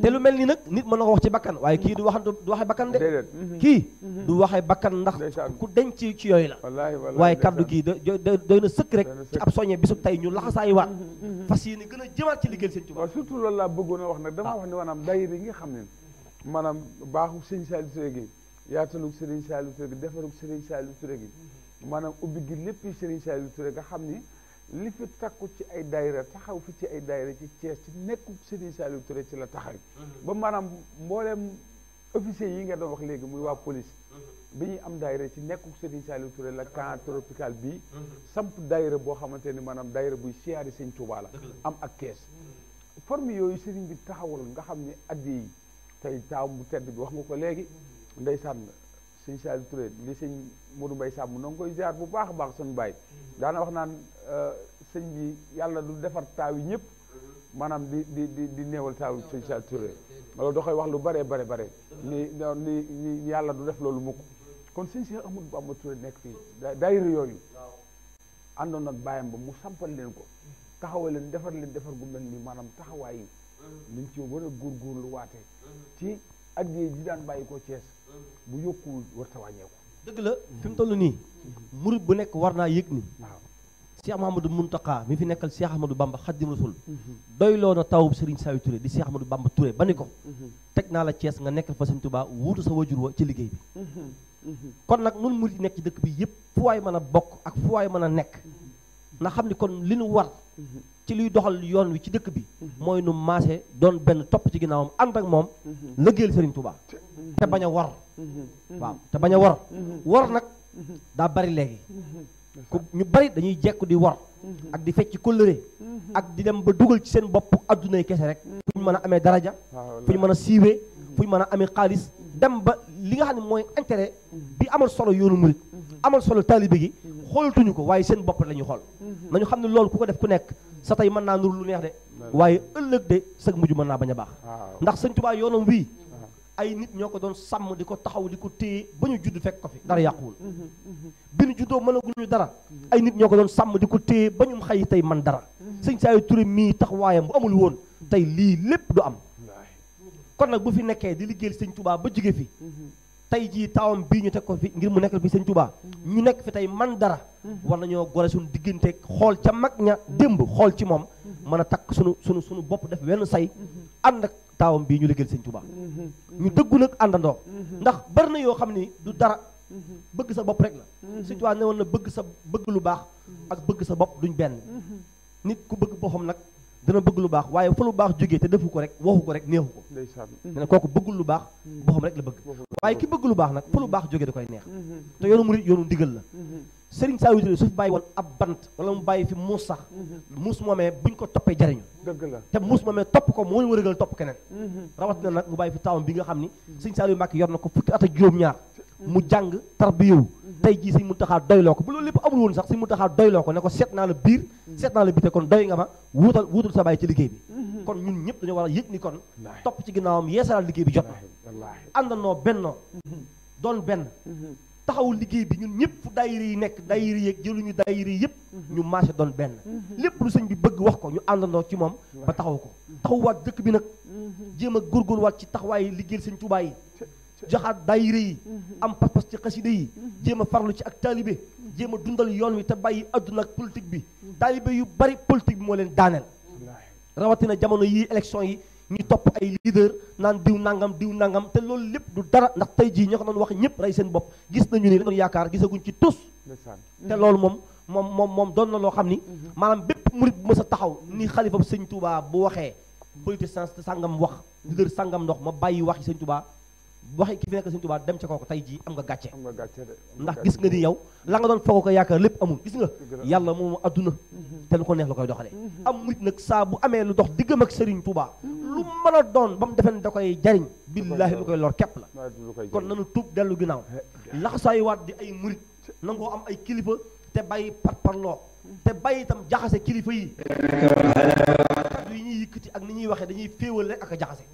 [SPEAKER 3] te lu mel nii nag nit mën na ko wax ci bakkan waaye kii du wax du waxe bakkan de mm-hmm. kii du waxe bakkan ndax ku denc ci yooyu la waaye kàddu kii da doy na sëkk rek ci ab soññe bisub tey ñu laxasaay waat
[SPEAKER 1] mm-hmm, mm-hmm. fas yéene gën a jëmaat ci liggéeyal seen Tuubaa surtout loolu laa bëggoon a wax nag dama ah. wax ne maanaam daayira yi nga xam ne maanaam baaxu sëñ Saliou Gueye yaatalug Serigne Saliou Touré gi defarug Serigne Saliou Touré gi maanaam ubbi gi lépp Serigne Saliou Touré nga xam ni li fi takku ci ay daayira taxaw fi ci ay daayira ci Thiès ci nekku Serigne Saliou Touré ci la taxaw mhm. ba maanaam mbooleem officier yi nga doon wax léegi muy waa police mhm. bi ñuy am daayira ci nekku Serigne Saliou Touré la camp bi bii mhm. samp daayira boo xamante ni maanaam daayira buy siyaari Serigne Touba am ak Thiès forme yooyu Serigne bi taxawul nga xam ni addi yi tey taaw bu tedd bi wax nga ko léegi ndeysaan sëñ Saliou Touré li sëñ Modou Mbaye Samb na nga koy ziar bu baax a baax suñu baay daana wax naan euh, sëñ yi yàlla du defar taaw yi ñëpp maanaam di di di di néewal taaw sëñ Saliou Touré loolu da koy wax lu bare bare bare ni ni yàlla du def loolu mukk kon sëñ Cheikh Ahmadou Bamba Touré nekk fii daayira yooyu àndoon nag bàyyam ba mu sampal leen ko taxawal leen defar leen defar gu nii maanaam taxawaay yi liñ ci war a lu waate ci ak ji daan bàyyi ko Cees bu yokkuwul warta wàññeeku dëgg la fi mu
[SPEAKER 3] toll nii murit bu nekk war naa yëg ni waaw Cheikh Mahamadou Mountakha mi fi nekkal Cheikh Ahmadou Bamba Khadim Rasoul mhm. doyloo na tawub Serigne Saliou Touré di Cheikh Ahmadou Bamba Touré ba ni ko mhm. teg naa la cees nga nekkal fa Serigne Touba sa wajur wa ci liggéey
[SPEAKER 4] bi mhm.
[SPEAKER 3] kon nag nun murit yi nekk ci dëkk bi yëpp fu waay mën a bokk ak fu waay mën a nekk na xam ni kon li nu war ci luy doxal yoon wi ci dëkk bi mooy nu maase doon benn topp ci ginnaawam ànd ak moom lëggéeyal Serigne Touba te bañ a war
[SPEAKER 4] waaw te bañ a war war nag
[SPEAKER 3] daa bari léegi ku ñu bari dañuy jekku di war ak di fecc kóllëre ak di dem ba dugal ci seen bopp addunay kese rek fu ñu mën a amee daraja fu ñu mën a siiwee fu ñu mën a amee xaalis dem ba li nga xam ne mooy intere bi amal solo yoonu murit amal solo taalibe gi xoolatuñu ko waaye seen bopp la ñuy xool nañu xam ne loolu ku ko def ku nekk sa tay man naa nur lu neex de waaye ëllëg de sag mujj man naa bañ a baax ndax sëñ Tuubaa yoonam wii ay nit ñoo ko doon sàmm di ko taxaw di ko téye ba ñu judd fekk ko fi dara yàquwul mhm, mhm. bi ñu juddoo mënaguñu dara ay nit ñoo ko doon sàmm di ko téye ba ñu xay tey man dara mhm. sëñ Saliou Touré mii taxawaayam bu amul woon tey lii lépp du am kon nag bu fi nekkee di liggéeyal sëñ tubaa ba jóge fi tey jii taawam bii ñu teg ko fi ngir mu nekkal fi sëñ tubaa ñu nekk fi tey man dara war nañoo gore suñu diggante xool ca mag ña démb xool ci moom mën a takk suñu suñu suñu bopp def wenn say ànd ak taawam bii ñu liggéeyal sëñ tubaa ñu dëggu nag àndandoo ndax bari na yoo xam ni du dara bëgg sa bopp rek la sëñ Touba ne woon na bëgg sa bëgg lu baax ak bëgg sa bopp duñu benn nit ku bëgg boppam nag dana bëgg lu baax waaye fa lu baax jógee te defu ko rek waxu ko rek neexu ko nee kooku bëggul lu baax boppam rek la bëgg waaye ki bëgg lu baax nag fa lu baax jógee da koy neex mm-hmm. te yoonu murit yoonu ndigal la mm-hmm. sëriñ saa wituré suuf bàyyi woon ab bant wala mu bàyyi fi muus sax mm-hmm. muus moomee buñ ko toppee jariñu dëgg la te muus moomee topp ko moo ñu wërëgal topp keneen rawat na nag mu bàyyi fi taawam bi nga xam ni sëriñ saa yu Mbàkke yor na ko fukki at ak juróom-ñaar mu jàng tarbiyewu tey jii sëñ Muntaxa doyloo ko bu loolu lépp amul woon sax sëñ Muntaxa doyloo ko ne ko seet naa la biir seet naa la bite kon doy nga ma wuutal wuutal sa baay ci liggéey bi mhm. kon ñun ñëpp dañoo war a yëg ni kon topp ci ginnaawam yeesalaat liggéey bi jot na àndandoo bennoo mhm. doon benn mhm. taxawu liggéey bi ñun ñëpp fu daayira yi nekk daayira yeeg jëluñu daayira yëpp ñu marché doon benn lépp lu sëñ bi bëgg wax ko ñu àndandoo ci moom ba taxaw ko taxawuwaat dëkk bi nag jéem a góorgóorluwaat ci taxawaayi liggéeyal sëñ Tuubaa yi joxaat daayira yi am pas-pas ci xasida yi jéem a farlu ci ak taalibe jéem a dundal yoon wi te bàyyi àdduna ak politique bi taalibe yu bari politique bi moo leen daaneel rawatina jamono yii élection yi ñu topp ay leader naan diw nangam diw nangam te loolu lépp du dara ndax tey jii ñoo ko doon wax ñëpp rey seen bopp gis nañu ni doon yaakaar gisaguñ ci tus te loolu moom moom moom doon na loo xam ni mhm. maanaam bépp murit bu mës a taxaw ni xalifa sëñ tubaa bu waxee politique sens te sàngam wax leader sàngam ndox ma bàyyi wax yi sëñ waxe ki fi nekk sëñ Tuubaa dem ca kooku tey jii am nga gàcce ndax gis nga di yow la nga doon foog ko yaakaar lépp amul gis nga yàlla moom adduna mhm. te lu ko neex la koy doxalee mhm. am murit nag saa bu amee lu dox diggam ak sëriñ Tuubaa mhm. lu mën a doon ba mu defen da koy jariñ billaahi lu koy lor képp la kon nanu tuub dellu ginnaaw laxasaayu waat di ay murit nangoo am ay kilifa te bàyyi par parloo te bàyyi itam jaxase kilifa yi lu ñuy yëkkati ak ni ñuy waxee dañuy féewale ak a jaxase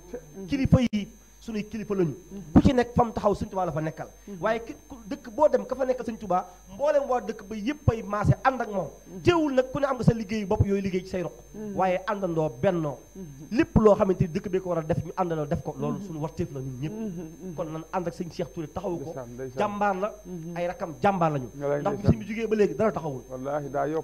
[SPEAKER 3] kilifa yi suñuy kilifa lañu mhm. ku ci nekk fam taxaw sëñ tubaa la fa nekkal mhm. waaye ki dëkk boo dem ka fa nekkal sëñ tubaa mboolem waa dëkk ba yëpp ay maase ànd ak moom mhm. teewul nag ku ne am nga sa liggéey bopp yooyu liggéey ci say roq waaye àndandoo bennoo lépp loo xamante ni dëkk bi ko war a def ñu àndandoo def ko loolu suñu warteef la ñun ñëpp kon nan ànd ak sëñ Cheikh Touré taxawu ko jàmbaar la ay rakam jàmbaar lañu ndax bi suñu jógee ba léegi dara taxawul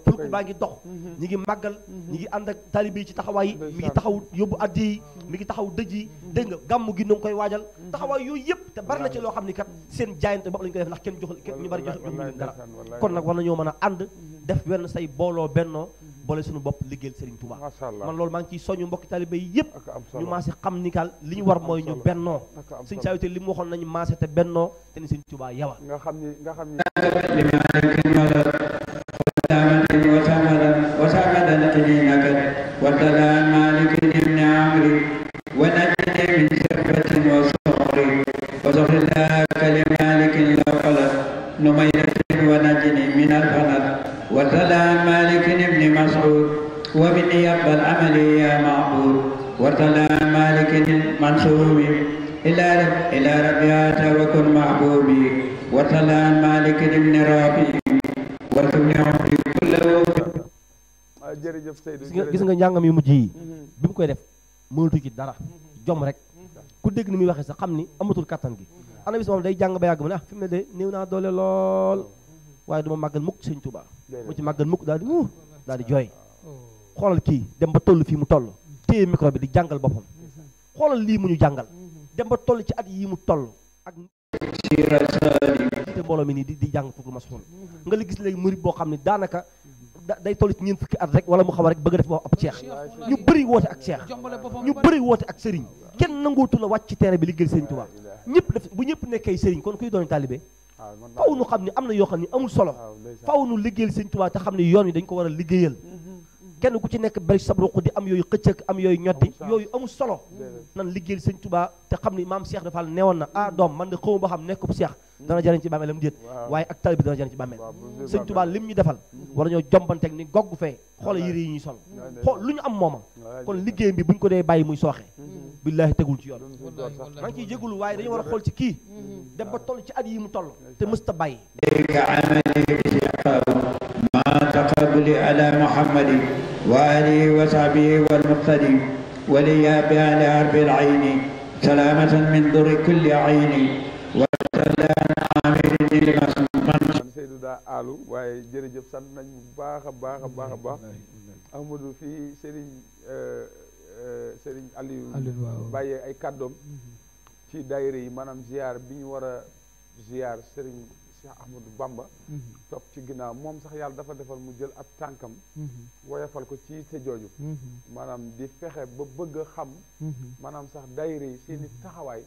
[SPEAKER 3] fulku baa ngi dox ñi ngi màggal ñi ngi ànd ak talibe yi ci taxawaay mi ngi taxaw yóbbu addi yi mi ngi taxaw dëj yi dégg nga gàmmu gi koy waajal taxawaay yooyu yëpp te bari na ci loo xam ni kat seen jaayante bopp la ñu koy def ndax kenn jox kenn ñu bari jox kon nag war nañoo mën a ànd def benn say booloo bennoo boole suñu bopp liggéeyal Serigne Touba man loolu maa ngi ciy soñu mbokki talibé yi yëpp ñu maase xam ni kaal li ñu war mooy ñu bennoo suñ saa yu li mu waxoon nañu maase te bennoo te ni Serigne Touba yawa jangam yu mujjii yi mhm. bi mu koy def mënatu ci dara mhm. jom rek ku deg ni mi waxe sax xamni amatul katan gi mhm. ana bis mom day jang ba yàgg mu ah fi mu de néew na dole lol waye duma magal muk seigne touba mu ci magal muk dal di mu uh, di oh. dem ba tollu fi mu tollu téye micro bi di jangal bopam xolal li mu ñu jangal dem ba tollu ci at yi mu tollu ak ci mbooloo di di jang fukk masxul nga li gis léegi murid bo xamni danaka day toll ci ñeent fukki at rek wala mu xaw a rek bëgg def bopp ab ceex ñu bëri woote ak ceex ñu bëri woote ak sëriñ kenn nangootu la wàcc ci terrain bi liggéey sëriñ Tuubaa ñëpp def bu ñëpp nekkee sëriñ kon kuy doon taalibe faw nu xam ne am na yoo xam amul solo faw nu liggéeyal sëriñ Tuubaa te xam ne yoon yi dañ ko war a liggéeyal كان كوتي نيك بري صبر قدي ام يوي قتك ام يوي نيوتي يقول لك صلو نان ليغيل سيغ توبا تي خامني مام شيخ دافال نيوان نا ا يقول لك خوم با خام نيكو شيخ دانا جارين سي باميلم ديت واي اك طالب يقول لك سي باميل سيغ توبا ليم ني دافال ورا نيو جومبانتك ني غوغ في يقول لك ني صول خول لو ني ام موما كون ليغيل بي بون كو داي يقول لك سوخي بالله تغول سي يول مان كي جيغول واي دانيو ورا خول سي كي دبا تول سي ادي يمو تول تي مستا باي
[SPEAKER 5] عملي صل على محمد وآله وصحبه والمقتدين وليا بأهل حرب العين سلامة من ضر كل عين وسلام عامر Seydina
[SPEAKER 1] Alou waaye jërëjëf sant nañ bu baax a baax a baax a baax Amadou fii Serigne Serigne Aliou bàyyee ay kàddoom ci daayira yi maanaam ziar bi ñu war a ziar Serigne Cheikh Ahmadou Bamba mhm. topp ci ginnaaw moom sax yàlla dafa defal mu jël ab tànkam mhm. woyafal ko ci te jooju mhm. maanaam di fexe ba bëgg a xam maanaam sax daayira yi seeni taxawaay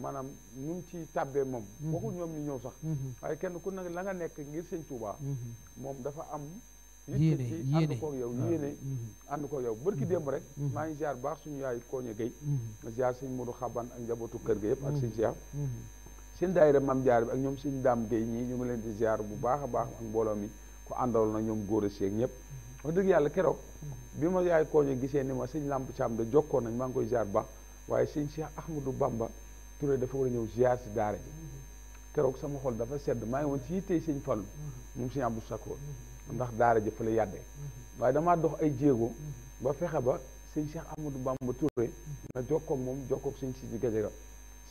[SPEAKER 1] maanaam nu mu ci tàbbee moom waxul ñoom ñu ñëw sax waaye kenn ku nag la nga nekk ngir sëñ Tuubaa moom dafa am yéene yéene ah. ànd koog yow yéene ànd koog yow bërki démb rek maa ngi ziar baax suñu yaay kooñe Guèye ziar sëñ Modou Xaban ak njabootu kër ga yëpp ak sëñ Cheikh seen daayira mam jaar bi ak ñoom suñu daam gay ñii ñu leen di ziar bu baax baax ak mbooloo mi ko àndal na ñoom góor a seeg ñëpp wax dëgg yàlla keroog bi ma yaay kooño gisee ni ma sëñ làmp càmm da jokkoo nañ maa ngi koy ziar baax waaye sëñ Cheikh Ahmadou Bamba Touré dafa war a ñëw ziar si daara keroog sama xol dafa sedd maa ngi woon ci yittee sëñ Fallu moom sëñ Abdou Sakkoor ndax daara ji fa la yàddee waaye damaa dox ay jéego ba fexe ba sëñ Cheikh Ahmadou Bamba Touré na jokkoog moom jokkoog sëñ si di gajaga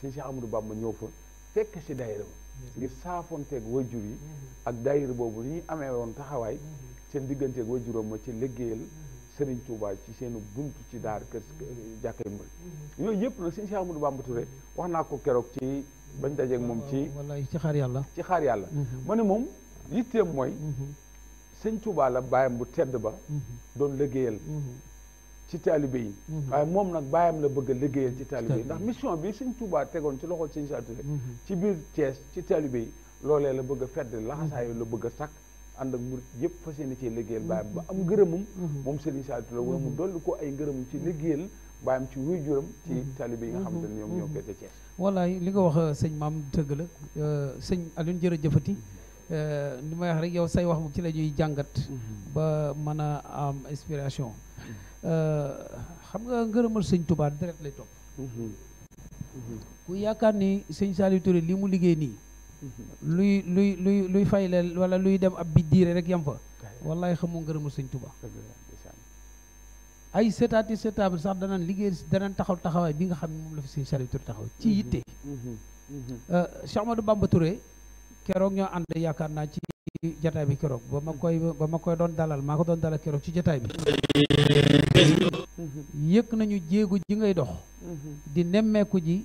[SPEAKER 1] sëñ Cheikh Ahmadou Bamba ñëw fa fekk si daayira ba mm-hmm. ngir saafonteeg wajur yi mm-hmm. ak daayira boobu li ñu amee woon taxawaay mm-hmm. seen digganteeg wajuróom ma ci liggéeyal Sëriñ Tuubaa ci seenu buntu ci daar kër jàkkay mbir yooyu yëpp nag sëñ Cheikh Amadou Bamba Touré wax naa ko keroog ci bañ dajeeg moom ci ci xaar yàlla ci xaar yàlla ma ne moom yitteem mooy sëñ Tuubaa la bàyyam bu tedd ba doon liggéeyal ci taalibe yi mhm. waaye moom nag bàyyam la bëgg a liggéeyal ci taalibe yi ndax mission bi sëñ Touba tegoon ci loxo sëñ Saliou Touré mhm. ci biir Thiès ci taalibe yi loolee la bëgg a fedd laxasaayu mhm. la bëgg a sakk ànd ak murit yëpp fas yéene cee liggéeyal bàyyam ba am ngërëmum moom sëñ Saliou Touré wala mu dolli ko ay ngërëmum ci liggéeyal bàyyam ci wuy juram ci taalibe yi nga xam ne ñoom ñoo gerte Thiès
[SPEAKER 2] wallaay li nga wax euh, sëñ maam dëgg la euh, sëñ Alioune jërëjëfati euh, li may wax rek yow say wax moom ci la ñuy jàngat ba mën a am inspiration xam nga ngërëmal sëñ tubaa deret lay topp.
[SPEAKER 4] Mhm. Mhm.
[SPEAKER 2] ku yaakaar ni sëñ Saliou Touré lii mu liggéey nii. Mhm. luy luy luy luy fayleel wala luy dem ab bi diire rek yam fa. wallaay xamoo ngërëmal sëñ tubaa ay setaati setaat sax danaan liggéey danaan taxaw taxawaay bi nga xam ne moom la fi sëñ Saliou Touré taxaw ci yitte. Euh, Cheikh Amadou Bamba Touré keroog ñoo ànd yaakaar naa ci ci jataay bi keroog ba ma koy ba ma koy doon dalal maa ko doon dalal keroog ci jataay bi yëg nañu jéego ji ngay dox di nemmeeku ji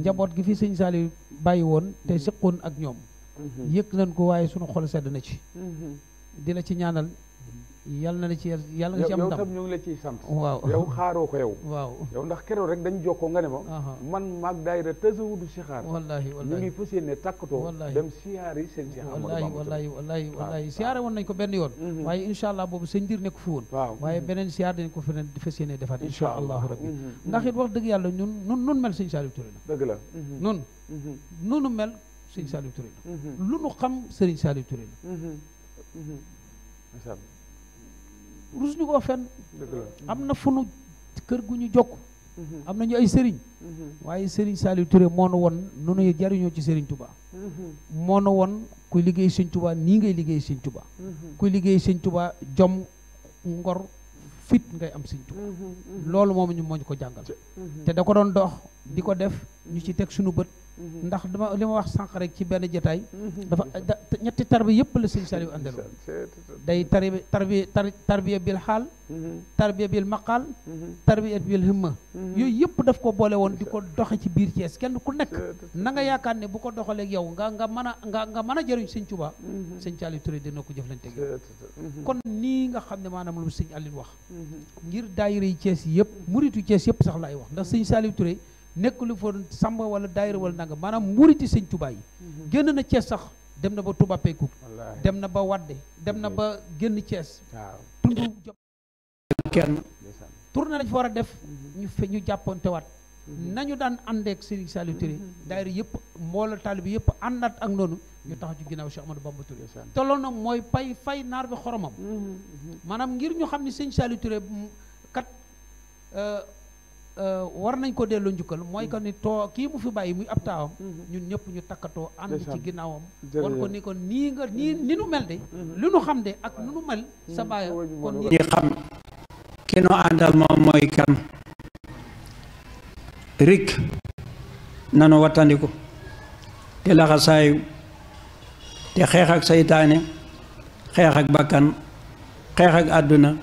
[SPEAKER 2] njaboot gi fi sëñ Saali bàyyi woon te siqoon ak ñoom mhm. yëg nañ ko waaye sunu xol sedd na ci mhm. di ci ñaanal yàlla na la ci yàlla nga ci am ndam yow tam
[SPEAKER 1] ñu ngi waaw yow xaaroo ko yow waaw yow ndax keroog rek dañ jokkoo nga ne ma man maag daayira tasawudu sixaar wallaahi wallaahi ñu ngi fas yéene tàkkatoo dem siyaar yi seen siyaar wallaahi wallaahi
[SPEAKER 2] wallaahi wallaahi siyaare woon nañ ko benn yoon mhm. waaye incha allah boobu sëñ dir nekk fi woon waaye beneen siyaar dañ ko feneen fas yéene defaat incha allahu rabbi mhm. Mhm. ndax it wax dëgg yàlla ñun nun nun mel sëñ Saliou Touré la dëgg la nun nunu mel sëñ Saliou Touré la lu nu xam sëriñ Saliou Touré la rus ñu koo fenn am na fu nu kër gu ñu jokk mhm. am nañu ay sëriñ mhm. waaye sëriñ Saliou ture moo nu won nu jariñoo ci sëriñ Touba
[SPEAKER 4] mhm.
[SPEAKER 2] moo nu won kuy liggéey sëñ Touba nii ngay liggéey sëñ Touba kuy liggéey sëñ Touba jom ngor fit ngay am sëñ Touba loolu moom ñu moo ko jàngal te da ko doon dox di ko def ñu ci teg suñu bët Mm-hmm. ndax dama li ma wax sànq rek ci benn jotaay. Mm-hmm. dafa ñetti tarbiya yëpp la sëñ Saliou àndaloo. day tarbi tarbi tarbiya bil xaal. Mm-hmm. tarbiya bil maqaal. tarbiya bil himma. yooyu yëpp daf ko boole woon di ko doxe ci biir Thiès kenn ku nekk. nanga yaakaar ne bu ko doxalee ak yow nga nga mën a nga nga mën a jëriñ sëñ Touba. sëñ Saliou Touré dina ko jëflanteeg yow. kon nii nga xam ne maanaam lu sëñ Aliou wax. ngir daayira yi Thiès yëpp muritu Thiès yëpp sax laay wax ndax sëñ Saliou Touré. nekk lu fa samba wala daayira wala nanga maanaam muriti sëñ tubaay mhm. génn na Cees sax dem na ba Touba Pekouk dem na ba Wadde dem na ba génn Cees tund jop kenn tourné lañ fa war a def mhm. ñu fe ñu jàppante waat mhm. nañu daan àndeek Serigne Saliou Touré daayira yëpp mbooloo taalibe yëpp àndaat ak noonu ñu tax ci ginnaaw Cheikh Amadou Bamba Touré te loolu nag mooy pay fay naar bi xoromam maanaam ngir ñu xam ne sëñ Saliou Touré kat euh, Eh, war nañ ko delu ñukal moy ko ni to ki mu fi bayyi muy ab mhm. ñun ñepp ñu takato and ci ginaawam wan ko ni ko ni nga ni nu mel de mhm. lu nu xam de ak nu nu mel mhm. sa baye kon ni xam
[SPEAKER 5] andal mom moy kan rik nanu watandiko te xay te xex ak saytaane xex ak bakkan xex ak aduna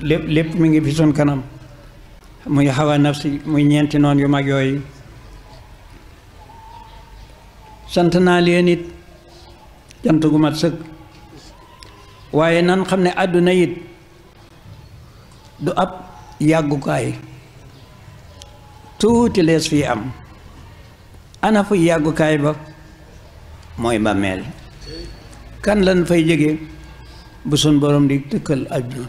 [SPEAKER 5] lépp lépp mi ngi fi suñ kanam muy xawa nafsi muy ñeenti noon yu mag yooyu sant naa leen it jant gu mat sëkk waaye nan xam ne àdduna it du ab yàggukaay tuuti lees fii am anafu yàggukaay ba mooy bàmmeel kan lan fay jóge bu sun borom di tëkkal àdduna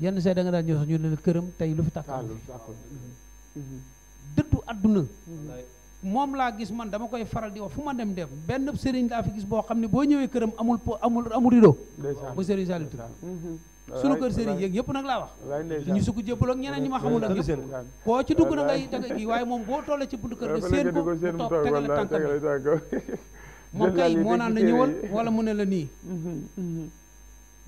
[SPEAKER 2] yenn saa da nga daan ñëw sax ñu ne la këram tey lu fi takk
[SPEAKER 1] mm-hmm. mm-hmm.
[SPEAKER 2] dëddu àdduna moom laa gis man dama koy faral di wax fu ma dem def benn sëriñ laa fi gis boo xam ne boo ñëwee këram amul po amul amul rido ba sëriñ Saliou Touré mm-hmm. nu kër sëriñ yeeg yëpp nag laa wax ñu sukk jébbal ak ñeneen ñi ma xamul ak yëpp koo ci dugg na ngay danga kii waaye moom boo tollee ci buntu kër nga seen ko toog tegal la tànkam
[SPEAKER 1] moom kay moo naan la ñëwal wala mu ne la nii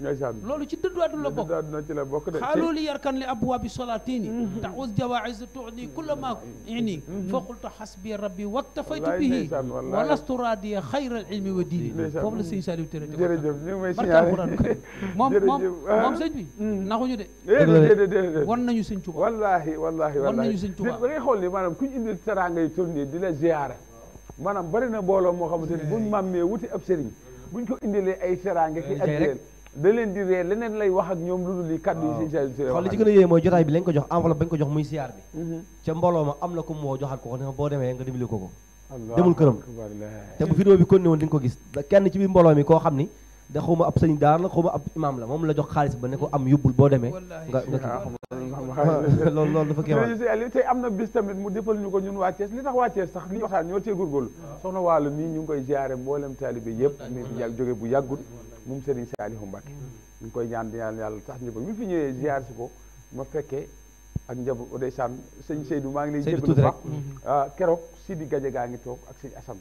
[SPEAKER 1] ndeysaan
[SPEAKER 2] loolu ci dëddu àdduna la bokk dëddu àdduna ci
[SPEAKER 1] la bokk de xaaloo li
[SPEAKER 2] yarkan li abwaabi solaatini taxus jawaaisu tuxni kulla ma ini fa qultu xasbi rabbi waktafaytu bihi wa lastu raadiya xayra al ilmi wa diini
[SPEAKER 1] foofu la sëñ Saliou téré jërëjëf ñu ngi may signalé moom moom moom sëñ bi naxuñu de déedéet déedéet wan nañu sëñ Tuubaa wallaahi wallaahi wan nañu sëñ Tuubaa da ngay xool ni maanaam kuñ indi taraa ngay tourné di la ziyaara maanaam bari na mbooloo moo xamante ni buñ màmmee wuti ab sëriñ buñ ko indilee ay teraange ki ak da leen di reer leneen lay wax ak ñoom lu dul li kaddu yi xool li ci
[SPEAKER 3] ko jox enveloppe ko jox muy siyaar bi mhm.
[SPEAKER 1] ca mbooloo ma am na moo
[SPEAKER 3] joxaat ko ko ne boo demee nga dimbali ko ko demul këram te ko gis kenn ci biir mbooloo mi koo xam ni da xawma ab la moom la jox xaalis ba ne ko am yóbbul boo demee nga nga
[SPEAKER 1] loolu loolu dafa kéemaan tey am na bis tamit mu defal ñu ko ñun waa Thiès li tax waa Thiès sax li waxtaan ñoo tee góorgóorlu soxna wàllu mii ñu ngi koy ziare mboolem taalibe yëpp mi fi yàgg bu yàggut moom Serigne Saliou Mbacké mm. ñu ngi koy ñaan di yàlla tax ñu ko bi fi ñëwee ziar si ko ma fekkee ak njaboot ndeysaan sëñ Seydou maa ngi lay jégalu baax mm-hmm. ah, keroog Sidi Gadja gaa ngi toog ak sëñ Assane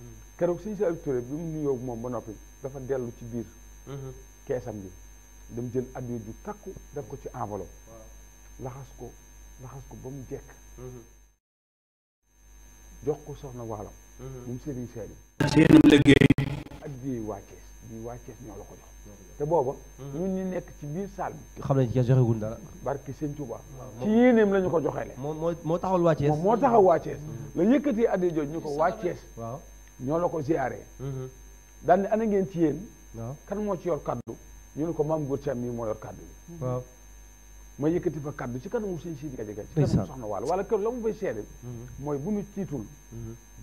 [SPEAKER 1] mm. keroog sëñ Saliou Touré bi mu nuyoo moom ba noppi dafa dellu ci biir mm-hmm. keesam bi dem jël addiya ju takku def ko ci enveloppe laxas ko laxas ko ba mu jekk mm-hmm. jox ko soxna waalam moom Serigne Saliou seenam liggéey addiya wàccee bi waa Thiès ñoo la ko jox te booba ñu ñi nekk ci biir salle bi xam nañ
[SPEAKER 3] Thiès joxeguñ dara
[SPEAKER 1] barki sëñ Touba ci yéeneem la ñu ko joxeele moo moo taxawal waa Thiès moo taxaw waa Thiès la yëkkatee addi jooju ñu ko waa Thiès ñoo la ko ziaree mm-hmm. daal ne ngeen ci yéen kan moo ci yor kaddu ñu ne ko maam góor ci am nii moo yor kaddu bi mm-hmm. waaw ma yëkkati fa kaddu ci kanamu sëñ Sidi Gajaga ci kanamu soxna wàll wala kër la mu fay seede mm-hmm. mooy bu ñu tiitul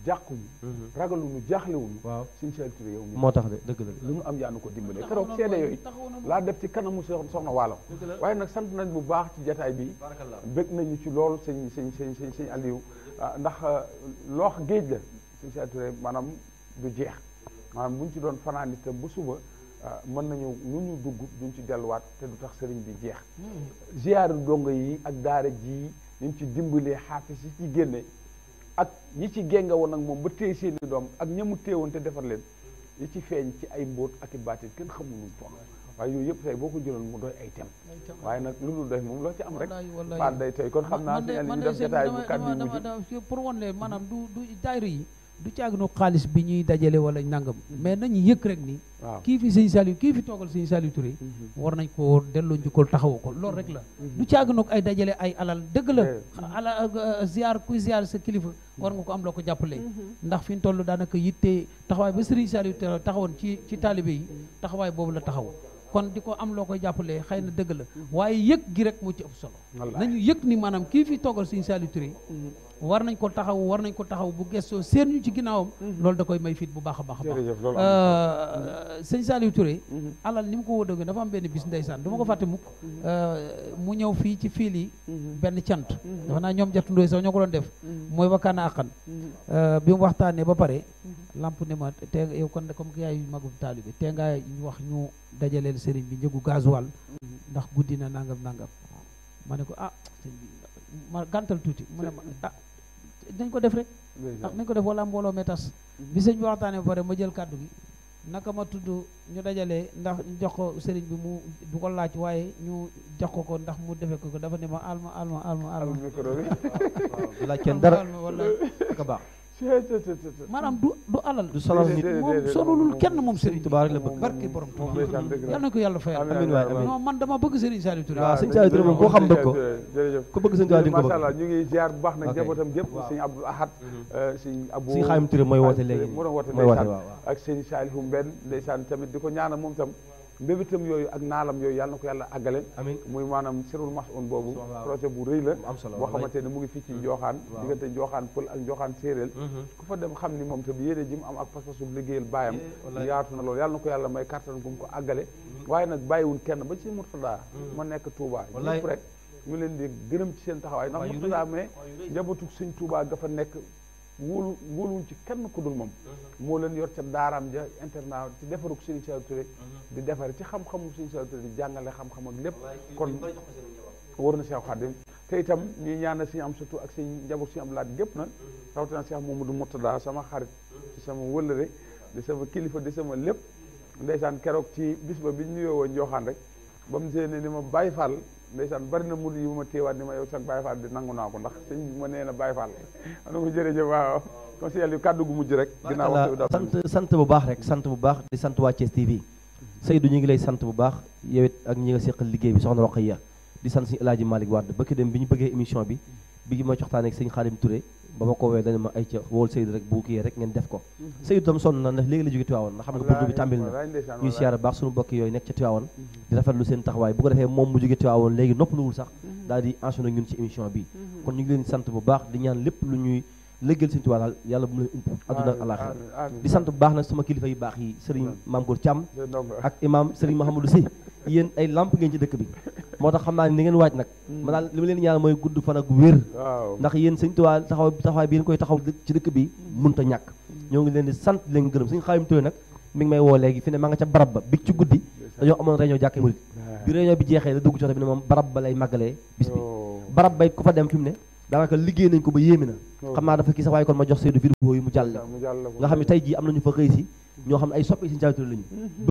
[SPEAKER 1] jàquñu mhm. ragaluñu jaaxlewuñu waaw suñu Cheikh Touré yow moo tax de na la lu ñu am yaa nu ko dimbale keroog seede yooyu laa def ci kanamu soxna waalam waaye nag sant nañ bu baax ci jataay bi bëgg nañu ci lool sëñ sëñ sëñ sëñ sëñ Aliou ah, ndax euh, loox géej la suñu Cheikh Touré maanaam du jeex maanaam bu ñu ci doon fanaan itam bu suba ah, mën nañu lu ñu dugg duñ ci delluwaat te du tax sëriñ bi jeex hmm. ziaru dongo yi ak daara ji ñu ci dimbalee xaafis yi ci génne ak ñi ci génga woon ak moom ba téye seeni doom ak ña mu téewoon te defar leen yi ci feeñ ci ay mbóot ak i kenn xamu lu mu waaye yooyu yëpp tey boo ko jëloon mu doy ay tem waaye nag lu dul doy moom loo ci am rek paat day tey kon xam naa si ñu def jotaay bu kàddu yu
[SPEAKER 2] mujj pour wan leen maanaam du du daayira yi du caaginu xaalis bi ñuy dajale wala nangam mais nañu yëkk rek ni kii fi sëñ Saliou kii fi toogal sëñ Saliou Touré mhm. war nañ ko delloo njukkal taxawu ko loolu rek la mhm. du caaginu ay dajale ay alal dëgg la eh. ala euh, ziar kuy ziar sa kilifa mhm. war nga ko am la ko jàppale ndax fi ñu toll daanaka yitte taxawaay ba sëriñ Saliou Touré taxawoon ci ci taalibe yi taxawaay boobu la taxaw kon di ko am loo ko jàppalee xëy na dëgg la waaye yëg gi rek moo ci ëpp solo nañu yëg ni maanaam kii fi toogal sëñ Saliou Touré war nañ ko taxaw war nañ ko taxaw bu gestoo seen ñu ci ginnaawam mhm. lool da koy may fit bu baax a baax a baax
[SPEAKER 4] euh,
[SPEAKER 2] sëñ Saliou Touré mhm. alal ni mu ko wóodagee dafa am benn bis ndeysaan du ko fàtte mhm. euh, mu ñëw fii ci fiil yi benn cant dafa naa ñoom jattundooy sax ñoo ko doon def mooy wakkaana àqan euh, bi mu waxtaanee ba pare lamp ne ma te yow kon comme que yaay magum taalibe te nga wax ñu dajaleel sëriñ bi njëgu gasoil ndax guddi na nangam nangam ma ne ko ah ma gàntal tuuti nañ ko def rek ndax nañ ko def wala mbooloo mee tas bi sëñ bi waxtaanee ba pare ma jël kàddu gi naka ma tudd ñu dajale ndax ñu jox ko sëriñ bi mu du ko laaj waaye ñu jox ko ko ndax mu defe ko ko dafa ne ma alma alma alma alma du laaj kenn dara ka baax maanaam du du alal du solal nit moom sonalul kenn moom Serigne Touba rek la bëgg barke borom Touba yàlla na ko man dama bëgg Serigne Saliou Touré
[SPEAKER 1] waaw moom koo xam bëgg ko ko bëgg Serigne Touba di ko bëgg macha allah ñu ngi ziar bu baax nag njabootam gépp Serigne Abdou Ahad mhm. euh, Serigne Abou Serigne Xalim Touré mooy woote léegi moo doon woote ndeysaan ak Serigne Saliou tamit di ko ñaana moom tam mbébétam yooyu ak naalam yooyu yàlla na ko yàlla àggale muy maanaam sirul masoon boobu projet bu rëy la boo xamante ne mu ngi fii ci mm-hmm. Njoxaan diggante Njoxaan Pël ak Njoxaan Séeréel mm-hmm. ku fa dem xam ni moom te yéene ji mu am ak pas-pasu liggéeyal baayam eh, yaatu na loolu yàlla na ko yàlla may kàttan gum ko àggale mm-hmm. waaye nag bàyyiwul kenn ba ci Murtada ma nekk Touba ñëpp rek ñu leen di gërëm ci seen taxawaay ndax Murtada mais njabootug Sëñ Touba ga wóolu wóoluwuñ ci kenn ku dul moom mhm. moo leen yor ca daaraam ja internat ci defaruk Serigne Saliou Touré mhm. di defar ci xam-xamu Serigne Saliou Touré di jàngale xam-xam lépp kon war na Cheikh Khadim te itam ñuy ñaana suñu am surtout ak suñu njaboot suñu am laaj gépp nag moom du Mamadou Murtada sama xarit ci mhm. sama wëllëre di sama kilifa di sama lépp ndeysaan keroog ci bis ba bi ñu nuyoo woon rek ba mu see ne ni ma Baye Fall ndeysaan bari na murid yi ma téewaat ni ma yow sax Baye Fall bi nangu naa ko ndax sëñ bi ma nee na Baye gu mujj rek ginnaaw waxtu sant
[SPEAKER 3] sant bu baax rek sant bu baax di sant waa Thiès TV Seydou ñu ngi lay sant bu baax yow it ak ñi nga seqal liggéey bi soxna Roqaya di sant suñu El Hadji Malick Wade bëkk dem bi ñu bëggee émission bi bi ma joxtaanee ak sëñ Xaadim Touré ba ma ko wooyee dañ ma ay ca wool Seydou rek bu kii rek ngeen def ko mhm. Seydou tam sonn na ndax léegi la jóge Tiwaawan ndax xam nga burdu bi tàmbil na ñuy siyaar baax suñu mbokk yooyu nekk ca Tiwaawan mhm. di rafetlu seen taxawaay bu ko defee moom mu jóge Tiwaawan léegi noppaluwul sax mhm. daal di enchaîner bi kon ñu ngi sant bu baax di ñaan lépp lu ñuy lëggal seen Tuubaa yàlla bu mu leen ump adduna ak di sant bu baax na sama kilifa yu baax yi sëriñ Maam Góor Thiam ak imam ma Mahamadou si yéen ay lamp ngeen ci dëkk bi moo tax xam naa ni ngeen waaj nag ma daal li ma leen ñaan mooy gudd fan ak wér ndax yéen sëñ Tuubaa taxaw bi yéen koy taxaw ci dëkk bi mënut a ñàkk ñoo ngi leen di sant leen gërëm suñu xaayum Touré nag mi ngi may woo léegi fi ne maa nga ca barab ba bi ci guddi dañoo amoon réunion jàkkee murit bi bi jeexee la dugg ci bi ne moom barab ba lay màggalee bis bi oh. barab bay ku fa dem fi mu ne daanaka liggéey nañ ko ba yéeme oh. ma jox Seydou vidéo yi